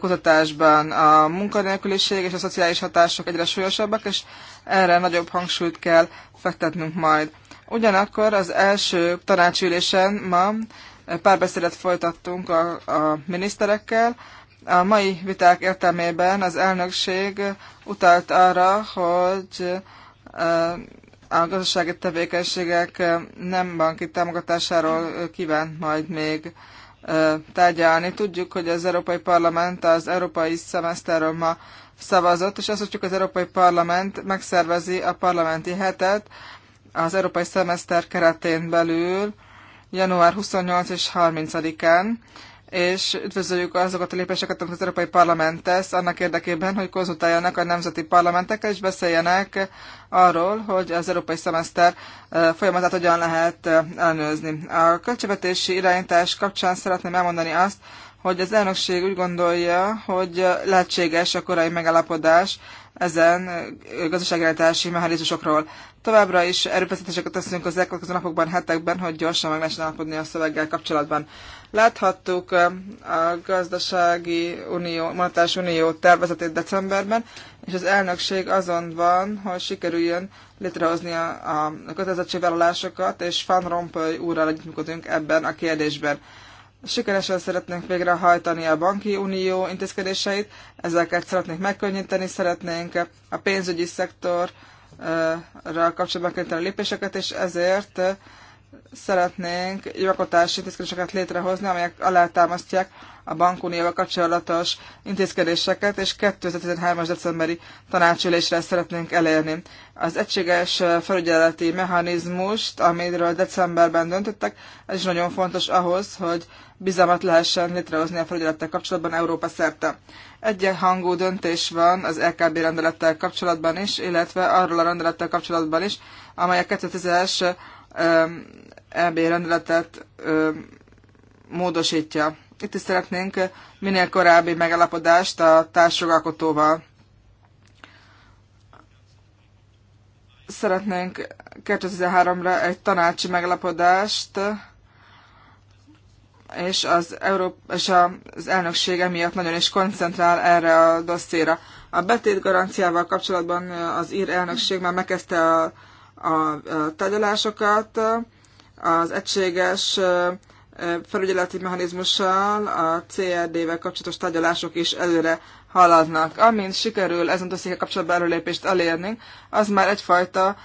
kutatásban. A munkanélküliség és a szociális hatások egyre súlyosabbak, és erre nagyobb hangsúlyt kell fektetnünk majd. Ugyanakkor az első tanácsülésen ma párbeszédet folytattunk a, a miniszterekkel. A mai viták értelmében az elnökség utalt arra, hogy a gazdasági tevékenységek nem banki támogatásáról kívánt majd még tárgyalni. Tudjuk, hogy az Európai Parlament az Európai Szemeszterről ma szavazott, és azt tudjuk, az Európai Parlament megszervezi a parlamenti hetet az Európai Szemeszter keretén belül január 28 és 30-án, és üdvözöljük azokat a lépéseket, amit az Európai Parlament tesz annak érdekében, hogy konzultáljanak a nemzeti parlamentekkel, és beszéljenek arról, hogy az európai szemeszter folyamatát hogyan lehet ellenőrizni. A költségvetési irányítás kapcsán szeretném elmondani azt, hogy az elnökség úgy gondolja, hogy lehetséges a korai megállapodás ezen gazdaságirányítási mechanizmusokról. Továbbra is erőfeszítéseket teszünk az elkövetkező napokban, hetekben, hogy gyorsan meg lehessen állapodni a szöveggel kapcsolatban. Láthattuk a gazdasági unió, monetáris unió tervezetét decemberben, és az elnökség azon van, hogy sikerüljön létrehozni a, a kötelezettségvállalásokat, és Van Rompuy úrral együttműködünk ebben a kérdésben. Sikeresen szeretnénk végrehajtani a banki unió intézkedéseit, ezeket szeretnénk megkönnyíteni, szeretnénk a pénzügyi szektor kapcsolatban kénytelen lépéseket, és ezért szeretnénk jogotási intézkedéseket létrehozni, amelyek alátámasztják a bankunióval kapcsolatos intézkedéseket, és 2013 decemberi tanácsülésre szeretnénk elérni. Az egységes felügyeleti mechanizmust, amiről decemberben döntöttek, ez is nagyon fontos ahhoz, hogy bizalmat lehessen létrehozni a felügyelettel kapcsolatban Európa szerte. Egyenhangú döntés van az LKB e rendelettel kapcsolatban is, illetve arról a rendelettel kapcsolatban is, amely a 2010-es Um, EB rendeletet um, módosítja. Itt is szeretnénk minél korábbi megalapodást a társjogalkotóval. Szeretnénk 2013-ra egy tanácsi megalapodást, és az, Európ- és az elnöksége miatt nagyon is koncentrál erre a dosszéra. A betét garanciával kapcsolatban az ír elnökség már megkezdte a a tárgyalásokat az egységes felügyeleti mechanizmussal, a CRD-vel kapcsolatos tárgyalások is előre haladnak. Amint sikerül ezen dossziékkal kapcsolatban előlépést elérni, az már egyfajta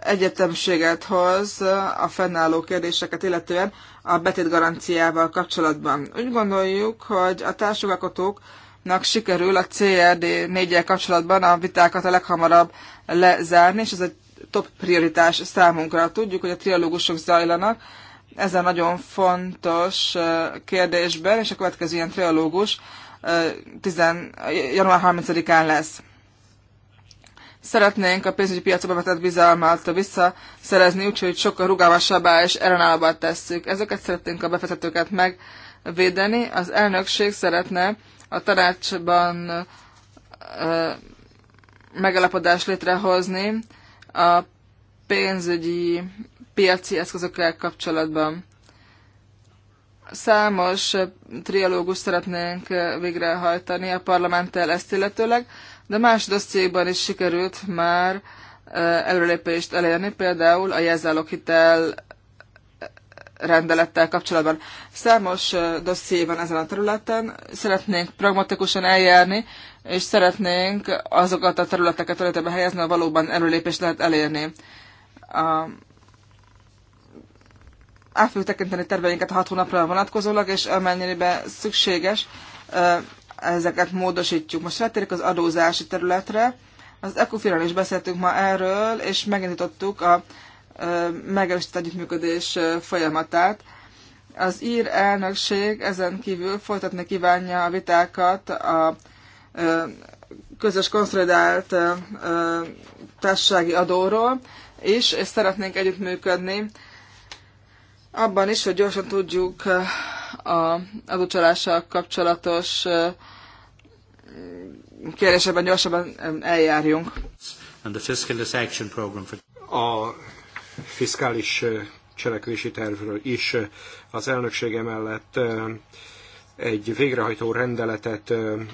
egyetemséget hoz a fennálló kérdéseket, illetően a betét garanciával kapcsolatban. Úgy gondoljuk, hogy a társjogalkotóknak sikerül a CRD 4 kapcsolatban a vitákat a leghamarabb lezárni, és ez egy top prioritás számunkra. Tudjuk, hogy a trialógusok zajlanak ezen nagyon fontos kérdésben, és a következő ilyen trialógus 10, január 30-án lesz. Szeretnénk a pénzügyi piacba vetett bizalmat visszaszerezni, úgyhogy sokkal rugalmasabbá és ellenállóbbá tesszük. Ezeket szeretnénk a befektetőket megvédeni. Az elnökség szeretne a tanácsban megalapodást létrehozni a pénzügyi piaci eszközökkel kapcsolatban. Számos trialógus szeretnénk végrehajtani a parlamenttel ezt illetőleg, de más dossziékban is sikerült már eh, előlépést elérni, például a jelzáloghitel rendelettel kapcsolatban. Számos dosszié van ezen a területen, szeretnénk pragmatikusan eljárni, és szeretnénk azokat a területeket területebe helyezni, ahol valóban előlépést lehet elérni. A át fogjuk tekinteni terveinket a hat hónapra vonatkozólag, és amennyire szükséges, ezeket módosítjuk. Most rátérjük az adózási területre. Az ECOFIRAN is beszéltünk ma erről, és megindítottuk a megerősített együttműködés folyamatát. Az ír elnökség ezen kívül folytatni kívánja a vitákat a közös konszolidált társasági adóról, is, és szeretnénk együttműködni abban is, hogy gyorsan tudjuk az adócsalással kapcsolatos kérdésekben gyorsabban eljárjunk. A fiskális cselekvési tervről is az elnöksége mellett egy végrehajtó rendeletet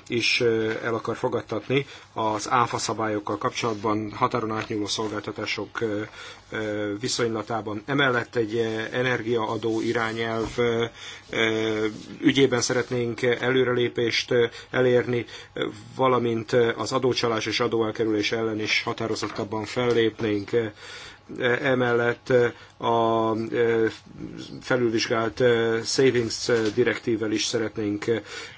is el akar fogadtatni az áfa szabályokkal kapcsolatban határon átnyúló szolgáltatások viszonylatában. Emellett egy energiaadó irányelv ügyében szeretnénk előrelépést elérni, valamint az adócsalás és adóelkerülés ellen is határozottabban fellépnénk emellett a felülvizsgált savings direktívvel is szeretnénk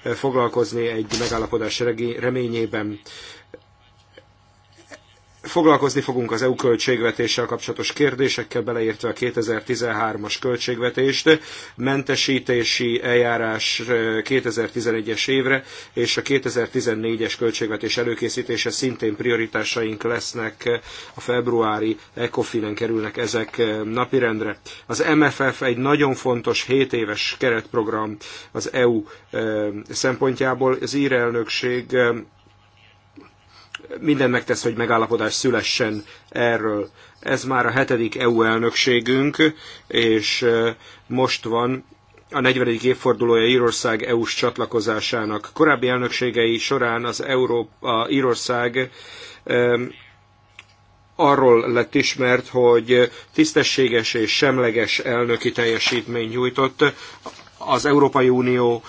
foglalkozni egy megállapodás reményében. Foglalkozni fogunk az EU költségvetéssel kapcsolatos kérdésekkel, beleértve a 2013-as költségvetést, mentesítési eljárás 2011-es évre, és a 2014-es költségvetés előkészítése szintén prioritásaink lesznek a februári ECOFIN-en kerülnek ezek napirendre. Az MFF egy nagyon fontos 7 éves keretprogram az EU szempontjából. Az írelnökség elnökség minden megtesz, hogy megállapodás szülessen erről. Ez már a hetedik EU elnökségünk, és most van a 40. évfordulója Írország EU-s csatlakozásának. Korábbi elnökségei során az Európa, Írország arról lett ismert, hogy tisztességes és semleges elnöki teljesítmény nyújtott az Európai Unió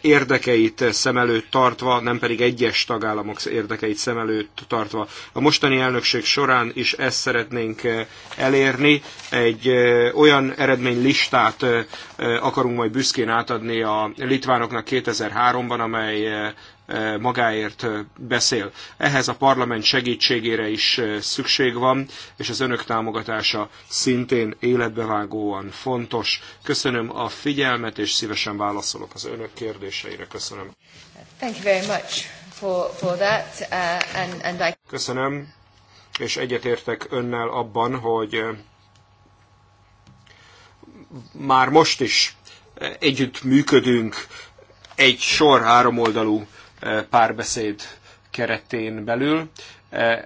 érdekeit szem előtt tartva, nem pedig egyes tagállamok érdekeit szem előtt tartva. A mostani elnökség során is ezt szeretnénk elérni. Egy olyan eredménylistát akarunk majd büszkén átadni a litvánoknak 2003-ban, amely magáért beszél. Ehhez a parlament segítségére is szükség van, és az önök támogatása szintén életbevágóan fontos. Köszönöm a figyelmet, és szívesen válaszolok az önök kérdéseire. Köszönöm. Thank you very much for, for that, uh, and, and I... Köszönöm, és egyetértek önnel abban, hogy már most is együtt működünk egy sor háromoldalú párbeszéd keretén belül.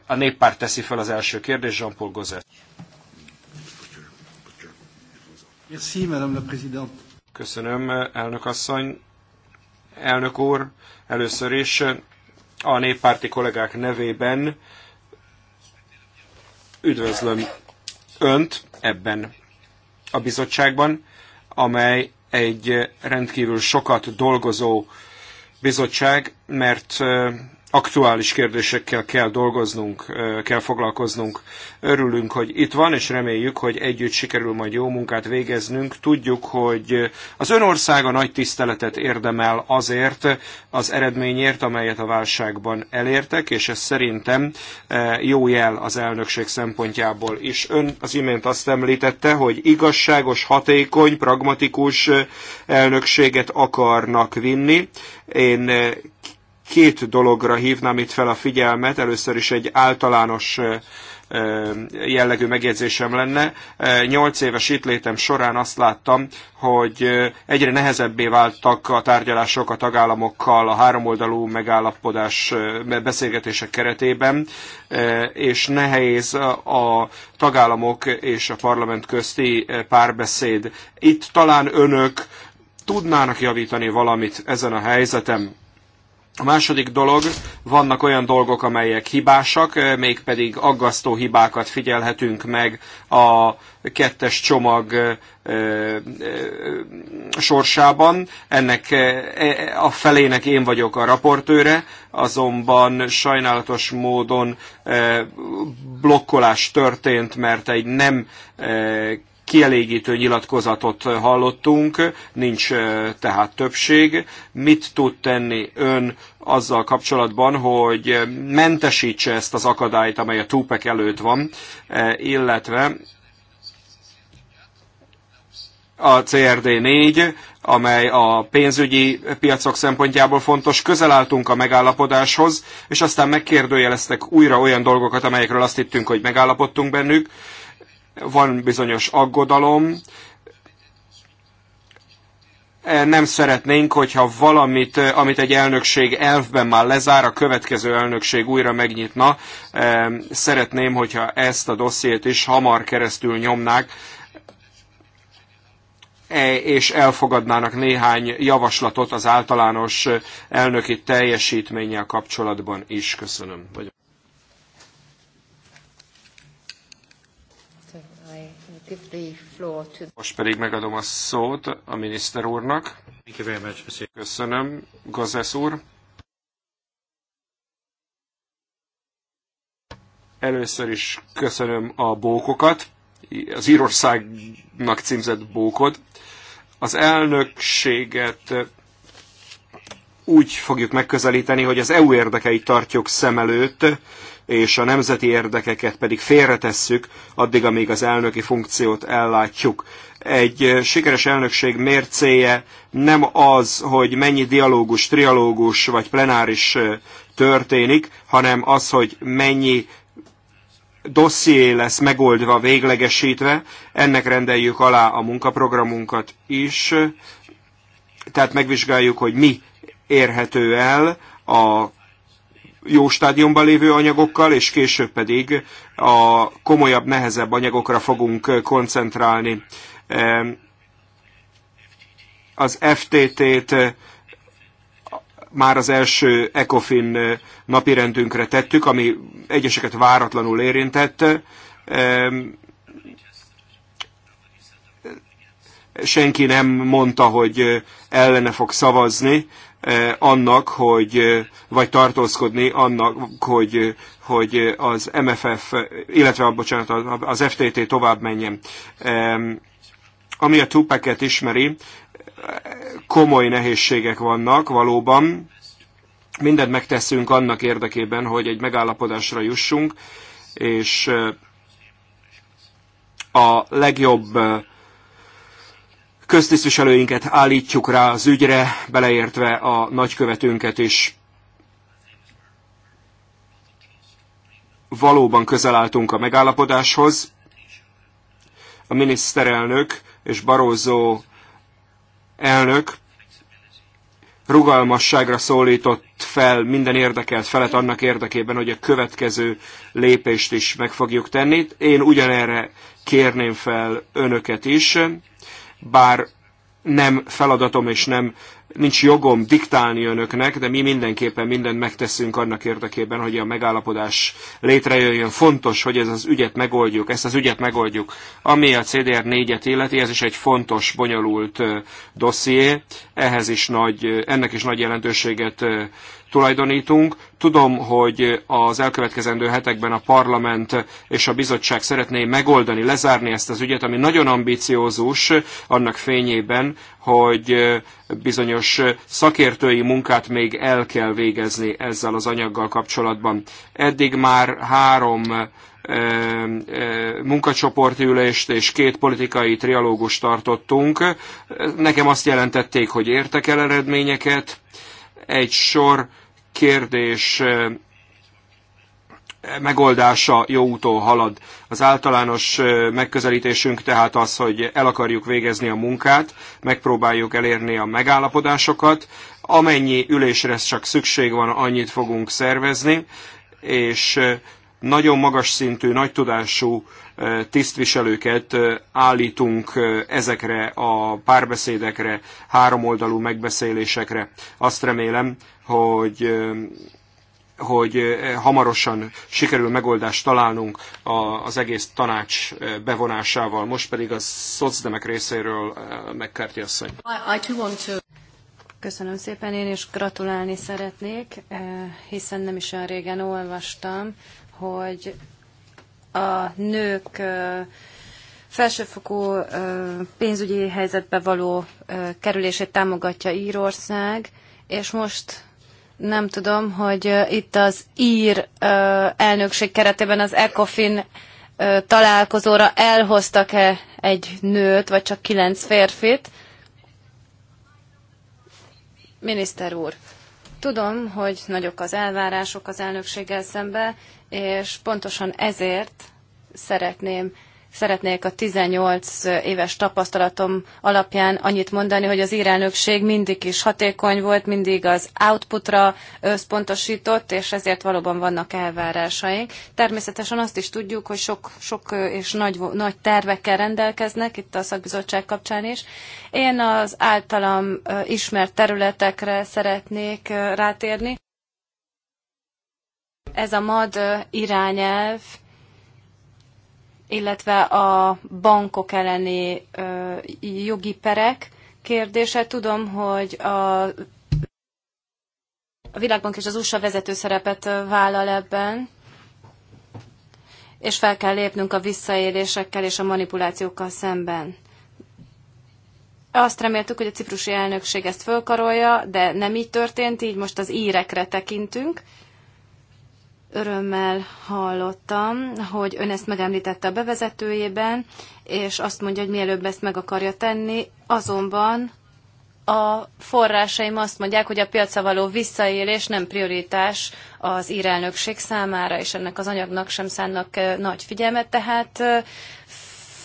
A néppárt teszi fel az első kérdést, Jean-Paul Gozet. Köszönöm, elnök asszony. Elnök úr, először is a néppárti kollégák nevében üdvözlöm Önt ebben a bizottságban, amely egy rendkívül sokat dolgozó bizottság, mert aktuális kérdésekkel kell dolgoznunk, kell foglalkoznunk. Örülünk, hogy itt van, és reméljük, hogy együtt sikerül majd jó munkát végeznünk. Tudjuk, hogy az ön országa nagy tiszteletet érdemel azért az eredményért, amelyet a válságban elértek, és ez szerintem jó jel az elnökség szempontjából is. Ön az imént azt említette, hogy igazságos, hatékony, pragmatikus elnökséget akarnak vinni. Én két dologra hívnám itt fel a figyelmet. Először is egy általános jellegű megjegyzésem lenne. Nyolc éves itt során azt láttam, hogy egyre nehezebbé váltak a tárgyalások a tagállamokkal a háromoldalú megállapodás beszélgetések keretében, és nehéz a tagállamok és a parlament közti párbeszéd. Itt talán önök tudnának javítani valamit ezen a helyzetem. A második dolog, vannak olyan dolgok, amelyek hibásak, eh, mégpedig aggasztó hibákat figyelhetünk meg a kettes csomag eh, eh, sorsában. Ennek a felének én vagyok a raportőre, azonban sajnálatos módon blokkolás történt, mert egy nem kielégítő nyilatkozatot hallottunk, nincs tehát többség. Mit tud tenni ön azzal kapcsolatban, hogy mentesítse ezt az akadályt, amely a túpek előtt van, illetve a CRD4, amely a pénzügyi piacok szempontjából fontos, közel álltunk a megállapodáshoz, és aztán megkérdőjeleztek újra olyan dolgokat, amelyekről azt hittünk, hogy megállapodtunk bennük, van bizonyos aggodalom, e, nem szeretnénk, hogyha valamit, e, amit egy elnökség elfben már lezár, a következő elnökség újra megnyitna. E, szeretném, hogyha ezt a dossziét is hamar keresztül nyomnák, és elfogadnának néhány javaslatot az általános elnöki teljesítménnyel kapcsolatban is. Köszönöm. Most pedig megadom a szót a miniszter úrnak. Köszönöm, Gazesz úr. Először is köszönöm a bókokat, az Írországnak címzett bókod. Az elnökséget úgy fogjuk megközelíteni, hogy az EU érdekeit tartjuk szem előtt, és a nemzeti érdekeket pedig félretesszük addig, amíg az elnöki funkciót ellátjuk. Egy eh, sikeres elnökség mércéje nem az, hogy mennyi dialógus, trialógus vagy plenáris eh, történik, hanem az, hogy mennyi dosszié lesz megoldva, véglegesítve. Ennek rendeljük alá a munkaprogramunkat is, tehát megvizsgáljuk, hogy mi érhető el a jó stádiumban lévő anyagokkal, és később pedig a komolyabb, nehezebb anyagokra fogunk koncentrálni. Az FTT-t eh, már az első ECOFIN eh, napirendünkre tettük, ami egyeseket váratlanul érintett. Senki nem mondta, hogy eh, ellene fog szavazni, E, annak, hogy, e, vagy tartózkodni annak, hogy, e, hogy az MFF, illetve a, bocsánat, az FTT tovább menjen. Ami a tupeket ismeri, komoly nehézségek vannak valóban. Mindent megteszünk annak érdekében, hogy egy megállapodásra jussunk, és a legjobb köztisztviselőinket állítjuk rá az ügyre, beleértve a nagykövetünket is. Valóban közel álltunk a megállapodáshoz. A miniszterelnök és Barózó elnök rugalmasságra szólított fel minden érdekelt felet annak érdekében, hogy a következő lépést is meg fogjuk tenni. Én ugyanerre kérném fel önöket is bár nem feladatom és nem nincs jogom diktálni önöknek, de mi mindenképpen mindent megteszünk annak érdekében, hogy a megállapodás létrejöjjön. Fontos, hogy ez az ügyet megoldjuk, ezt az ügyet megoldjuk. Ami a CDR 4-et illeti, ez is egy fontos, bonyolult dosszié, ehhez is nagy, ennek is nagy jelentőséget tulajdonítunk. Tudom, hogy az elkövetkezendő hetekben a parlament és a bizottság szeretné megoldani, lezárni ezt az ügyet, ami nagyon ambiciózus annak fényében, hogy bizonyos szakértői munkát még el kell végezni ezzel az anyaggal kapcsolatban. Eddig már három eh, eh, munkacsoporti ülést és két politikai trialógust tartottunk. Nekem azt jelentették, hogy értek el eredményeket. Egy sor kérdés megoldása jó úton halad. Az általános megközelítésünk tehát az, hogy el akarjuk végezni a munkát, megpróbáljuk elérni a megállapodásokat, amennyi ülésre csak szükség van, annyit fogunk szervezni, és nagyon magas szintű, nagy tudású tisztviselőket állítunk ezekre a párbeszédekre, háromoldalú megbeszélésekre. Azt remélem, hogy hogy hamarosan sikerül megoldást találnunk az egész tanács bevonásával. Most pedig a szocdemek részéről megkárti asszony. Köszönöm szépen, én is gratulálni szeretnék, hiszen nem is olyan régen olvastam, hogy a nők felsőfokú pénzügyi helyzetbe való kerülését támogatja Írország, és most nem tudom, hogy itt az ír elnökség keretében az ECOFIN találkozóra elhoztak-e egy nőt, vagy csak kilenc férfit. Miniszter úr, tudom, hogy nagyok az elvárások az elnökséggel szembe, és pontosan ezért szeretném Szeretnék a 18 éves tapasztalatom alapján annyit mondani, hogy az írelnökség mindig is hatékony volt, mindig az outputra összpontosított, és ezért valóban vannak elvárásaink. Természetesen azt is tudjuk, hogy sok, sok és nagy, nagy tervekkel rendelkeznek, itt a szakbizottság kapcsán is. Én az általam ismert területekre szeretnék rátérni. Ez a MAD irányelv illetve a bankok elleni ö, jogi perek kérdése. Tudom, hogy a, a Világbank és az USA vezető szerepet vállal ebben, és fel kell lépnünk a visszaélésekkel és a manipulációkkal szemben. Azt reméltük, hogy a ciprusi elnökség ezt fölkarolja, de nem így történt, így most az írekre tekintünk örömmel hallottam, hogy ön ezt megemlítette a bevezetőjében, és azt mondja, hogy mielőbb ezt meg akarja tenni, azonban a forrásaim azt mondják, hogy a piacra való visszaélés nem prioritás az írelnökség számára, és ennek az anyagnak sem szánnak eh, nagy figyelmet, tehát eh,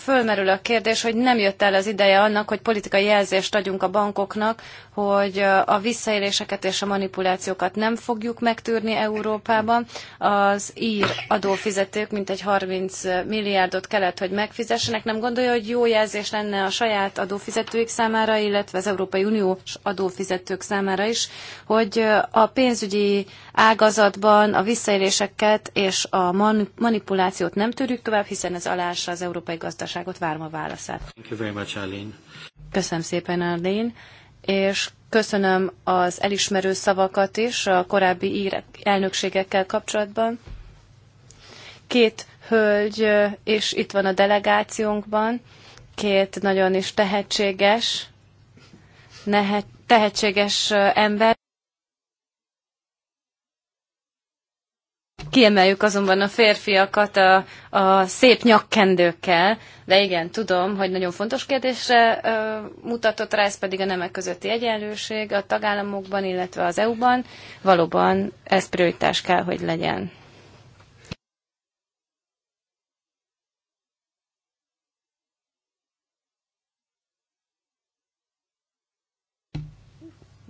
fölmerül a kérdés, hogy nem jött el az ideje annak, hogy politikai jelzést adjunk a bankoknak, hogy a visszaéléseket és a manipulációkat nem fogjuk megtűrni Európában. Az ír adófizetők mintegy 30 milliárdot kellett, hogy megfizessenek. Nem gondolja, hogy jó jelzés lenne a saját adófizetőik számára, illetve az Európai Uniós adófizetők számára is, hogy a pénzügyi ágazatban a visszaéléseket és a manipulációt nem tűrjük tovább, hiszen ez alássa az európai gazdaságot. Várom a válaszát. Köszönöm szépen, Arlene és köszönöm az elismerő szavakat is a korábbi ír elnökségekkel kapcsolatban. Két hölgy, és itt van a delegációnkban, két nagyon is tehetséges, nehet, tehetséges ember. Kiemeljük azonban a férfiakat a, a szép nyakkendőkkel, de igen, tudom, hogy nagyon fontos kérdésre ö, mutatott rá, ez pedig a nemek közötti egyenlőség a tagállamokban, illetve az EU-ban. Valóban ez prioritás kell, hogy legyen.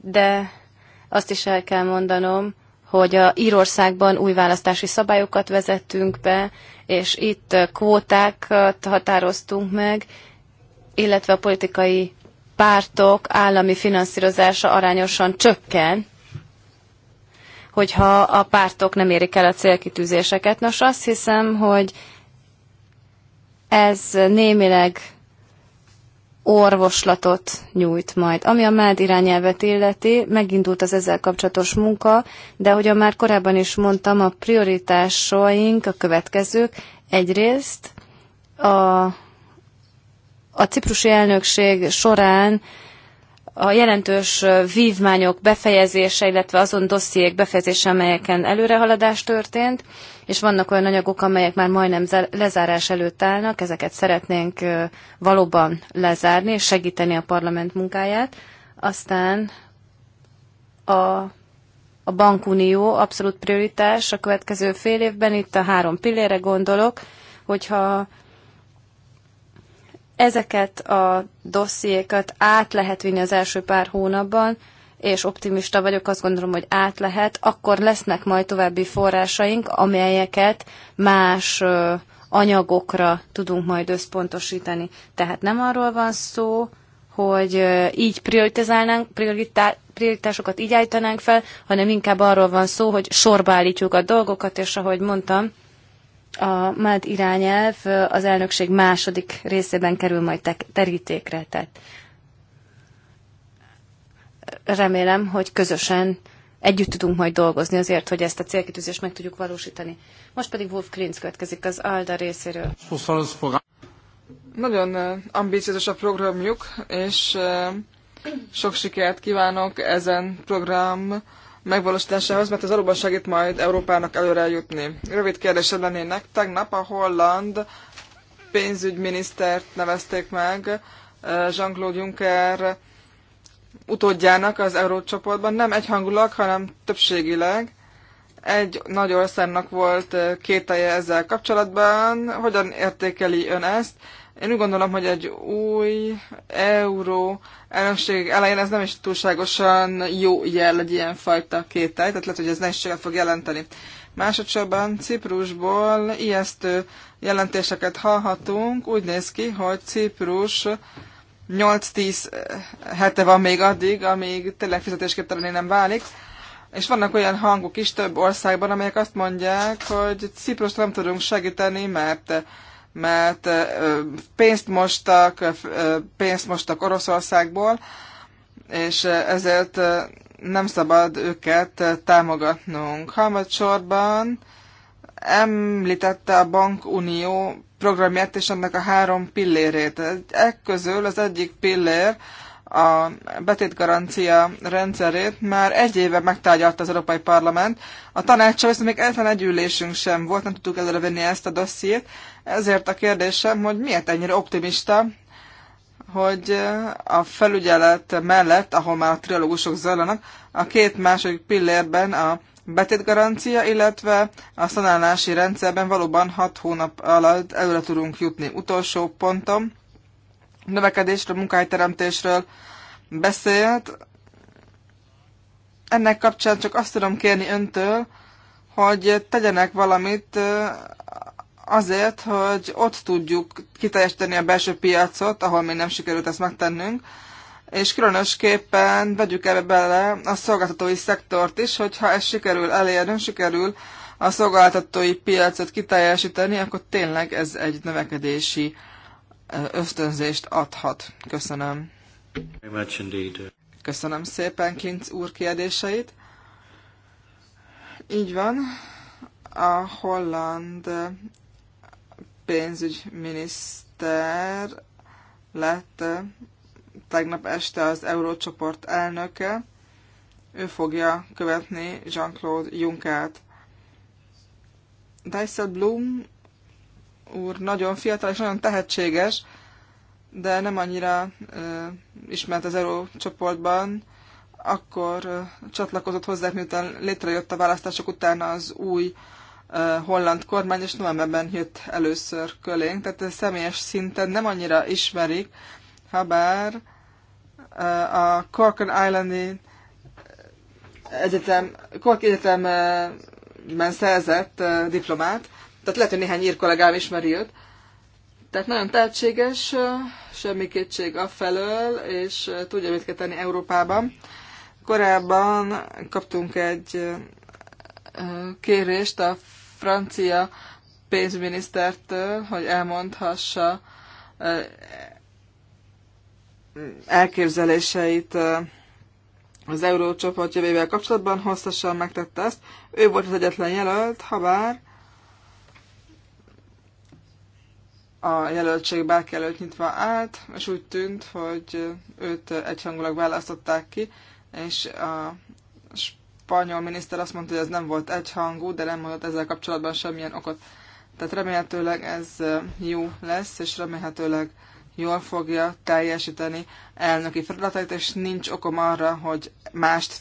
De azt is el kell mondanom, hogy a Írországban új választási szabályokat vezettünk be, és itt uh, kvótákat határoztunk meg, illetve a politikai pártok állami finanszírozása arányosan csökken, hogyha a pártok nem érik el a célkitűzéseket. Nos, azt hiszem, hogy ez némileg orvoslatot nyújt majd. Ami a MÁD irányelvet illeti, megindult az ezzel kapcsolatos munka, de ahogyan már korábban is mondtam, a prioritásaink a következők. Egyrészt a, a ciprusi elnökség során a jelentős vívmányok befejezése, illetve azon dossziék befejezése, amelyeken előrehaladás történt, és vannak olyan anyagok, amelyek már majdnem lezárás előtt állnak, ezeket szeretnénk valóban lezárni, és segíteni a parlament munkáját. Aztán a, a bankunió abszolút prioritás a következő fél évben, itt a három pillére gondolok, hogyha Ezeket a dossziékat át lehet vinni az első pár hónapban, és optimista vagyok, azt gondolom, hogy át lehet, akkor lesznek majd további forrásaink, amelyeket más anyagokra tudunk majd összpontosítani. Tehát nem arról van szó, hogy így prioritizálnánk, prioritá, prioritásokat így állítanánk fel, hanem inkább arról van szó, hogy sorba állítjuk a dolgokat, és ahogy mondtam, a MÁD irányelv az elnökség második részében kerül majd terítékre, tehát remélem, hogy közösen együtt tudunk majd dolgozni azért, hogy ezt a célkitűzést meg tudjuk valósítani. Most pedig Wolf Klinz következik az ALDA részéről. Nagyon ambíciózus a programjuk, és sok sikert kívánok ezen program megvalósításához, mert ez valóban segít majd Európának előre jutni. Rövid kérdésem lennének. Tegnap a holland pénzügyminisztert nevezték meg eh, Jean-Claude Juncker utódjának az eurócsoportban. Nem egyhangulag, hanem többségileg. Egy nagy országnak volt eh, kételje ezzel kapcsolatban. Hogyan értékeli ön ezt? Én úgy gondolom, hogy egy új euró elnökség elején ez nem is túlságosan jó jel egy fajta kétel, tehát lehet, hogy ez nehézséget fog jelenteni. Másodszorban Ciprusból ijesztő jelentéseket hallhatunk. Úgy néz ki, hogy Ciprus 8-10 hete van még addig, amíg tényleg fizetésképtelené nem válik. És vannak olyan hangok is több országban, amelyek azt mondják, hogy Ciprust nem tudunk segíteni, mert mert pénzt mostak, pénzt mostak Oroszországból, és ezért nem szabad őket támogatnunk. Harmadsorban említette a bankunió programját és annak a három pillérét. Egy közül az egyik pillér a betétgarancia rendszerét már egy éve megtárgyalta az Európai Parlament. A tanácsa viszont még egyetlen egy ülésünk sem volt, nem tudtuk előre venni ezt a dossziét, ezért a kérdésem, hogy miért ennyire optimista, hogy a felügyelet mellett, ahol már a trilógusok zajlanak, a két második pillérben a betétgarancia, illetve a szanálási rendszerben valóban 6 hónap alatt előre tudunk jutni. Utolsó pontom, növekedésről, munkahelyteremtésről beszélt. Ennek kapcsán csak azt tudom kérni öntől, hogy tegyenek valamit azért, hogy ott tudjuk kiteljesíteni a belső piacot, ahol még nem sikerült ezt megtennünk, és különösképpen vegyük ebbe bele a szolgáltatói szektort is, hogyha ez sikerül elérnünk, sikerül a szolgáltatói piacot kiteljesíteni, akkor tényleg ez egy növekedési ösztönzést adhat. Köszönöm. Köszönöm szépen Kinc úr kérdéseit. Így van, a holland pénzügyminiszter lett eh, tegnap este az Eurócsoport elnöke. Ő fogja követni Jean-Claude Junckert. Dysel Bloom úr nagyon fiatal és nagyon tehetséges, de nem annyira uh, ismert az Eurócsoportban. Akkor uh, csatlakozott hozzá, miután létrejött a választások után az új holland kormány, és novemberben jött először kölénk, tehát a személyes szinten nem annyira ismerik, ha bár a Corken Islandi Egyetem, Cork Egyetemben szerzett diplomát, tehát lehet, hogy néhány ír kollégám ismeri őt. Tehát nagyon tehetséges, semmi kétség felől és tudja, mit kell tenni Európában. Korábban kaptunk egy kérést a francia pénzminisztertől, hogy elmondhassa elképzeléseit az eurócsoport jövővel kapcsolatban, hosszasan megtette ezt. Ő volt az egyetlen jelölt, ha bár a jelöltség bárki előtt nyitva állt, és úgy tűnt, hogy őt egyhangulag választották ki, és a spanyol miniszter azt mondta, hogy ez nem volt egyhangú, de nem mondott ezzel kapcsolatban semmilyen okot. Tehát remélhetőleg ez jó lesz, és remélhetőleg jól fogja teljesíteni elnöki feladatait, és nincs okom arra, hogy mást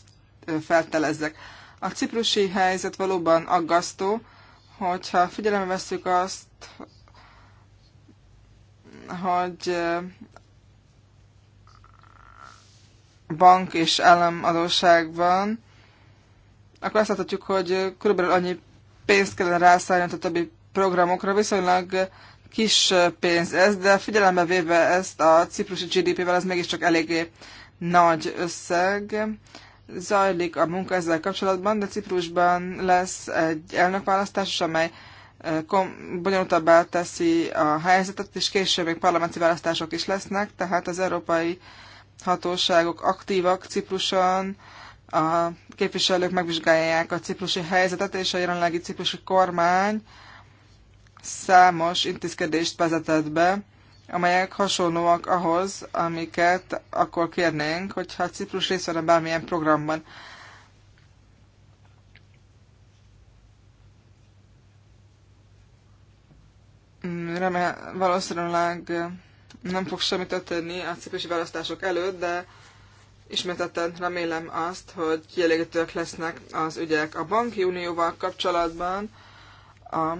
feltelezzek. A ciprusi helyzet valóban aggasztó, hogyha figyelembe veszük azt, hogy bank és államadóság van, akkor azt láthatjuk, hogy körülbelül annyi pénzt kellene rászállni a többi programokra, viszonylag kis pénz ez, de figyelembe véve ezt a ciprusi GDP-vel, ez mégiscsak eléggé nagy összeg. Zajlik a munka ezzel kapcsolatban, de Ciprusban lesz egy elnökválasztás és amely bonyolultabbá teszi a helyzetet, és később még parlamenti választások is lesznek, tehát az európai hatóságok aktívak Cipruson, a képviselők megvizsgálják a ciprusi helyzetet, és a jelenlegi ciprusi kormány számos intézkedést vezetett be, amelyek hasonlóak ahhoz, amiket akkor kérnénk, hogyha a Ciprus részt venne bármilyen programban. Remélem, valószínűleg nem fog semmi történni a ciprusi választások előtt, de Ismételten remélem azt, hogy kielégítőek lesznek az ügyek. A banki unióval kapcsolatban a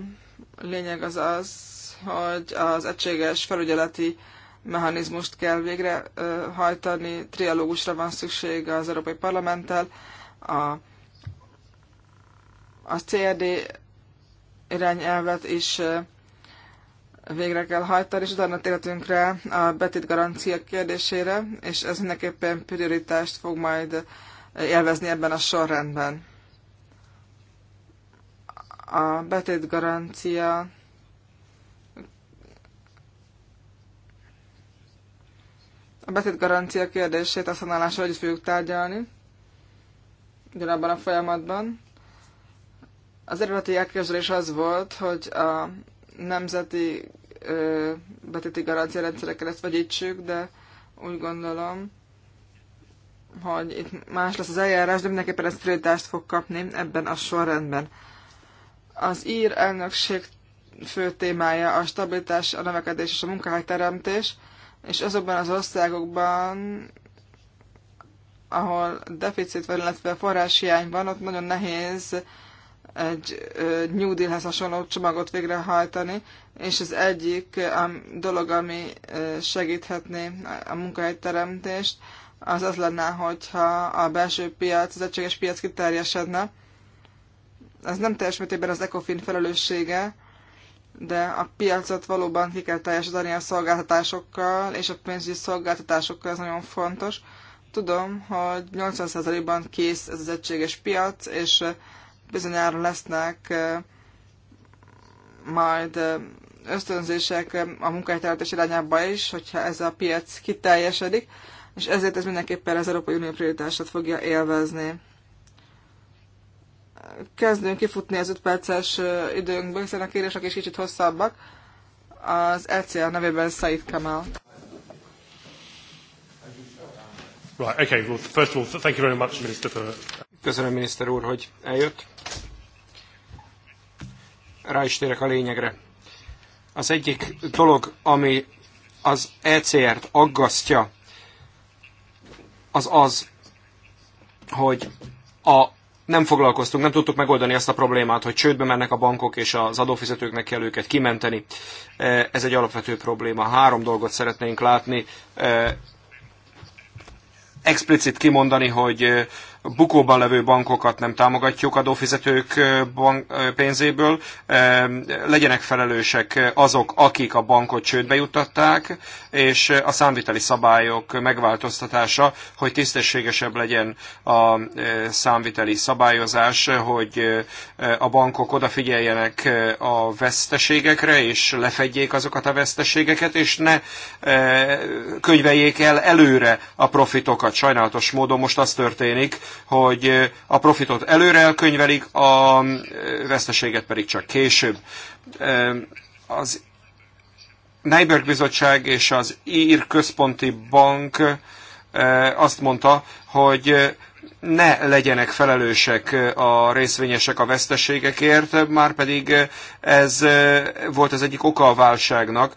lényeg az az, hogy az egységes felügyeleti mechanizmust kell végrehajtani, trialógusra van szükség az Európai Parlamenttel, a, a CRD irányelvet is végre kell hajtani, és utána térhetünk rá a betét garancia kérdésére, és ez mindenképpen prioritást fog majd élvezni ebben a sorrendben. A betét garancia a betét garancia kérdését a szanálásra együtt fogjuk tárgyalni ugyanabban a folyamatban. Az eredeti elképzelés az volt, hogy a nemzeti betéti garancia rendszerekkel ezt vegyítsük, de úgy gondolom, hogy itt más lesz az eljárás, de mindenképpen ezt prioritást fog kapni ebben a sorrendben. Az ír elnökség fő témája a stabilitás, a növekedés és a munkahelyteremtés, és azokban az országokban, ahol deficit van, illetve forráshiány van, ott nagyon nehéz egy New Deal-hez hasonló csomagot végrehajtani, és az egyik dolog, ami segíthetné a munkahelyteremtést, az az lenne, hogyha a belső piac, az egységes piac kiterjesedne. Ez nem teljes mértékben az ECOFIN felelőssége, de a piacot valóban ki kell teljesíteni a szolgáltatásokkal, és a pénzügyi szolgáltatásokkal ez nagyon fontos. Tudom, hogy 80%-ban kész ez az egységes piac, és bizonyára lesznek majd ösztönzések a munkahelyteremtés irányába is, hogyha ez a piac kiteljesedik, és ezért ez mindenképpen az Európai Unió prioritását fogja élvezni. Kezdünk kifutni az 5 perces időnkből, hiszen a kérések is kicsit hosszabbak. Az ECA nevében Said Kamal. Right, okay, well, first of all, thank you very much, Minister, for... Köszönöm, miniszter úr, hogy eljött rá is térek a lényegre. Az egyik dolog, ami az ECR-t aggasztja, az az, hogy a, nem foglalkoztunk, nem tudtuk megoldani azt a problémát, hogy csődbe mennek a bankok, és az adófizetőknek kell őket kimenteni. E, ez egy alapvető probléma. Három dolgot szeretnénk látni. E, explicit kimondani, hogy bukóban levő bankokat nem támogatjuk adófizetők bank, pénzéből, legyenek felelősek azok, akik a bankot csődbe juttatták, és a számviteli szabályok megváltoztatása, hogy tisztességesebb legyen a számviteli szabályozás, hogy a bankok odafigyeljenek a veszteségekre, és lefedjék azokat a veszteségeket, és ne könyveljék el előre a profitokat. Sajnálatos módon most az történik, hogy a profitot előre elkönyvelik, a veszteséget pedig csak később. Az Neiberg Bizottság és az Ír Központi Bank azt mondta, hogy ne legyenek felelősek a részvényesek a veszteségekért, már pedig ez volt az egyik oka a válságnak.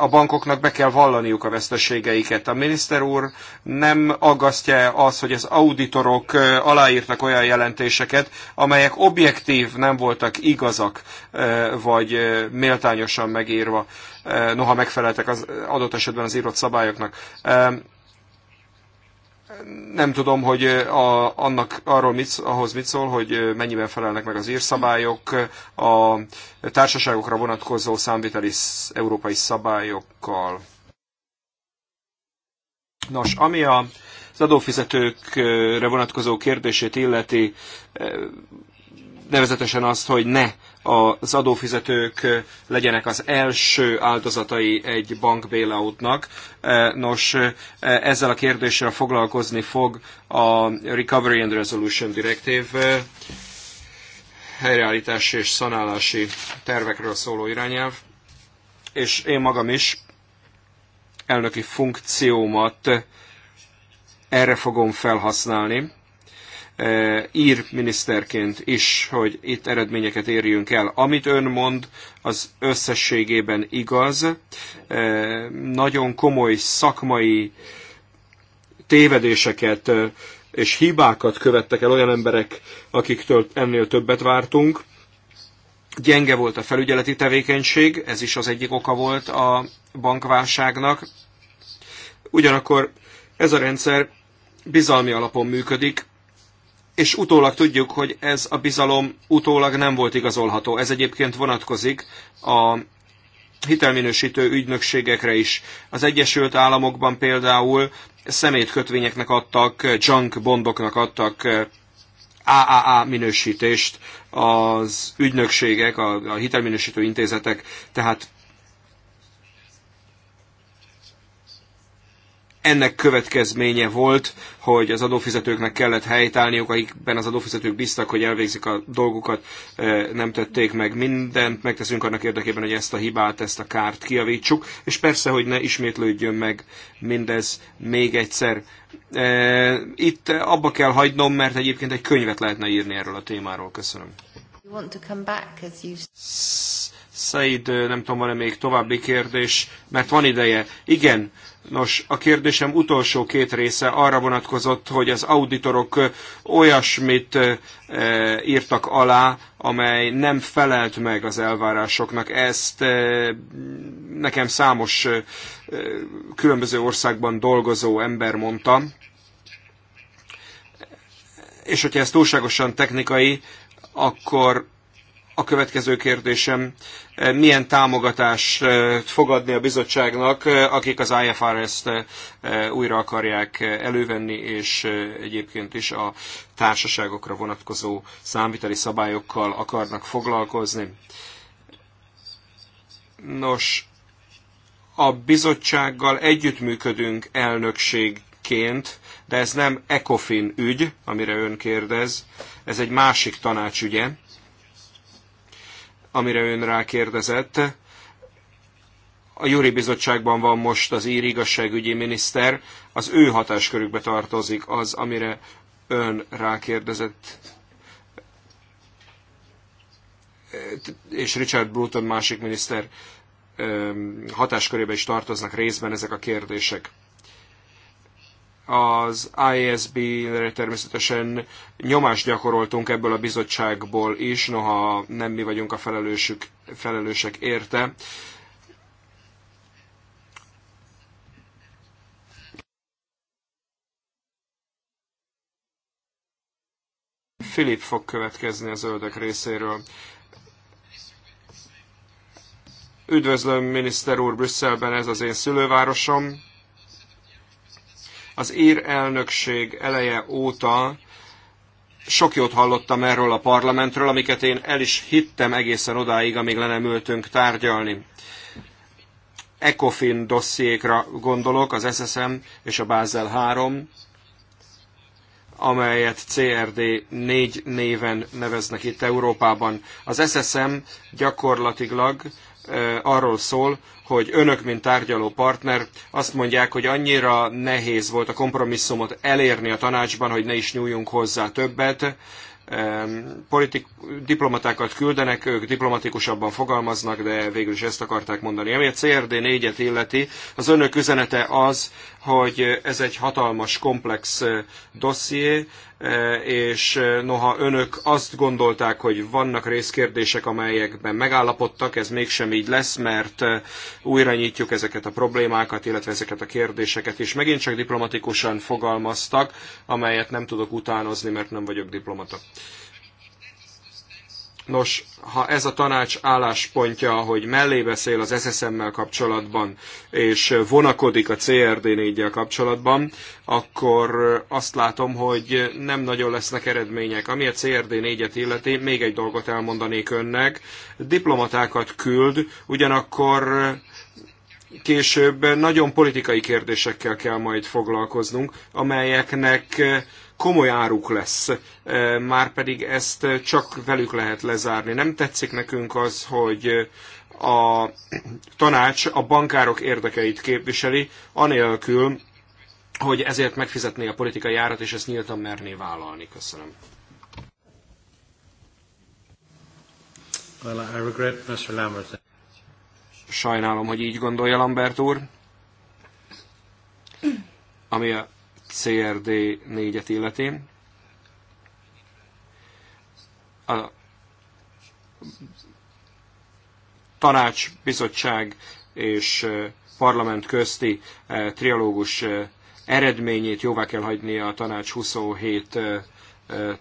A bankoknak be kell vallaniuk a veszteségeiket. A miniszter úr nem aggasztja az, hogy az auditorok aláírtak olyan jelentéseket, amelyek objektív nem voltak igazak, vagy méltányosan megírva, noha megfeleltek az adott esetben az írott szabályoknak nem tudom, hogy a, annak arról mit, ahhoz mit szól, hogy mennyiben felelnek meg az írszabályok, a társaságokra vonatkozó számviteli európai szabályokkal. Nos, ami a, az adófizetőkre vonatkozó kérdését illeti, nevezetesen azt, hogy ne az adófizetők legyenek az első áldozatai egy bank bailoutnak. Nos, ezzel a kérdéssel foglalkozni fog a Recovery and Resolution Directive helyreállítási és szanálási tervekről szóló irányelv, és én magam is elnöki funkciómat erre fogom felhasználni E, ír miniszterként is, hogy itt eredményeket érjünk el. Amit ön mond, az összességében igaz. E, nagyon komoly szakmai tévedéseket e, és hibákat követtek el olyan emberek, akiktől ennél többet vártunk. Gyenge volt a felügyeleti tevékenység, ez is az egyik oka volt a bankválságnak. Ugyanakkor ez a rendszer bizalmi alapon működik, és utólag tudjuk, hogy ez a bizalom utólag nem volt igazolható. Ez egyébként vonatkozik a hitelminősítő ügynökségekre is. Az Egyesült Államokban például szemétkötvényeknek adtak, junk bondoknak adtak AAA eh, minősítést az ügynökségek, a, a hitelminősítő intézetek, tehát ennek következménye volt, hogy az adófizetőknek kellett helytállniuk, akikben az adófizetők bíztak, hogy elvégzik a dolgukat, nem tették meg mindent, megteszünk annak érdekében, hogy ezt a hibát, ezt a kárt kiavítsuk, és persze, hogy ne ismétlődjön meg mindez még egyszer. Itt abba kell hagynom, mert egyébként egy könyvet lehetne írni erről a témáról. Köszönöm. Said, nem tudom, van-e még további kérdés, mert van ideje. Igen, Nos, a kérdésem utolsó két része arra vonatkozott, hogy az auditorok olyasmit e, írtak alá, amely nem felelt meg az elvárásoknak. Ezt e, nekem számos e, különböző országban dolgozó ember mondta. És hogyha ez túlságosan technikai, akkor a következő kérdésem, eh, milyen támogatást eh, fogadni a bizottságnak, eh, akik az IFRS-t újra akarják elővenni, és egyébként is a társaságokra vonatkozó számviteli szabályokkal akarnak foglalkozni. Nos, a bizottsággal együttműködünk elnökségként, de ez nem ECOFIN ügy, amire ön kérdez, ez egy másik tanácsügye amire ön rákérdezett. A Júri Bizottságban van most az ír igazságügyi miniszter, az ő hatáskörükbe tartozik az, amire ön rákérdezett. És Richard Bruton másik miniszter hatáskörébe is tartoznak részben ezek a kérdések az ISB-re természetesen nyomást gyakoroltunk ebből a bizottságból is, noha nem mi vagyunk a felelősük, felelősek érte. Filip fog következni a zöldek részéről. Üdvözlöm, miniszter úr, Brüsszelben ez az én szülővárosom az ír elnökség eleje óta sok jót hallottam erről a parlamentről, amiket én el is hittem egészen odáig, amíg le nem ültünk tárgyalni. ECOFIN dossziékra gondolok, az SSM és a Basel 3, amelyet CRD 4 néven neveznek itt Európában. Az SSM gyakorlatilag arról szól, hogy önök, mint tárgyaló partner azt mondják, hogy annyira nehéz volt a kompromisszumot elérni a tanácsban, hogy ne is nyúljunk hozzá többet. Politik, diplomatákat küldenek, ők diplomatikusabban fogalmaznak, de végül is ezt akarták mondani. Ami a CRD 4-et illeti, az önök üzenete az, hogy ez egy hatalmas, komplex dosszié, és noha önök azt gondolták, hogy vannak részkérdések, amelyekben megállapodtak, ez mégsem így lesz, mert újra nyitjuk ezeket a problémákat, illetve ezeket a kérdéseket, és megint csak diplomatikusan fogalmaztak, amelyet nem tudok utánozni, mert nem vagyok diplomata. Nos, ha ez a tanács álláspontja, hogy mellé beszél az SSM-mel kapcsolatban, és vonakodik a CRD 4 kapcsolatban, akkor azt látom, hogy nem nagyon lesznek eredmények. Ami a CRD 4-et illeti, még egy dolgot elmondanék önnek. Diplomatákat küld, ugyanakkor később nagyon politikai kérdésekkel kell majd foglalkoznunk, amelyeknek komoly áruk lesz, e, már pedig ezt csak velük lehet lezárni. Nem tetszik nekünk az, hogy a tanács a bankárok érdekeit képviseli, anélkül, hogy ezért megfizetné a politikai árat, és ezt nyíltan merné vállalni. Köszönöm. Well, I regret Mr. Lambert. Sajnálom, hogy így gondolja Lambert úr. Ami a CRD 4-et illeti. A tanács, bizottság és parlament közti trialógus eredményét jóvá kell hagyni a tanács 27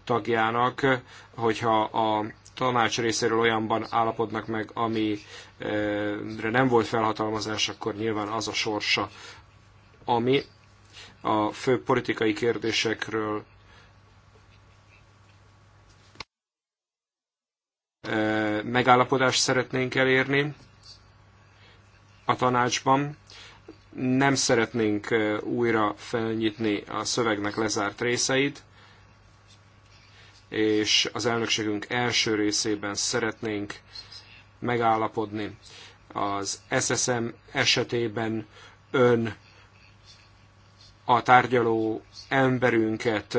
tagjának, hogyha a tanács részéről olyanban állapodnak meg, amire nem volt felhatalmazás, akkor nyilván az a sorsa, ami a fő politikai kérdésekről e, megállapodást szeretnénk elérni a tanácsban. Nem szeretnénk e, újra felnyitni a szövegnek lezárt részeit, és az elnökségünk első részében szeretnénk megállapodni az SSM esetében ön a tárgyaló emberünket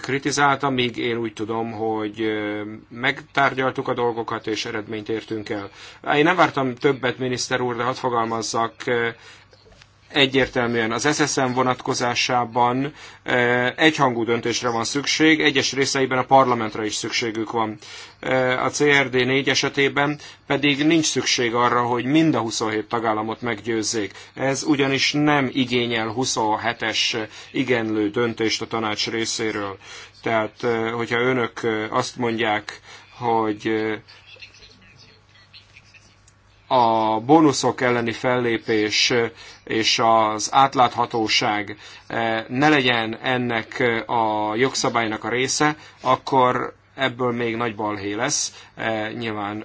kritizálta, míg én úgy tudom, hogy megtárgyaltuk a dolgokat, és eredményt értünk el. Én nem vártam többet, miniszter úr, de hadd fogalmazzak egyértelműen az SSM vonatkozásában eh, egyhangú döntésre van szükség, egyes részeiben a parlamentre is szükségük van. Eh, a CRD 4 esetében pedig nincs szükség arra, hogy mind a 27 tagállamot meggyőzzék. Ez ugyanis nem igényel 27-es igenlő döntést a tanács részéről. Tehát, eh, hogyha önök azt mondják, hogy a bónuszok elleni fellépés és az átláthatóság eh, ne legyen ennek eh, a jogszabálynak a része, akkor ebből még nagy balhé lesz, eh, nyilván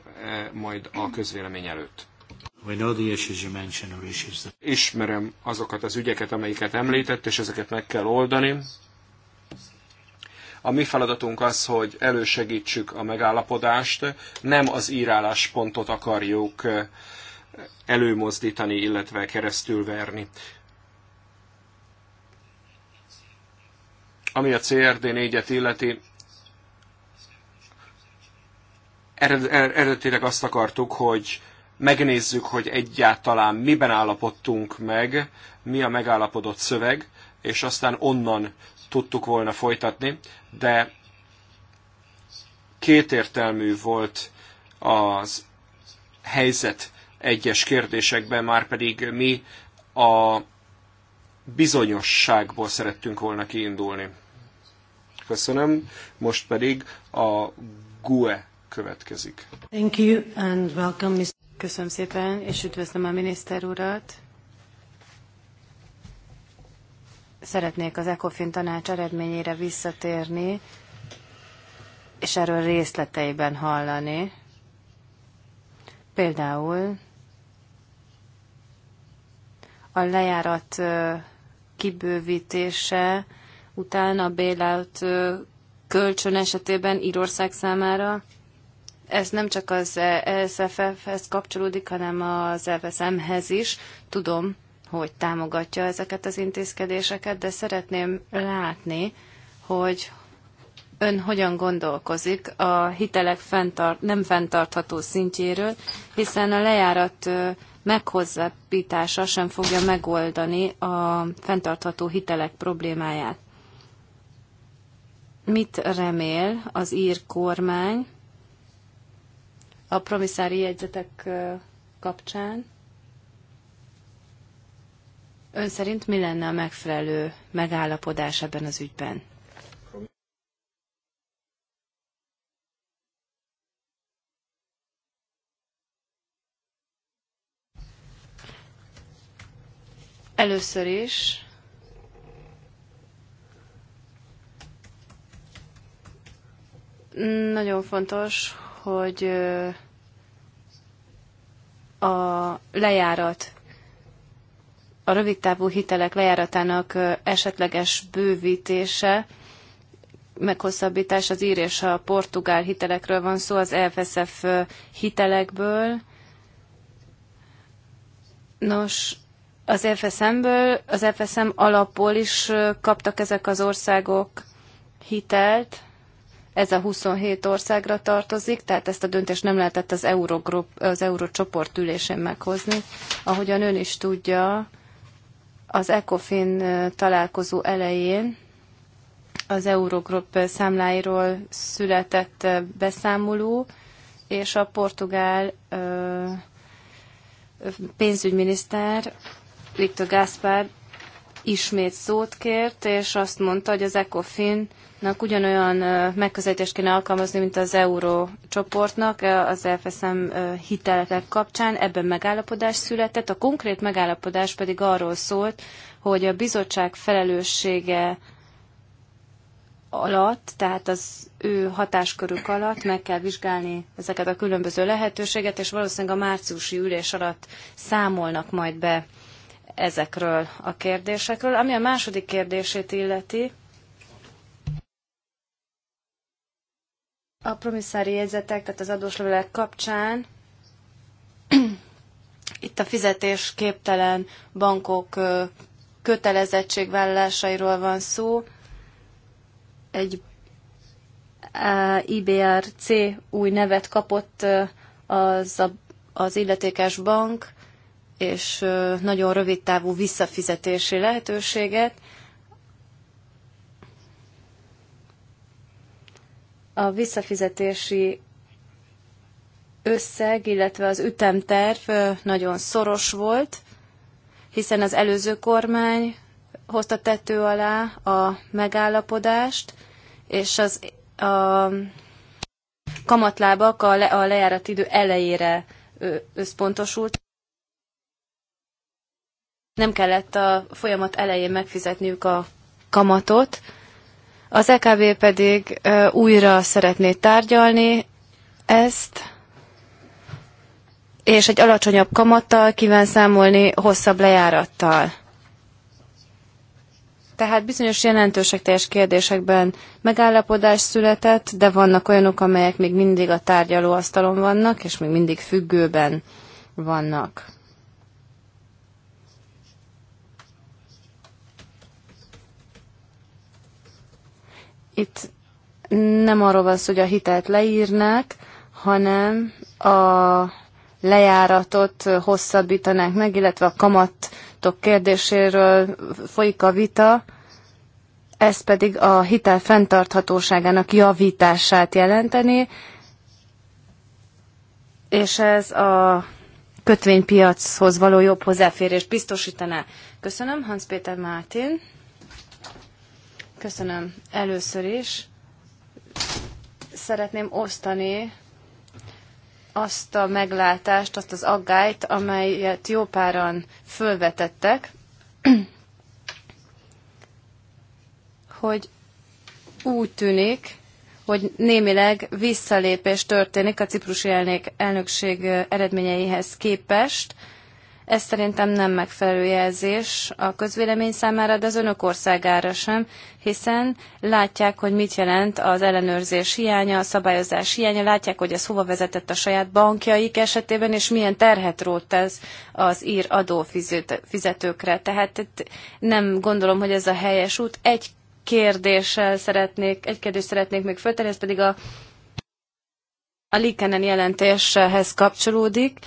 majd a közvélemény előtt. Ismerem azokat az ügyeket, amelyiket említett, és ezeket meg kell oldani. A mi feladatunk az, hogy elősegítsük a megállapodást, nem az pontot akarjuk előmozdítani, illetve keresztülverni. Ami a CRD 4-et illeti, er- eredetileg azt akartuk, hogy megnézzük, hogy egyáltalán miben állapodtunk meg, mi a megállapodott szöveg, és aztán onnan tudtuk volna folytatni, de kétértelmű volt az helyzet egyes kérdésekben, már pedig mi a bizonyosságból szerettünk volna kiindulni. Köszönöm, most pedig a GUE következik. Thank you and welcome, Mr. Köszönöm szépen, és üdvözlöm a miniszter urat. Szeretnék az ECOFIN tanács eredményére visszatérni, és erről részleteiben hallani. Például a lejárat kibővítése után a bailout kölcsön esetében Írország számára. Ez nem csak az ESFF-hez kapcsolódik, hanem az EVSM-hez is. Tudom, hogy támogatja ezeket az intézkedéseket, de szeretném látni, hogy ön hogyan gondolkozik a hitelek fenntart, nem fenntartható szintjéről, hiszen a lejárat meghozzapítása sem fogja megoldani a fenntartható hitelek problémáját. Mit remél az ír kormány a promiszári jegyzetek kapcsán? Ön szerint mi lenne a megfelelő megállapodás ebben az ügyben? Először is nagyon fontos, hogy a lejárat, a rövidtávú hitelek lejáratának esetleges bővítése, meghosszabbítás az ír és a portugál hitelekről van szó, az FSF hitelekből. Nos, az FSM-ből, az FSM alapból is kaptak ezek az országok hitelt, ez a 27 országra tartozik, tehát ezt a döntést nem lehetett az, Eurogrup, az Eurocsoport ülésén meghozni. Ahogyan ön is tudja, az ECOFIN találkozó elején az Eurogrup számláiról született beszámoló, és a portugál pénzügyminiszter Viktor Gáspár ismét szót kért, és azt mondta, hogy az ECOFIN-nak ugyanolyan megközelítést kéne alkalmazni, mint az euró csoportnak az FSM hitelek kapcsán. Ebben megállapodás született, a konkrét megállapodás pedig arról szólt, hogy a bizottság felelőssége alatt, tehát az ő hatáskörük alatt meg kell vizsgálni ezeket a különböző lehetőséget, és valószínűleg a márciusi ülés alatt számolnak majd be ezekről a kérdésekről. Ami a második kérdését illeti, a promiszári jegyzetek, tehát az adóslevelek kapcsán itt a fizetésképtelen bankok kötelezettségvállalásairól van szó. Egy IBRC új nevet kapott az, a, az illetékes bank, és nagyon rövid távú visszafizetési lehetőséget. A visszafizetési összeg, illetve az ütemterv nagyon szoros volt, hiszen az előző kormány hozta tető alá a megállapodást, és az a kamatlábak a, le, a lejáratidő elejére összpontosult nem kellett a folyamat elején megfizetniük a kamatot. Az EKB pedig újra szeretné tárgyalni ezt, és egy alacsonyabb kamattal kíván számolni hosszabb lejárattal. Tehát bizonyos jelentősek teljes kérdésekben megállapodás született, de vannak olyanok, amelyek még mindig a tárgyalóasztalon vannak, és még mindig függőben vannak. Itt nem arról van szó, hogy a hitelt leírnák, hanem a lejáratot hosszabbítanák meg, illetve a kamatok kérdéséről folyik a vita, ez pedig a hitel fenntarthatóságának javítását jelenteni, és ez a kötvénypiachoz való jobb hozzáférést biztosítaná. Köszönöm, Hans-Péter Mártin. Köszönöm. Először is szeretném osztani azt a meglátást, azt az aggályt, amelyet jó páran fölvetettek, hogy úgy tűnik, hogy némileg visszalépés történik a ciprusi elnök, elnökség eredményeihez képest, ez szerintem nem megfelelő jelzés a közvélemény számára, de az önök országára sem, hiszen látják, hogy mit jelent az ellenőrzés hiánya, a szabályozás hiánya, látják, hogy ez hova vezetett a saját bankjaik esetében, és milyen terhet rót ez az ír adófizetőkre. Tehát itt nem gondolom, hogy ez a helyes út. Egy kérdéssel szeretnék, egy kérdést szeretnék még föltenni, ez pedig a a Likenen jelentéshez kapcsolódik.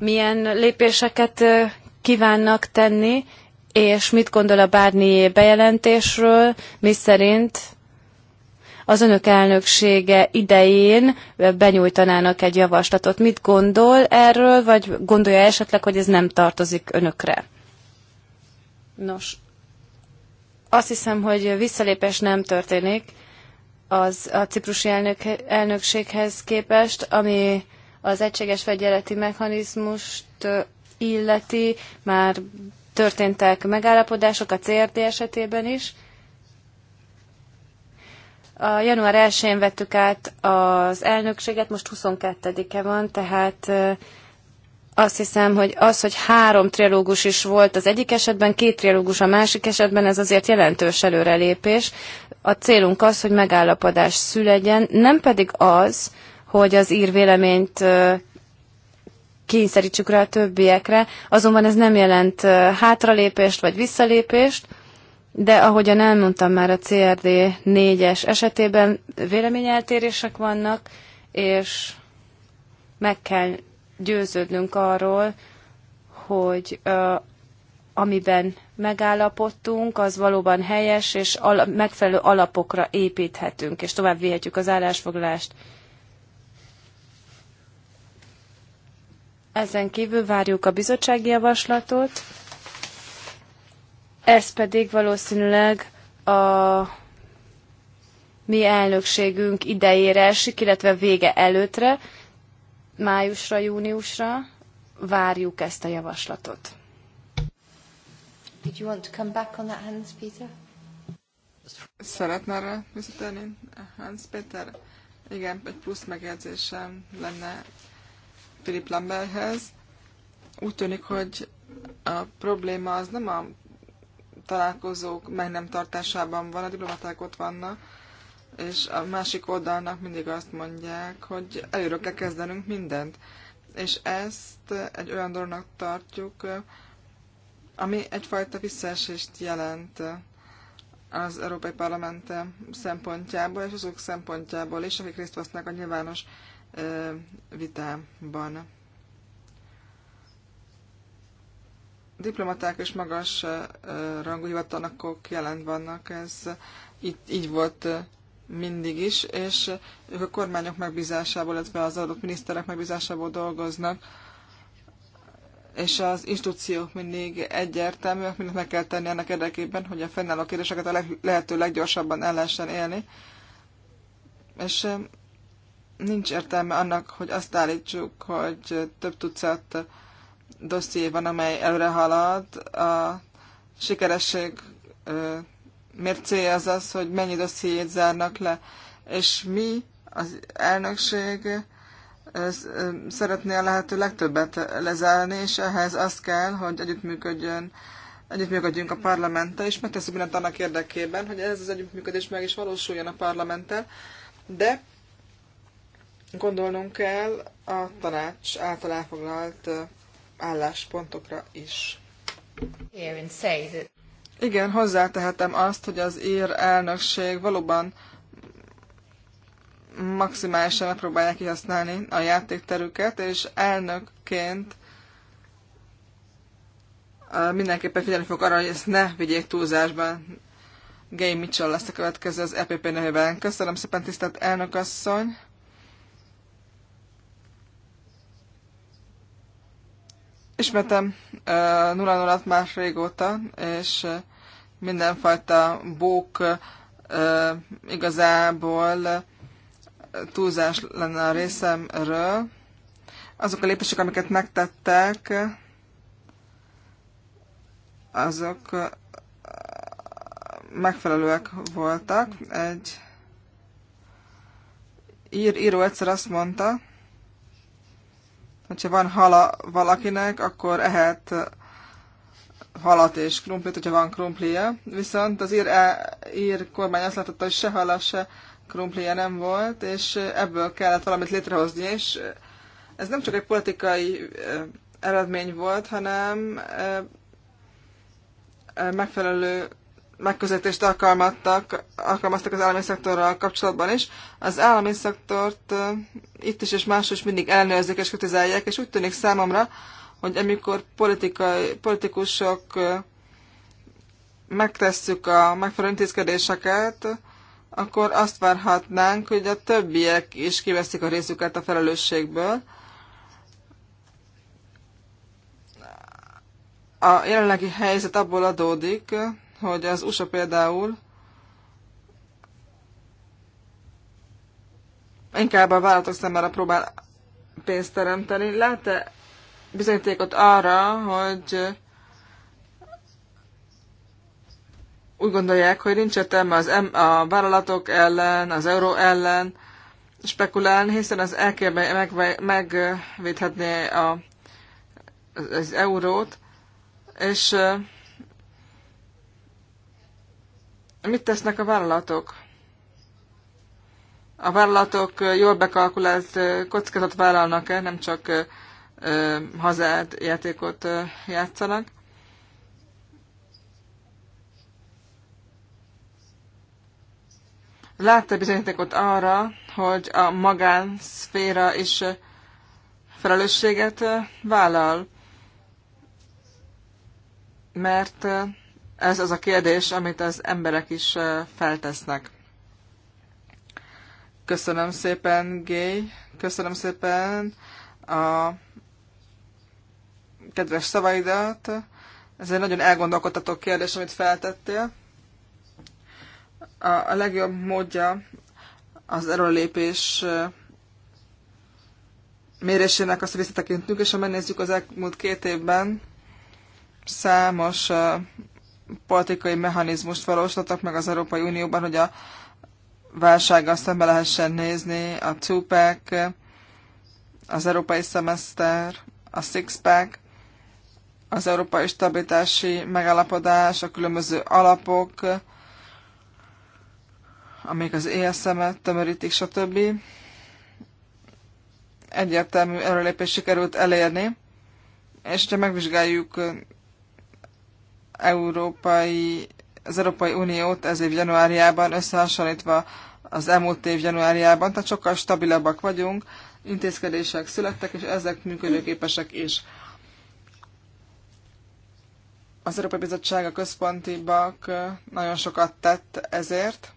milyen lépéseket kívánnak tenni, és mit gondol a Bárnié bejelentésről, mi szerint az önök elnöksége idején benyújtanának egy javaslatot. Mit gondol erről, vagy gondolja esetleg, hogy ez nem tartozik önökre? Nos, azt hiszem, hogy visszalépés nem történik az a ciprusi elnök, elnökséghez képest, ami az egységes fegyeleti mechanizmust illeti, már történtek megállapodások a CRD esetében is. A január 1-én vettük át az elnökséget, most 22-e van, tehát azt hiszem, hogy az, hogy három trilógus is volt az egyik esetben, két trilógus a másik esetben, ez azért jelentős előrelépés. A célunk az, hogy megállapodás szülegyen, nem pedig az, hogy az ír véleményt kényszerítsük rá a többiekre, azonban ez nem jelent hátralépést vagy visszalépést, de ahogyan elmondtam már a CRD 4-es esetében véleményeltérések vannak, és meg kell győződnünk arról, hogy amiben megállapodtunk, az valóban helyes, és ala, megfelelő alapokra építhetünk, és tovább vihetjük az állásfoglalást. Ezen kívül várjuk a bizottsági javaslatot, ez pedig valószínűleg a mi elnökségünk idejére esik, illetve vége előttre, májusra, júniusra várjuk ezt a javaslatot. Did you want to come back on that, Hans Peter? Szeretne erre visszatérni, Hans Peter? Igen, egy plusz megjegyzésem lenne Philip Lamberthez. Úgy tűnik, hogy a probléma az nem a találkozók meg nem tartásában van, a diplomaták ott vannak, és a másik oldalnak mindig azt mondják, hogy előre kell kezdenünk mindent. És ezt egy olyan dolognak tartjuk, ami egyfajta visszaesést jelent az Európai Parlament szempontjából, és azok szempontjából is, akik részt vesznek a nyilvános vitában. Diplomaták és magas rangú hivatalnokok jelent vannak, ez így, így volt mindig is, és ők a kormányok megbízásából, illetve az adott miniszterek megbízásából dolgoznak, és az instrukciók mindig egyértelműek, mindent meg kell tenni ennek érdekében, hogy a fennálló kérdéseket a lehető leggyorsabban el lehessen élni. És nincs értelme annak, hogy azt állítsuk, hogy több tucat dosszié van, amely előre halad. A sikeresség mércéje az az, hogy mennyi dossziét zárnak le. És mi, az elnökség szeretné a lehető legtöbbet lezárni, és ehhez az kell, hogy együttműködjön együttműködjünk a parlamenttel, és megteszünk mindent annak érdekében, hogy ez az együttműködés meg is valósuljon a parlamenttel, de Gondolnunk kell a tanács által elfoglalt álláspontokra is. Igen, hozzátehetem azt, hogy az ír elnökség valóban maximálisan megpróbálják kihasználni a játékterüket, és elnökként mindenképpen figyelni fogok arra, hogy ezt ne vigyék túlzásban. Gay Mitchell lesz a következő az EPP nevében. Köszönöm szépen, tisztelt elnök asszony! Ismertem uh, 0 már régóta, és uh, mindenfajta bók uh, igazából uh, túlzás lenne a részemről. Azok a lépések, amiket megtettek, azok uh, megfelelőek voltak. Egy ír, író egyszer azt mondta, hogyha van hala valakinek, akkor ehet halat és krumplit, hogyha van krumplia. Viszont az ír, e- ír kormány azt látotta, hogy se hala, se krumplia nem volt, és ebből kellett valamit létrehozni, és ez nem csak egy politikai eredmény volt, hanem megfelelő megközelítést alkalmaztak, alkalmaztak az állami szektorral kapcsolatban is. Az állami szektort itt is és máshol is mindig ellenőrzik és kritizálják, és úgy tűnik számomra, hogy amikor politikai, politikusok megtesszük a megfelelő intézkedéseket, akkor azt várhatnánk, hogy a többiek is kiveszik a részüket a felelősségből. A jelenlegi helyzet abból adódik, hogy az USA például inkább a vállalatok számára próbál pénzt teremteni. Lát-e bizonyítékot arra, hogy úgy gondolják, hogy nincs értelme az em- a vállalatok ellen, az euró ellen spekulálni, hiszen az LKB meg- megvédhetné a, az, az eurót, és Mit tesznek a vállalatok? A vállalatok jól bekalkulált kockázat vállalnak-e, nem csak hazád játékot játszanak? Látta bizonyítékot arra, hogy a magánszféra is felelősséget vállal, mert ez az a kérdés, amit az emberek is feltesznek. Köszönöm szépen, Gay. Köszönöm szépen a kedves szavaidat. Ez egy nagyon elgondolkodható kérdés, amit feltettél. A legjobb módja az erőlépés mérésének azt visszatekintünk, és ha megnézzük az elmúlt két évben, számos politikai mechanizmust valósítottak meg az Európai Unióban, hogy a válsággal szembe lehessen nézni, a TUPEC, az Európai Szemeszter, a six-pack, az Európai Stabilitási Megállapodás, a különböző alapok, amik az ESM-et tömörítik, stb. Egyértelmű erőlépés sikerült elérni, és ha megvizsgáljuk európai, az Európai Uniót ez év januárjában összehasonlítva az elmúlt év januárjában, tehát sokkal stabilabbak vagyunk, intézkedések születtek, és ezek működőképesek is. Az Európai Bizottság a központi bank nagyon sokat tett ezért.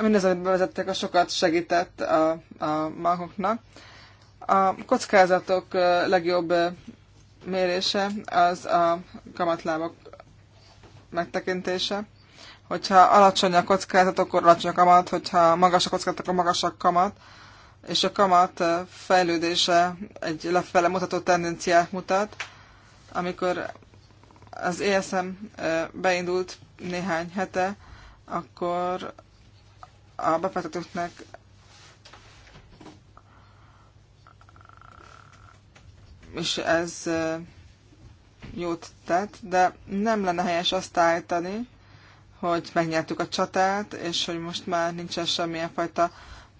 Mindez, amit bevezettek, a sokat segített a, a bankoknak. A kockázatok legjobb mérése az a kamatlábok megtekintése. Hogyha alacsony a kockázat, akkor alacsony a kamat, hogyha magas a kockázat, akkor magas a kamat, és a kamat fejlődése egy lefele mutató tendenciát mutat. Amikor az ESM beindult néhány hete, akkor a befektetőknek és ez jót tett, de nem lenne helyes azt állítani, hogy megnyertük a csatát, és hogy most már nincsen semmilyen fajta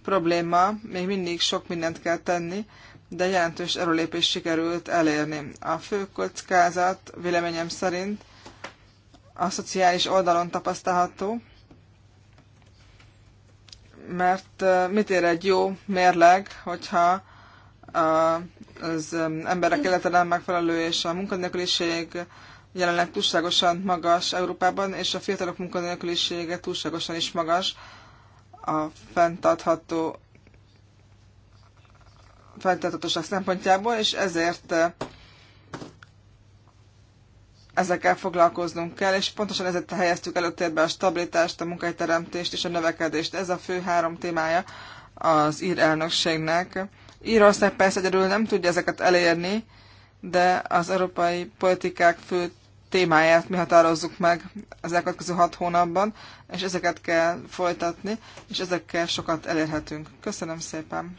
probléma, még mindig sok mindent kell tenni, de jelentős erőlépés sikerült elérni. A fő kockázat véleményem szerint a szociális oldalon tapasztalható, mert mit ér egy jó mérleg, hogyha a az um, emberek élete nem megfelelő, és a munkanélküliség jelenleg túlságosan magas Európában, és a fiatalok munkanélkülisége túlságosan is magas a fenntartható fenntarthatóság szempontjából, és ezért uh, ezekkel foglalkoznunk kell, és pontosan ezért helyeztük előttérbe a stabilitást, a munkahelyteremtést és a növekedést. Ez a fő három témája az ír elnökségnek. Írország persze egyedül nem tudja ezeket elérni, de az európai politikák fő témáját mi határozzuk meg az elkövetkező hat hónapban, és ezeket kell folytatni, és ezekkel sokat elérhetünk. Köszönöm szépen.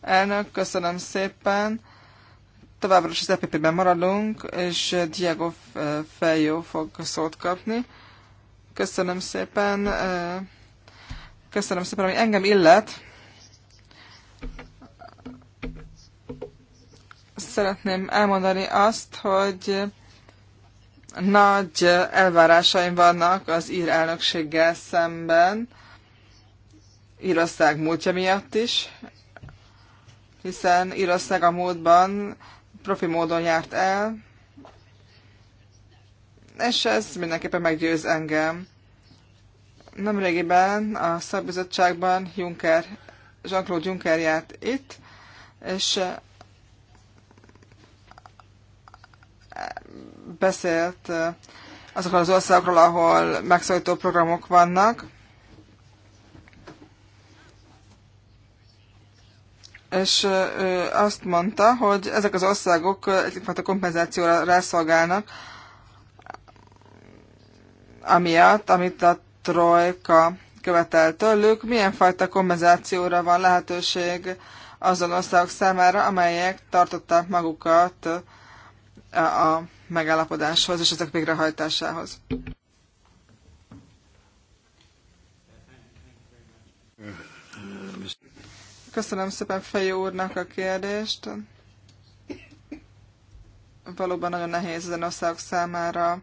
Elnök, köszönöm szépen. Továbbra is az EPP-ben maradunk, és Diego eh, Feljó fog szót kapni. Köszönöm szépen. Eh, köszönöm szépen, ami engem illet szeretném elmondani azt, hogy nagy elvárásaim vannak az ír elnökséggel szemben, Írország múltja miatt is, hiszen Írország a múltban profi módon járt el, és ez mindenképpen meggyőz engem. Nemrégiben a szakbizottságban Juncker, Jean-Claude Juncker járt itt, és beszélt azokról az országokról, ahol megszólító programok vannak. És ő azt mondta, hogy ezek az országok egyfajta kompenzációra rászolgálnak, amiatt, amit a trojka követel tőlük, milyen fajta kompenzációra van lehetőség azon országok számára, amelyek tartották magukat a megállapodáshoz és ezek végrehajtásához. Köszönöm szépen Fejó úrnak a kérdést. Valóban nagyon nehéz ezen országok számára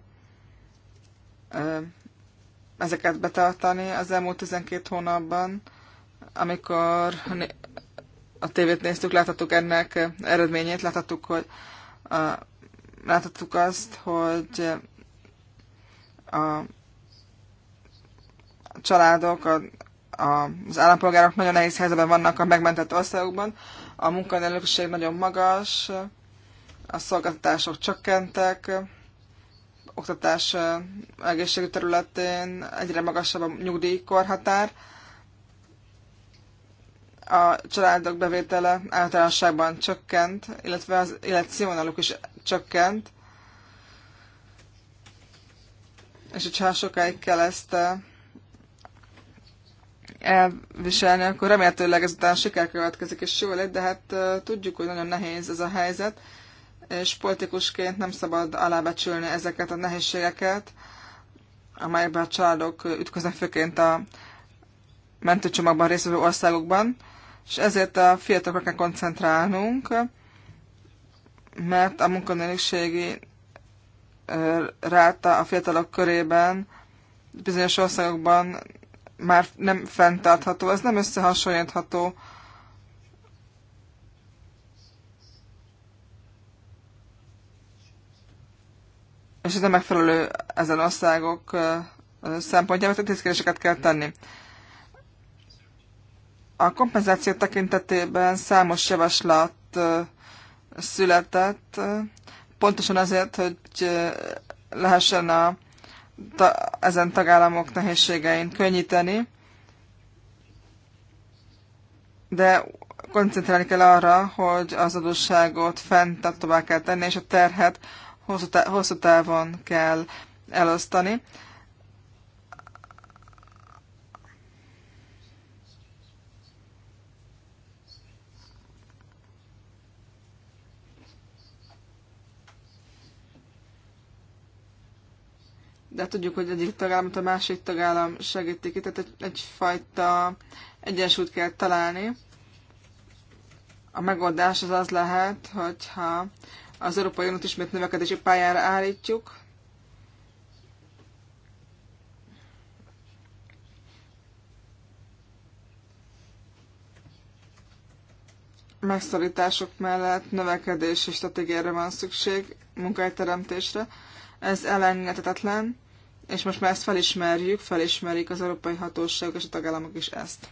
ezeket betartani. Az elmúlt 12 hónapban, amikor a tévét néztük, láthattuk ennek eredményét, láthattuk, hogy a láthattuk azt, hogy a családok, a, a, az állampolgárok nagyon nehéz helyzetben vannak a megmentett országokban, a munkanélküliség nagyon magas, a szolgáltatások csökkentek, oktatás egészségügy területén egyre magasabb a nyugdíjkorhatár, a családok bevétele általánosságban csökkent, illetve az életszínvonaluk is csökkent, és hogyha sokáig kell ezt eh, elviselni, akkor remélhetőleg ezután siker következik, és jó lett, de hát eh, tudjuk, hogy nagyon nehéz ez a helyzet, és politikusként nem szabad alábecsülni ezeket a nehézségeket, amelyekben a családok ütköznek főként a mentőcsomagban részvevő országokban, és ezért a fiatalokra kell koncentrálnunk, mert a munkanélküliségi ráta a fiatalok körében bizonyos országokban már nem fenntartható, ez nem összehasonlítható. És ez nem megfelelő ezen országok szempontjából, tehát intézkedéseket kell tenni. A kompenzáció tekintetében számos javaslat született, pontosan azért, hogy lehessen a, ta, ezen tagállamok nehézségein könnyíteni, de koncentrálni kell arra, hogy az adósságot tovább kell tenni, és a terhet hosszú, tá- hosszú távon kell elosztani. de tudjuk, hogy egyik tagállamot a másik tagállam segítik ki, tehát egy, egyfajta egyensúlyt kell találni. A megoldás az az lehet, hogyha az Európai Uniót ismét növekedési pályára állítjuk, megszorítások mellett növekedési stratégiára van szükség, munkahelyteremtésre. Ez elengedhetetlen és most már ezt felismerjük, felismerik az európai hatóságok és a tagállamok is ezt.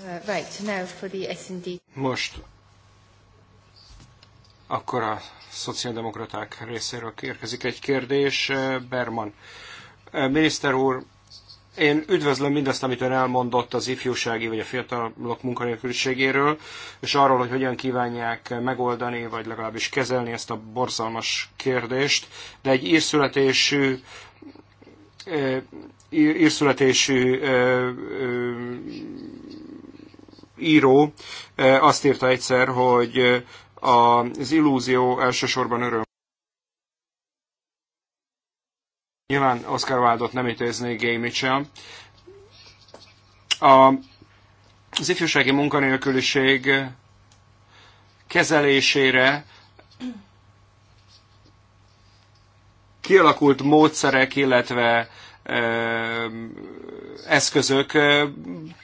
Uh, right, now for the S&D. Most akkor a szociáldemokraták részéről érkezik egy kérdés. Uh, Berman. Uh, miniszter úr, én üdvözlöm mindazt, amit ön elmondott az ifjúsági vagy a fiatalok munkanélküliségéről, és arról, hogy hogyan kívánják megoldani, vagy legalábbis kezelni ezt a borzalmas kérdést. De egy írszületésű írszületésű író azt írta egyszer, hogy az illúzió elsősorban öröm. Nyilván Oscar Wilde-ot nem ítézné Gay Mitchell. A, az ifjúsági munkanélküliség kezelésére kialakult módszerek, illetve ö, eszközök ö,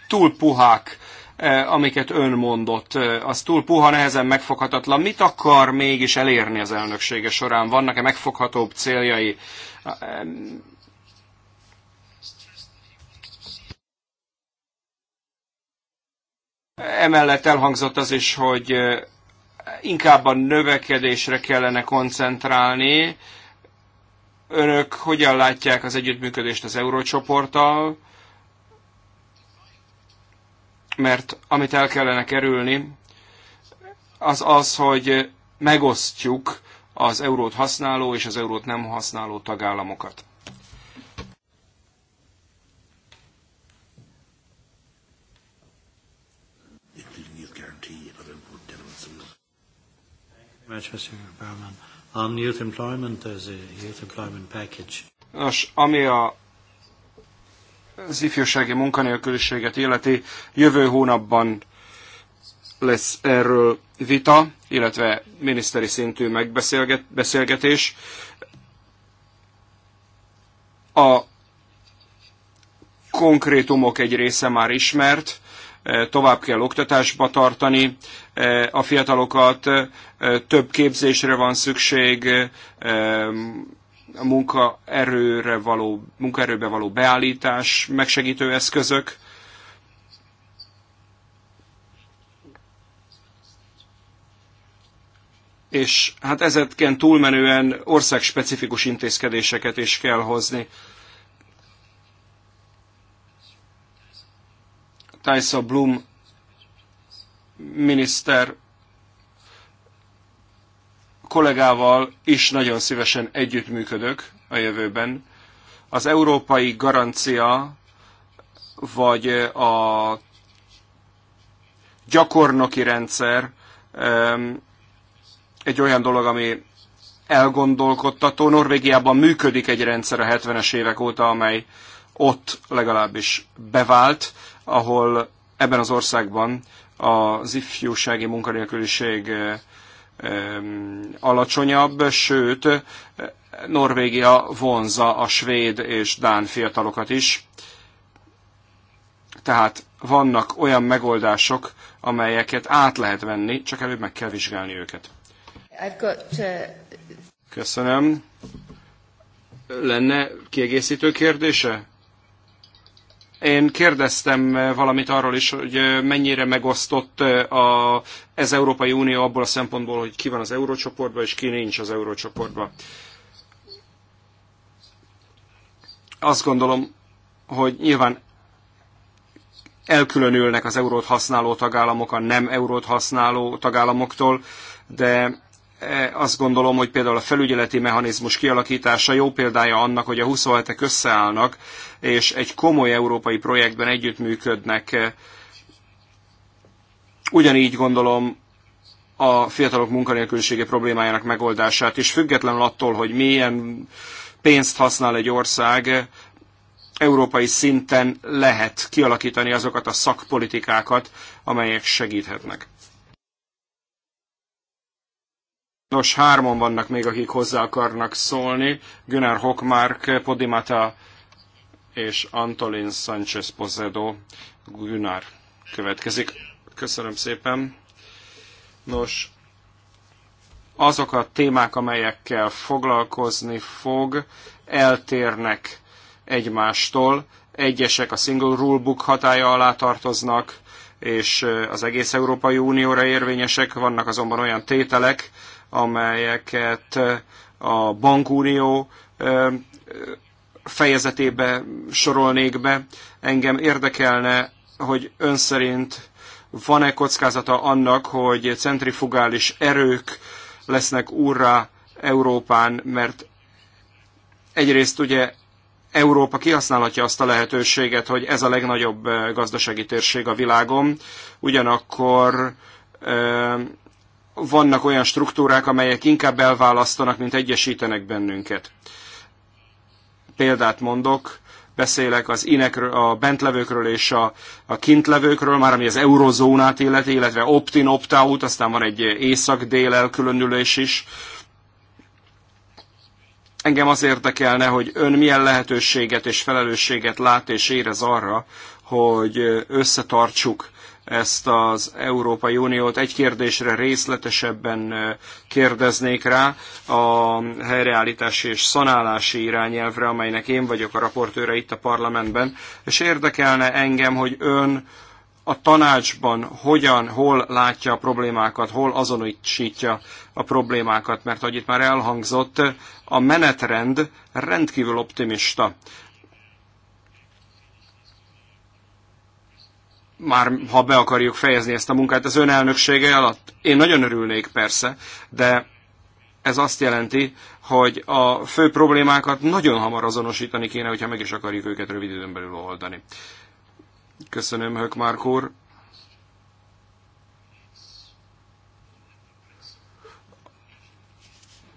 túl puhák Eh, amiket ön mondott, eh, az túl puha, nehezen megfoghatatlan. Mit akar mégis elérni az elnöksége során? Vannak-e megfoghatóbb céljai? Eh, emellett elhangzott az is, hogy inkább a növekedésre kellene koncentrálni. Önök hogyan látják az együttműködést az eurócsoporttal? mert amit el kellene kerülni, az az, hogy megosztjuk az eurót használó és az eurót nem használó tagállamokat. Um, Nos, ami a az ifjúsági munkanélküliséget illeti, jövő hónapban lesz erről vita, illetve miniszteri szintű megbeszélgetés. A konkrétumok egy része már ismert, e, tovább kell oktatásba tartani e, a fiatalokat, e, több képzésre van szükség, a munkaerőre való, munkaerőbe való beállítás, megsegítő eszközök. És hát ezeken túlmenően országspecifikus intézkedéseket is kell hozni. Tyson Blum miniszter kollégával is nagyon szívesen együttműködök a jövőben. Az európai garancia, vagy a gyakornoki rendszer egy olyan dolog, ami elgondolkodtató. Norvégiában működik egy rendszer a 70-es évek óta, amely ott legalábbis bevált, ahol ebben az országban az ifjúsági munkanélküliség alacsonyabb, sőt, Norvégia vonza a svéd és dán fiatalokat is. Tehát vannak olyan megoldások, amelyeket át lehet venni, csak előbb meg kell vizsgálni őket. To... Uh, Köszönöm. Lenne kiegészítő kérdése? Én kérdeztem eh, valamit arról is, hogy eh, mennyire megosztott eh, a, ez Európai Unió abból a szempontból, hogy ki van az eurócsoportban, és ki nincs az eurócsoportban. Azt gondolom, hogy nyilván elkülönülnek az eurót használó tagállamok a nem eurót használó tagállamoktól, de E, azt gondolom, hogy például a felügyeleti mechanizmus kialakítása jó példája annak, hogy a 27-ek összeállnak, és egy komoly európai projektben együttműködnek. E, ugyanígy gondolom a fiatalok munkanélkülisége problémájának megoldását is, függetlenül attól, hogy milyen pénzt használ egy ország, európai szinten lehet kialakítani azokat a szakpolitikákat, amelyek segíthetnek. Nos, hárman vannak még, akik hozzá akarnak szólni. Gunnar Hokmark, Podimata és Antolin Sanchez Pozedo. Günár következik. Köszönöm szépen. Nos, azok a témák, amelyekkel foglalkozni fog, eltérnek egymástól. Egyesek a single rulebook hatája alá tartoznak, és az egész Európai Unióra érvényesek, vannak azonban olyan tételek, amelyeket a bankúrió fejezetébe sorolnék be. Engem érdekelne, hogy ön szerint van-e kockázata annak, hogy centrifugális erők lesznek úrra Európán, mert egyrészt ugye Európa kihasználhatja azt a lehetőséget, hogy ez a legnagyobb gazdasági térség a világon, ugyanakkor vannak olyan struktúrák, amelyek inkább elválasztanak, mint egyesítenek bennünket. Példát mondok, beszélek az inekről, a bentlevőkről és a, a kintlevőkről, már ami az eurozónát illeti, illetve opt-in, opt-out, aztán van egy észak-dél elkülönülés is. Engem az érdekelne, hogy ön milyen lehetőséget és felelősséget lát és érez arra, hogy összetartsuk ezt az Európai Uniót. Egy kérdésre részletesebben kérdeznék rá a helyreállítási és szanálási irányelvre, amelynek én vagyok a raportőre itt a parlamentben, és érdekelne engem, hogy ön a tanácsban hogyan, hol látja a problémákat, hol azonosítja a problémákat, mert ahogy itt már elhangzott, a menetrend rendkívül optimista. már ha be akarjuk fejezni ezt a munkát az önelnöksége alatt. Én nagyon örülnék persze, de ez azt jelenti, hogy a fő problémákat nagyon hamar azonosítani kéne, hogyha meg is akarjuk őket rövid időn belül oldani. Köszönöm, Hök Márk úr.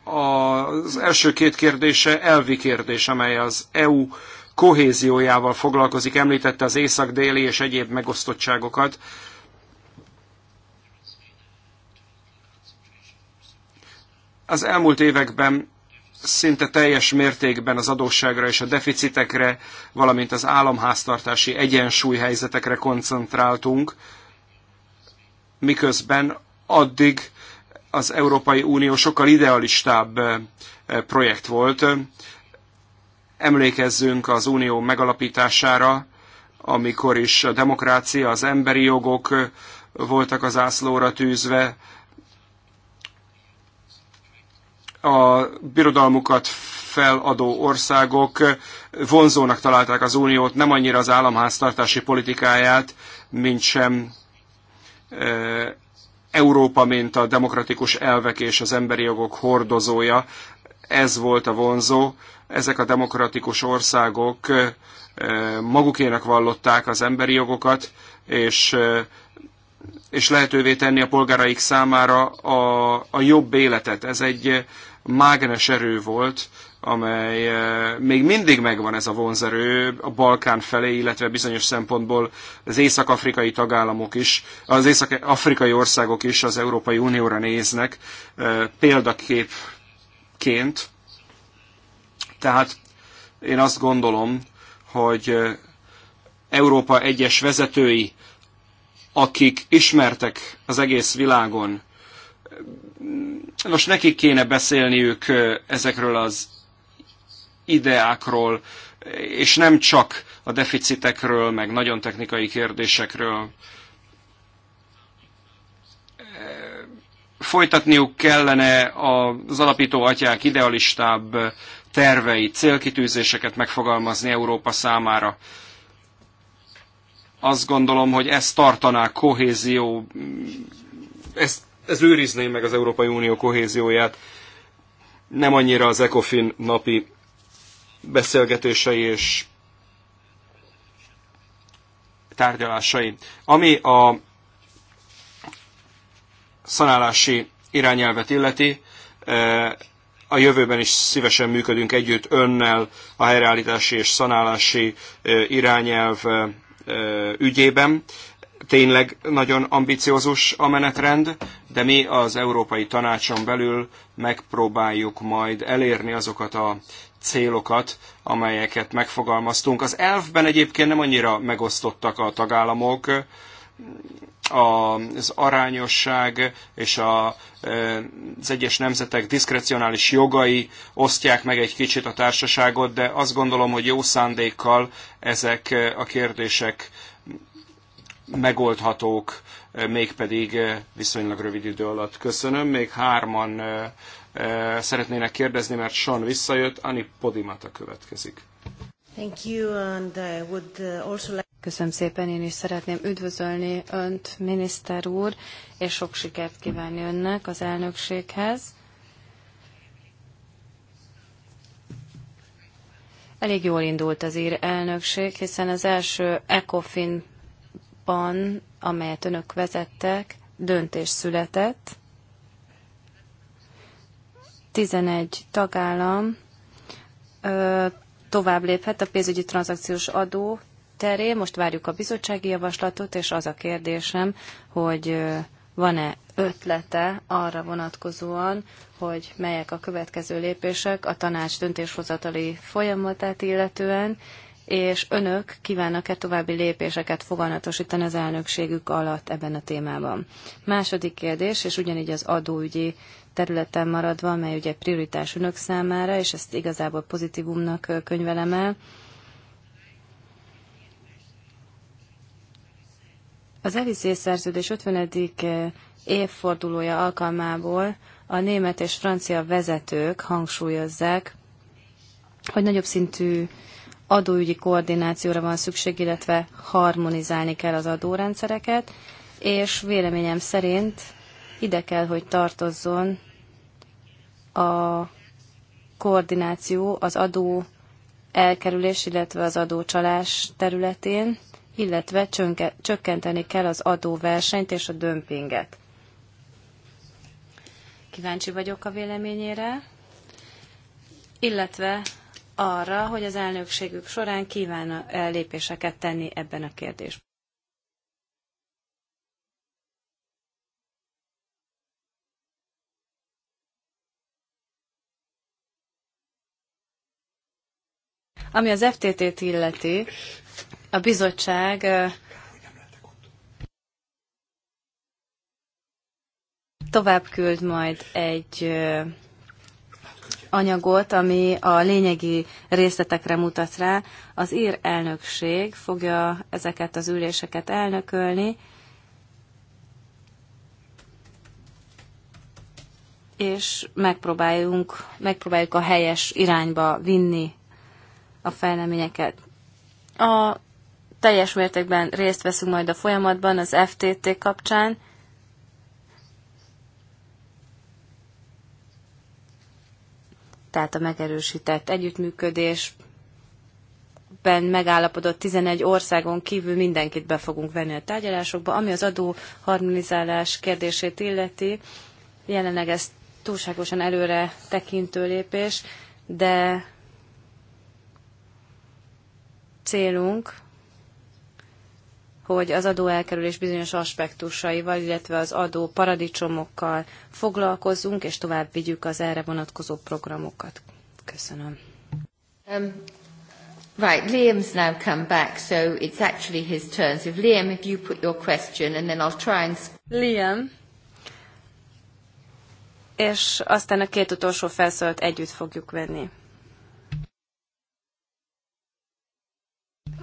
Az első két kérdése elvi kérdés, amely az EU kohéziójával foglalkozik, említette az észak-déli és egyéb megosztottságokat. Az elmúlt években szinte teljes mértékben az adósságra és a deficitekre, valamint az államháztartási egyensúlyhelyzetekre koncentráltunk, miközben addig az Európai Unió sokkal idealistább eh, projekt volt emlékezzünk az unió megalapítására, amikor is a demokrácia, az emberi jogok voltak az ászlóra tűzve, a birodalmukat feladó országok vonzónak találták az uniót, nem annyira az államháztartási politikáját, mint sem e, Európa, mint a demokratikus elvek és az emberi jogok hordozója ez volt a vonzó. Ezek a demokratikus országok magukének vallották az emberi jogokat, és, és lehetővé tenni a polgáraik számára a, a jobb életet. Ez egy mágnes erő volt, amely még mindig megvan ez a vonzerő a Balkán felé, illetve bizonyos szempontból az észak-afrikai tagállamok is, az észak-afrikai országok is az Európai Unióra néznek, példakép ként. Tehát én azt gondolom, hogy eh, Európa egyes vezetői, akik ismertek az egész világon, most nekik kéne beszélniük eh, ezekről az ideákról, és nem csak a deficitekről, meg nagyon technikai kérdésekről. folytatniuk kellene az alapító atyák idealistább tervei, célkitűzéseket megfogalmazni Európa számára. Azt gondolom, hogy ez tartaná kohézió, ez, ez őrizné meg az Európai Unió kohézióját, nem annyira az ECOFIN napi beszélgetései és tárgyalásai. Ami a szanálási irányelvet illeti, e, a jövőben is szívesen működünk együtt önnel a helyreállítási és szanálási e, irányelv e, ügyében. Tényleg nagyon ambiciózus a menetrend, de mi az Európai Tanácson belül megpróbáljuk majd elérni azokat a célokat, amelyeket megfogalmaztunk. Az elfben egyébként nem annyira megosztottak a tagállamok, az arányosság és a, e, az egyes nemzetek diszkrecionális jogai osztják meg egy kicsit a társaságot, de azt gondolom, hogy jó szándékkal ezek e, a kérdések megoldhatók, e, mégpedig viszonylag rövid idő alatt. Köszönöm, még hárman szeretnének kérdezni, mert Sean visszajött, Ani Podimata következik. Thank you, and I would also like Köszönöm szépen, én is szeretném üdvözölni Önt, miniszter úr, és sok sikert kívánni Önnek az elnökséghez. Elég jól indult az ír elnökség, hiszen az első ECOFIN-ban, amelyet Önök vezettek, döntés született. 11 tagállam tovább léphet a pénzügyi tranzakciós adó terén. Most várjuk a bizottsági javaslatot, és az a kérdésem, hogy van-e ötlete arra vonatkozóan, hogy melyek a következő lépések a tanács döntéshozatali folyamatát illetően, és önök kívánnak-e további lépéseket foganatosítani az elnökségük alatt ebben a témában? Második kérdés, és ugyanígy az adóügyi területen maradva, mely ugye prioritás önök számára, és ezt igazából pozitívumnak könyvelem el, Az Elizé szerződés 50. Eh, évfordulója alkalmából a német és francia vezetők hangsúlyozzák, hogy nagyobb szintű adóügyi koordinációra van szükség, illetve harmonizálni kell az adórendszereket, és véleményem szerint ide kell, hogy tartozzon a koordináció az adó elkerülés, illetve az adócsalás területén, illetve csökkenteni kell az adóversenyt és a dömpinget. Kíváncsi vagyok a véleményére, illetve arra, hogy az elnökségük során kíván lépéseket tenni ebben a kérdésben. Ami az FTT-t illeti, a bizottság tovább küld majd egy anyagot, ami a lényegi részletekre mutat rá. Az ír elnökség fogja ezeket az üléseket elnökölni, és megpróbáljunk, megpróbáljuk a helyes irányba vinni a fejleményeket. A teljes mértékben részt veszünk majd a folyamatban az FTT kapcsán. Tehát a megerősített együttműködésben megállapodott 11 országon kívül mindenkit be fogunk venni a tárgyalásokba. Ami az adó harmonizálás kérdését illeti, jelenleg ez túlságosan előre tekintő lépés, de célunk, hogy az adóelkerülés bizonyos aspektusaival, illetve az adó paradicsomokkal foglalkozzunk, és tovább vigyük az erre vonatkozó programokat. Köszönöm. Um, right, Liam's now come back, so it's actually his turn. So if Liam, if you put your question, and then I'll try and... Liam, és aztán a két utolsó felszólt együtt fogjuk venni.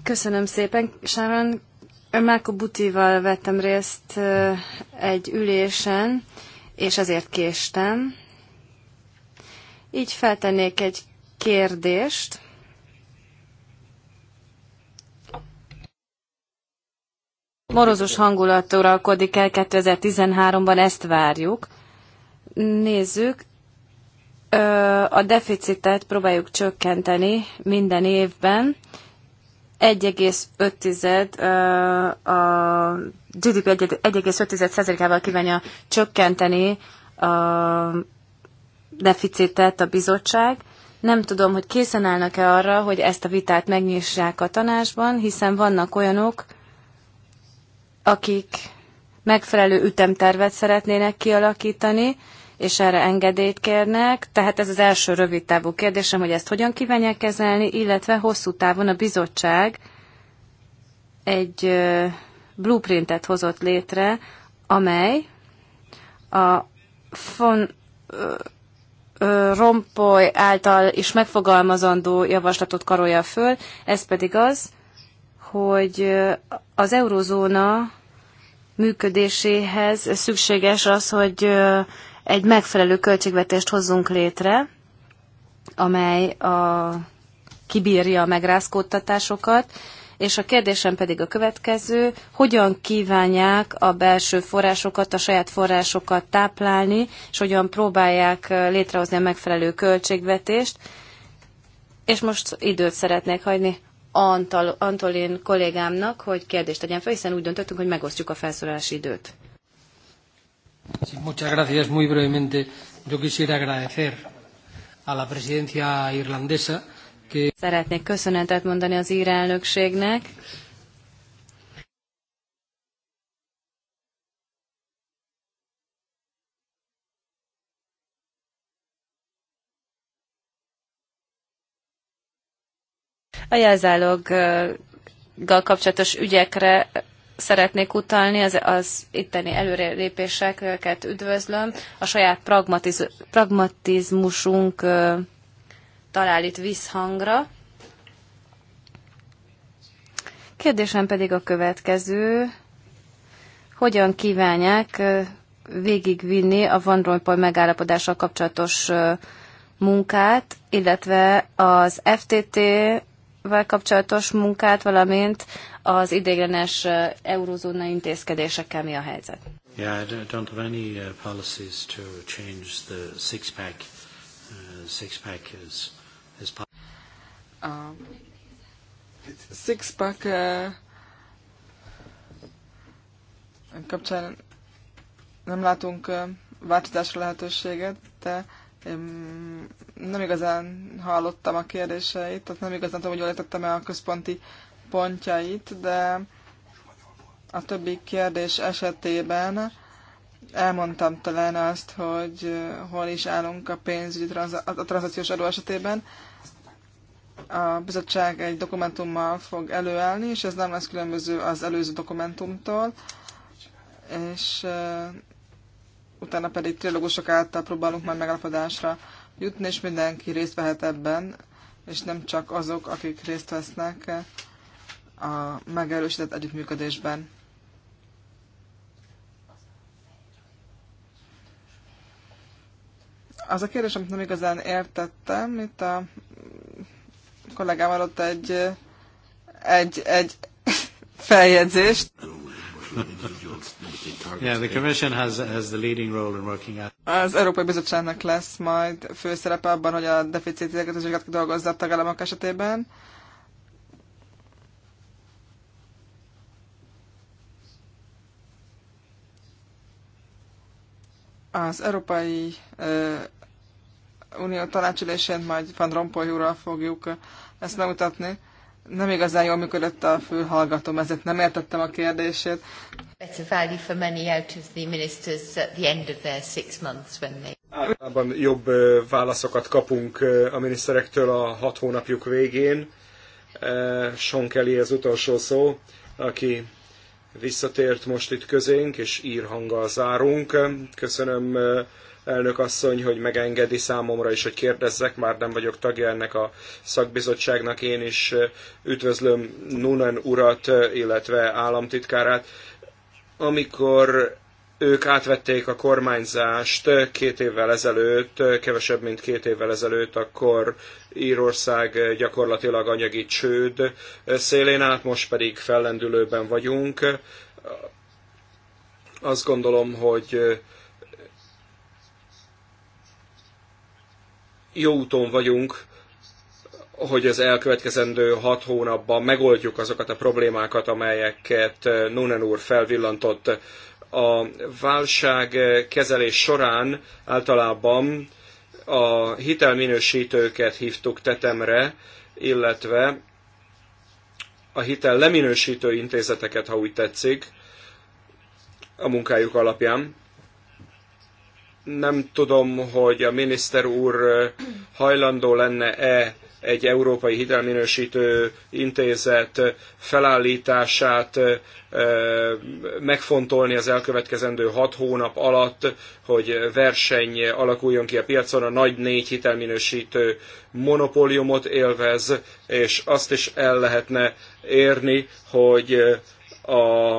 Köszönöm szépen, Sharon Márko Butival vettem részt egy ülésen, és ezért késtem. Így feltennék egy kérdést. Morozos hangulat uralkodik el 2013-ban, ezt várjuk. Nézzük, a deficitet próbáljuk csökkenteni minden évben. 1,5 a GDP 1,5%-ával kívánja csökkenteni a deficitet a bizottság. Nem tudom, hogy készen állnak-e arra, hogy ezt a vitát megnyissák a tanásban, hiszen vannak olyanok, akik megfelelő ütemtervet szeretnének kialakítani, és erre engedélyt kérnek. Tehát ez az első rövid távú kérdésem, hogy ezt hogyan kívánják kezelni, illetve hosszú távon a bizottság egy blueprintet hozott létre, amely a von Rompoy által is megfogalmazandó javaslatot karolja föl, ez pedig az, hogy az eurozóna működéséhez szükséges az, hogy egy megfelelő költségvetést hozzunk létre, amely a, kibírja a megrázkódtatásokat, és a kérdésem pedig a következő, hogyan kívánják a belső forrásokat, a saját forrásokat táplálni, és hogyan próbálják létrehozni a megfelelő költségvetést. És most időt szeretnék hagyni Antal, Antolin kollégámnak, hogy kérdést tegyen fel, hiszen úgy döntöttünk, hogy megosztjuk a felszólalási időt. Sí, muchas gracias. Muy brevemente, yo quisiera agradecer a la presidencia irlandesa que... Szeretnék köszönetet mondani az ír elnökségnek. A jelzáloggal kapcsolatos ügyekre szeretnék utalni, az, az itteni előrelépéseket üdvözlöm. A saját pragmatiz, pragmatizmusunk ö, talál itt visszhangra. Kérdésem pedig a következő. Hogyan kívánják ö, végigvinni a Van Rompuy megállapodással kapcsolatos ö, munkát, illetve az FTT vel kapcsolatos munkát, valamint az idéglenes eurozóna intézkedésekkel mi a helyzet? Yeah, I don't have any uh, policies to change the six-pack. Uh, six-pack is, is... Um, six-pack uh, kapcsán nem látunk uh, változásra lehetőséget, de um, nem igazán hallottam a kérdéseit, tehát nem igazán tudom, hogy jól értettem el a központi pontjait, de a többi kérdés esetében elmondtam talán azt, hogy hol is állunk a pénzügyi transz- a transzakciós adó esetében. A bizottság egy dokumentummal fog előállni, és ez nem lesz különböző az előző dokumentumtól, és utána pedig trilógusok által próbálunk majd megalapodásra jutni, és mindenki részt vehet ebben, és nem csak azok, akik részt vesznek a megerősített együttműködésben. Az a kérdés, amit nem igazán értettem, itt a kollégám adott egy, egy, egy feljegyzést. Az Európai Bizottságnak lesz majd fő szerepe abban, hogy a deficiteket és dolgozza a tagállamok esetében. Az Európai Unió tanácsülésén majd Van Rompuy úrral fogjuk ezt megmutatni nem igazán jól működött a fülhallgatóm, ezért nem értettem a kérdését. a value for money out of the ministers at the end of their six months when they... Általában jobb válaszokat kapunk a miniszterektől a hat hónapjuk végén. Sean Kelly az utolsó szó, aki visszatért most itt közénk, és ír zárunk. Köszönöm elnök asszony, hogy megengedi számomra is, hogy kérdezzek, már nem vagyok tagja ennek a szakbizottságnak, én is üdvözlöm Nunan urat, illetve államtitkárát. Amikor ők átvették a kormányzást két évvel ezelőtt, kevesebb, mint két évvel ezelőtt, akkor Írország gyakorlatilag anyagi csőd szélén állt, most pedig fellendülőben vagyunk. Azt gondolom, hogy jó úton vagyunk, hogy az elkövetkezendő hat hónapban megoldjuk azokat a problémákat, amelyeket eh, Nunen úr felvillantott. A válság eh, kezelés során általában a hitelminősítőket hívtuk tetemre, illetve a hitel leminősítő intézeteket, ha úgy tetszik, a munkájuk alapján nem tudom, hogy a miniszter úr hajlandó lenne-e egy európai hitelminősítő intézet felállítását megfontolni az elkövetkezendő hat hónap alatt, hogy verseny alakuljon ki a piacon, a nagy négy hitelminősítő monopóliumot élvez, és azt is el lehetne érni, hogy a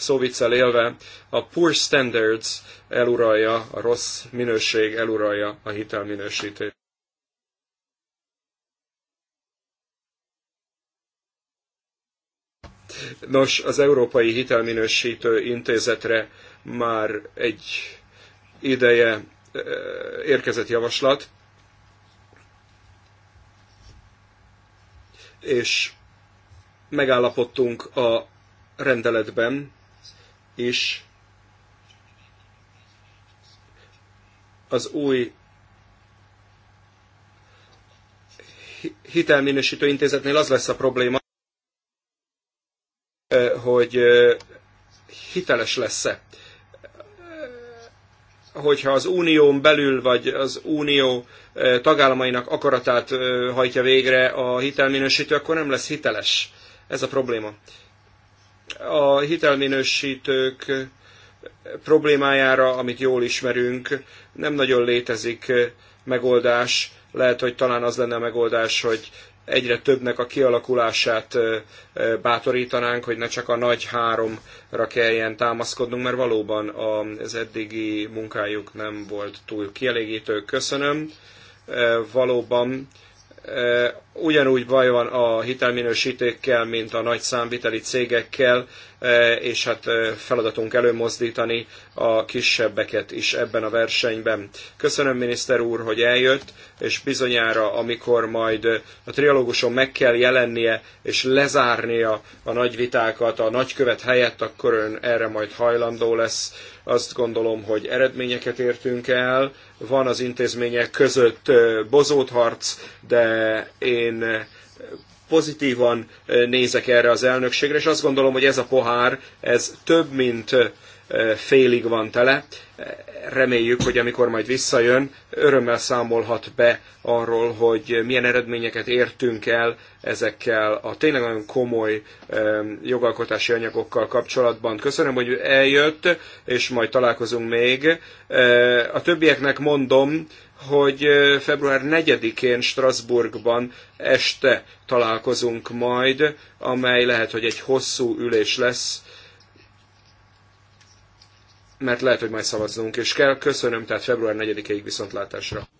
szóviccel élve, a poor standards eluralja, a rossz minőség eluralja a hitelminősítést. Nos, az Európai Hitelminősítő Intézetre már egy ideje eh, érkezett javaslat, és megállapodtunk a rendeletben, és az új hitelminősítő intézetnél az lesz a probléma, hogy hiteles lesz-e. Hogyha az unión belül, vagy az unió tagállamainak akaratát hajtja végre a hitelminősítő, akkor nem lesz hiteles. Ez a probléma a hitelminősítők problémájára, amit jól ismerünk, nem nagyon létezik megoldás. Lehet, hogy talán az lenne a megoldás, hogy egyre többnek a kialakulását bátorítanánk, hogy ne csak a nagy háromra kelljen támaszkodnunk, mert valóban az eddigi munkájuk nem volt túl kielégítő. Köszönöm. Valóban ugyanúgy baj van a hitelminősítékkel, mint a nagy számviteli cégekkel, E, és hát e, feladatunk előmozdítani a kisebbeket is ebben a versenyben. Köszönöm miniszter úr, hogy eljött, és bizonyára, amikor majd a trialóguson meg kell jelennie és lezárnia a nagy vitákat a nagykövet helyett, akkor ön erre majd hajlandó lesz. Azt gondolom, hogy eredményeket értünk el, van az intézmények között e, bozótharc, de én pozitívan nézek erre az elnökségre, és azt gondolom, hogy ez a pohár, ez több, mint félig van tele. Reméljük, hogy amikor majd visszajön, örömmel számolhat be arról, hogy milyen eredményeket értünk el ezekkel a tényleg nagyon komoly jogalkotási anyagokkal kapcsolatban. Köszönöm, hogy eljött, és majd találkozunk még. A többieknek mondom, hogy február 4-én Strasbourgban este találkozunk majd, amely lehet, hogy egy hosszú ülés lesz, mert lehet, hogy majd szavaznunk is kell. Köszönöm, tehát február 4-ig viszontlátásra.